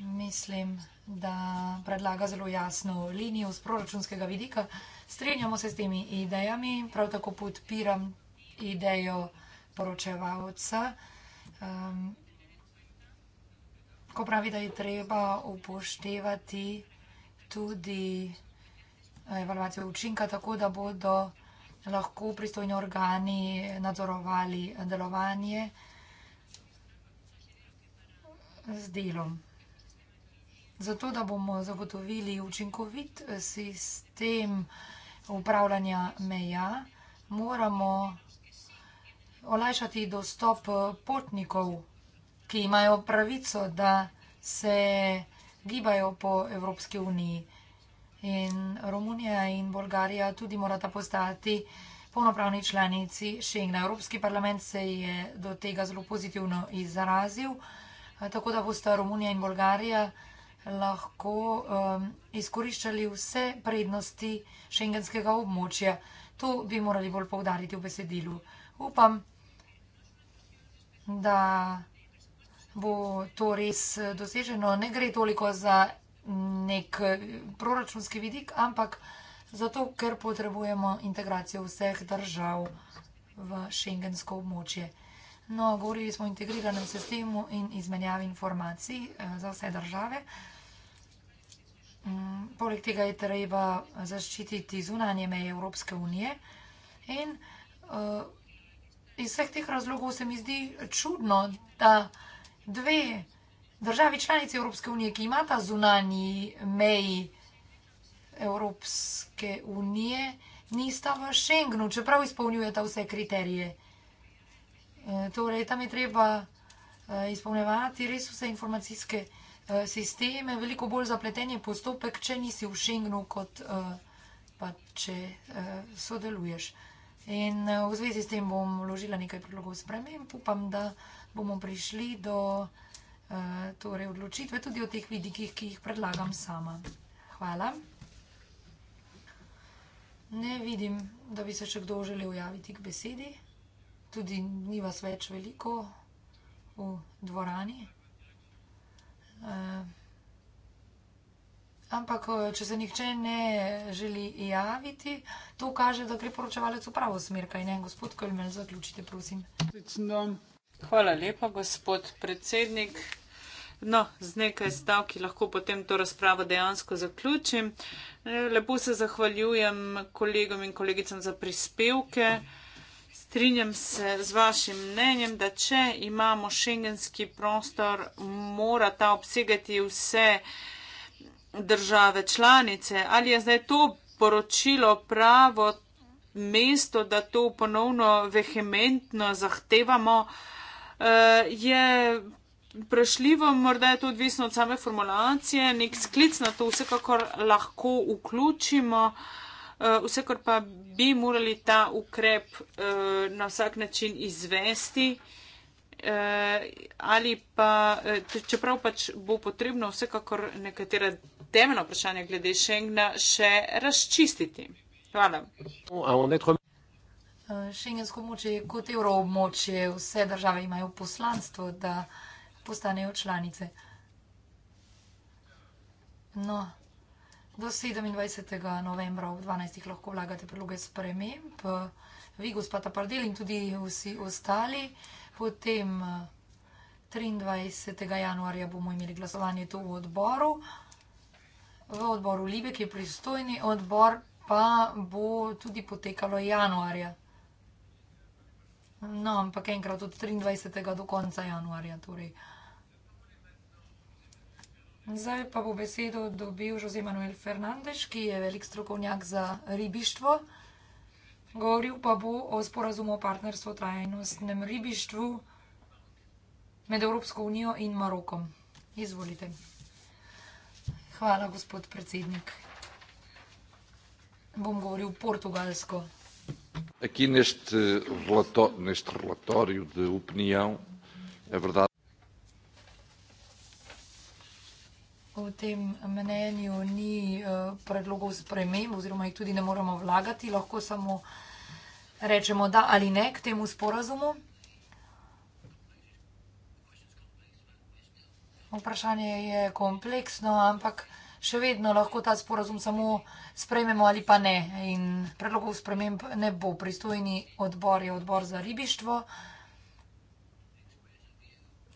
mislim, da predlaga zelo jasno linijo z proračunskega vidika. Strenjamo se s temi idejami, prav tako podpiram idejo poročevalca. Um, ko pravi, da je treba upoštevati tudi eh, evalvacijo učinka, tako da bodo lahko pristojni organi nadzorovali delovanje z delom. Zato, da bomo zagotovili učinkovit eh, sistem upravljanja meja, moramo olajšati dostop eh, potnikov, ki imajo pravico, da se gibajo po Evropski uniji. In Romunija in Bolgarija tudi morata postati polnopravni članici Schengna. Evropski parlament se je do tega zelo pozitivno izrazil, eh, tako da bosta Romunija in Bolgarija vsega, lahko um, izkoriščali vse prednosti šengenskega območja. To bi morali bolj povdariti v besedilu. Upam, da bo to res doseženo. Ne gre toliko za nek eh, proračunski vidik, ampak zato, ker potrebujemo integracijo vseh držav v šengensko območje. No, govorili smo o integriranem sistemu in izmenjavi informacij eh, za vse države. Mm, poleg tega je treba zaščititi zunanje meje Evropske unije. In uh, iz vseh teh razlogov se mi zdi čudno, da dve državi članice Evropske unije, ki imata zunanji meji Evropske unije, nista v Schengenu, čeprav izpolnjujeta vse kriterije. Uh, torej, tam je treba uh, izpolnjevati res vse informacijske kriterije Eh, sisteme, veliko bolj zapleten je postopek, če nisi v Schengenu, kot eh, pa če eh, sodeluješ. In v zvezi s tem bom vložila nekaj predlogov sprememb, upam, da bomo prišli do torej odločitve tudi o teh vidikih, ki jih predlagam sama. Hvala. Ne vidim, da bi se še kdo želel javiti k besedi. Tudi ni vas več veliko v dvorani. Hvala. Eh, ampak, eh, če se nihče ne želi javiti, to kaže, da gre poročevalec v pravo smer. Kaj ne, gospod Kölmel, zaključite, prosim. Hvala lepa, gospod predsednik. No, z nekaj stavki lahko potem to razpravo dejansko zaključim. Eh, lepo se zahvaljujem kolegom in kolegicam za prispevke. Hvala. Strinjam se z vašim mnenjem, da če imamo šengenski prostor, mora ta obsegati vse države članice. Ali je zdaj to poročilo pravo mesto, da to ponovno vehementno zahtevamo, eh, je prešljivo, morda je to odvisno od same formulacije, nek sklic na to vsekakor lahko vključimo. Eh, vsekor pa bi morali ta ukrep eh, na vsak način izvesti. Eh, ali pa, čeprav pač bo potrebno vsekakor nekatera temeljna vprašanja glede Schengna še razčistiti. Hvala. Šengensko območje je kot evroobmočje, vse države imajo poslanstvo, da postanejo članice. No, do 27. novembra ob 12. lahko vlagate predloge sprememb, vi, gospod Apardel in tudi vsi ostali. Potem 23. januarja bomo imeli glasovanje tu v odboru, v odboru Libe, ki je pristojni odbor, pa bo tudi potekalo januarja. No, ampak enkrat od 23. do konca januarja, torej. Zdaj pa bo besedo dobil Jose Manuel Fernandez, ki je velik strokovnjak za ribištvo. Govoril pa bo o sporazumu o partnerstvu o trajnostnem ribištvu med Evropsko unijo in Marokom. Izvolite. Hvala, gospod predsednik. Bom govoril portugalsko. Aqui neste, relato, neste relatório de opinião, é verdade. tem mnenju ni eh, predlogov sprememb oziroma jih tudi ne moramo vlagati, lahko samo rečemo da ali ne k temu sporazumu. Vprašanje je kompleksno, ampak še vedno lahko ta sporazum samo sprememo ali pa ne. In predlogov sprememb ne bo. Pristojni odbor je odbor za ribištvo.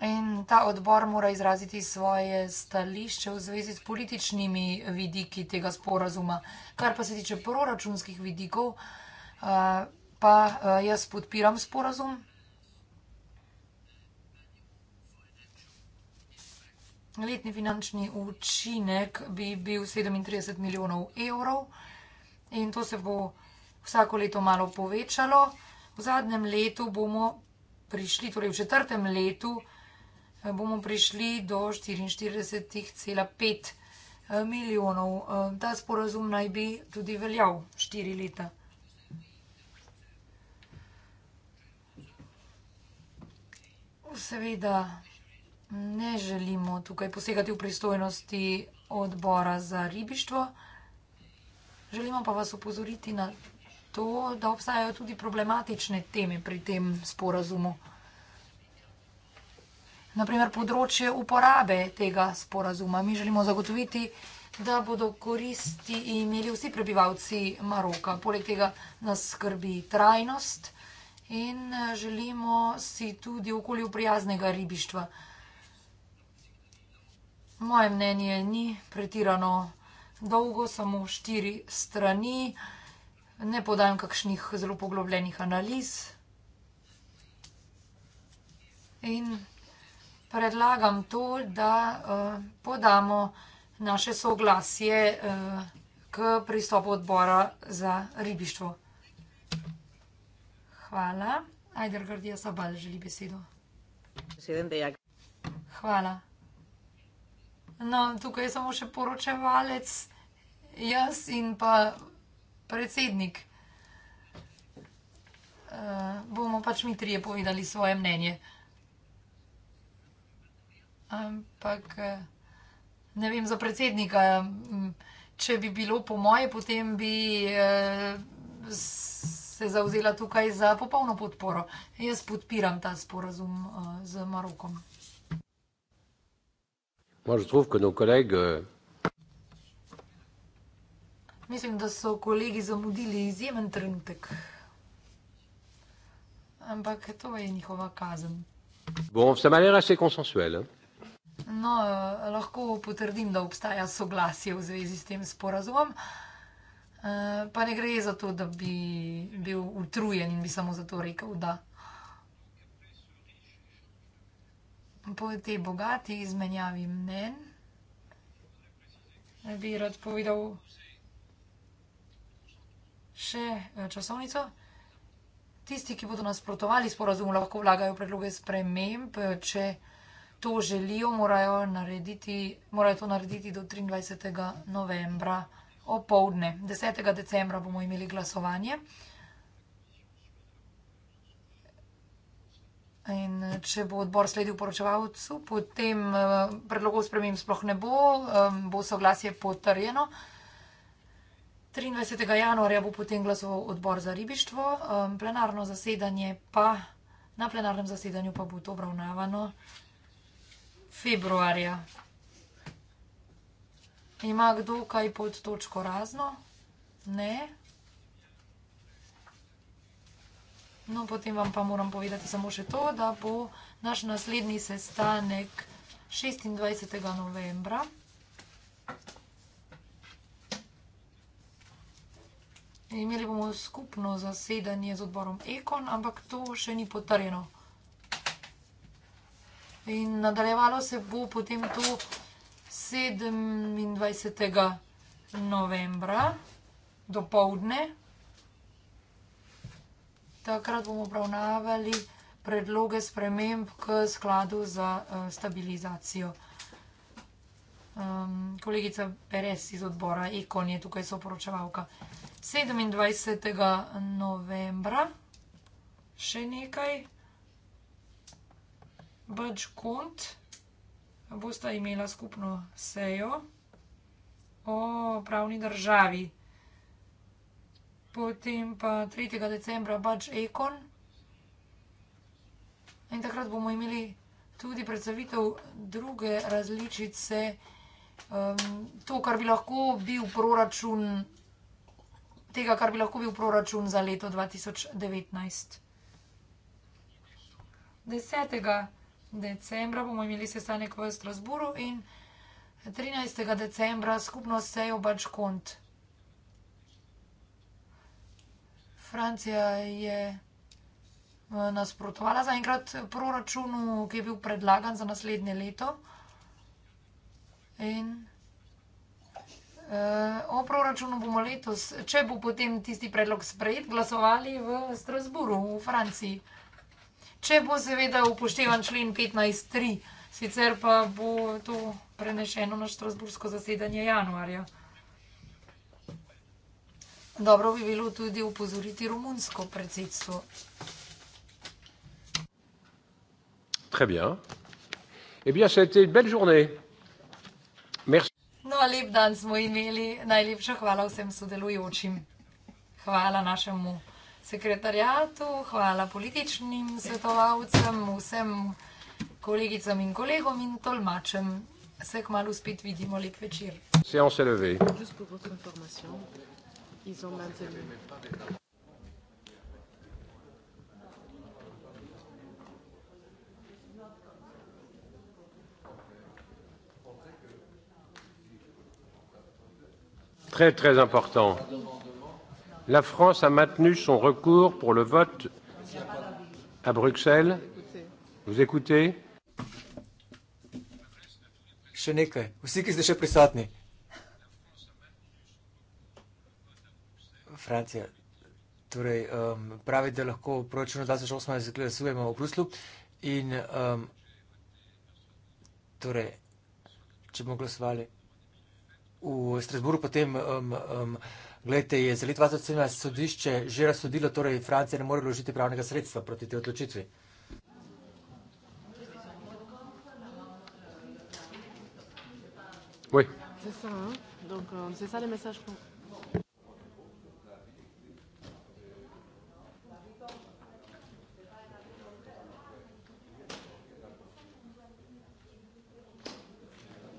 In ta odbor mora izraziti svoje stališče v zvezi s političnimi vidiki tega sporazuma. Kar pa se tiče proračunskih vidikov, eh, pa eh, jaz podpiram sporazum. Letni finančni učinek bi bil 37 milijonov evrov in to se bo vsako leto malo povečalo. V zadnjem letu bomo prišli, torej v četrtem letu, vsega, bomo prišli do 44,5 eh, milijonov. Eh, ta sporazum naj bi tudi veljal 4 leta. Seveda ne želimo tukaj posegati v pristojnosti odbora za ribištvo. Želimo pa vas upozoriti na to, da obstajajo tudi problematične teme pri tem sporazumu naprimer področje uporabe tega sporazuma. Mi želimo zagotoviti, da bodo koristi imeli vsi prebivalci Maroka. Poleg tega nas skrbi trajnost in eh, želimo si tudi okolju prijaznega ribištva. Moje mnenje ni pretirano dolgo, samo štiri strani. Ne podajam kakšnih zelo poglobljenih analiz. In predlagam to, da eh, podamo naše soglasje eh, k pristopu odbora za ribištvo. Hvala. Ajder Gardija Sabal želi besedo. Ja. Hvala. No, tukaj je samo še poročevalec, jaz in pa predsednik. Eh, bomo pač mi trije povedali svoje mnenje. Ampak ne vem, za predsednika, če bi bilo po moje, potem bi eh, se zauzela tukaj za popolno podporo. Jaz podpiram ta sporazum eh, z Marokom. Mislim, da so kolegi zamudili izjemen trenutek. Ampak to je njihova kazen. Bon, ça m'a l'air assez consensuel. Hein? No, eh, lahko potrdim, da obstaja soglasje v zvezi s tem sporazumom. Eh, pa ne gre za to, da bi bil utrujen in bi samo zato rekel, da. Po tej bogati izmenjavi mnen eh, bi rad povedal še časovnico. Tisti, ki bodo nasprotovali sporazumu, lahko vlagajo predloge sprememb, če vsega to želijo, morajo, narediti, morajo to narediti do 23. novembra opoldne. 10. decembra bomo imeli glasovanje. In če bo odbor sledil poročevalcu, potem eh, predlogov spremem sploh ne bo, bo soglasje potrjeno. 23. januarja bo potem glasoval odbor za ribištvo, plenarno zasedanje pa, na plenarnem zasedanju pa bo to obravnavano februarja. Ima kdo kaj pod točko razno? Ne. No, potem vam pa moram povedati samo še to, da bo naš naslednji sestanek 26. novembra. Imeli bomo skupno zasedanje z odborom Ekon, ampak to še ni potrjeno. In nadaljevalo se bo potem tu 27. novembra do povdne. Takrat bomo upravnavali predloge sprememb k skladu za eh, stabilizacijo. Ehm, kolegica Perez iz odbora Ekon je tukaj soporočevalka. 27. novembra še nekaj. 27. novembra. Bač Kont bosta imela skupno sejo o pravni državi. Potem pa 3. decembra Bač Ekon. In takrat bomo imeli tudi predstavitev druge različice, um, to, kar bi lahko bil proračun, tega, kar bi lahko bil proračun za leto 2019. 10. decembra decembra bomo imeli sestanek v Strasburu in 13. decembra skupno sejo pač kont. Francija je eh, nasprotovala zaenkrat proračunu, ki je bil predlagan za naslednje leto. In eh, o proračunu bomo letos, če bo potem tisti predlog sprejet, glasovali v Strasburu, v Franciji. Če bo seveda upoštevan člen 15.3, sicer pa bo to prenešeno na Štrasbursko zasedanje januarja. Dobro bi bilo tudi upozoriti romunsko predsedstvo. Très bien. Eh bien, ça a été une belle journée. Merci. No, lep dan smo imeli. Najlepša hvala vsem sodelujočim. Hvala našemu sekretarjatu, hvala političnim svetovalcem, vsem kolegicam in kolegom in tolmačem. Se kmalo spet vidimo, lep večer. Très, très important la France a maintenu son recours pour le vote à Bruxelles. Vous écoutez Še nekaj. Vsi, ki ste še prisotni. Francija. Torej, um, pravi, da lahko v proračunu 2018 glasujemo v Bruslu in um, torej, če bomo glasovali v Strasburu, potem um, um, Glede, je za leto 2017 sodišče že razsodilo, torej Francija ne more vložiti pravnega sredstva proti te odločitvi. Oui. C'est ça, hein? Donc, euh, c'est ça le message qu'on.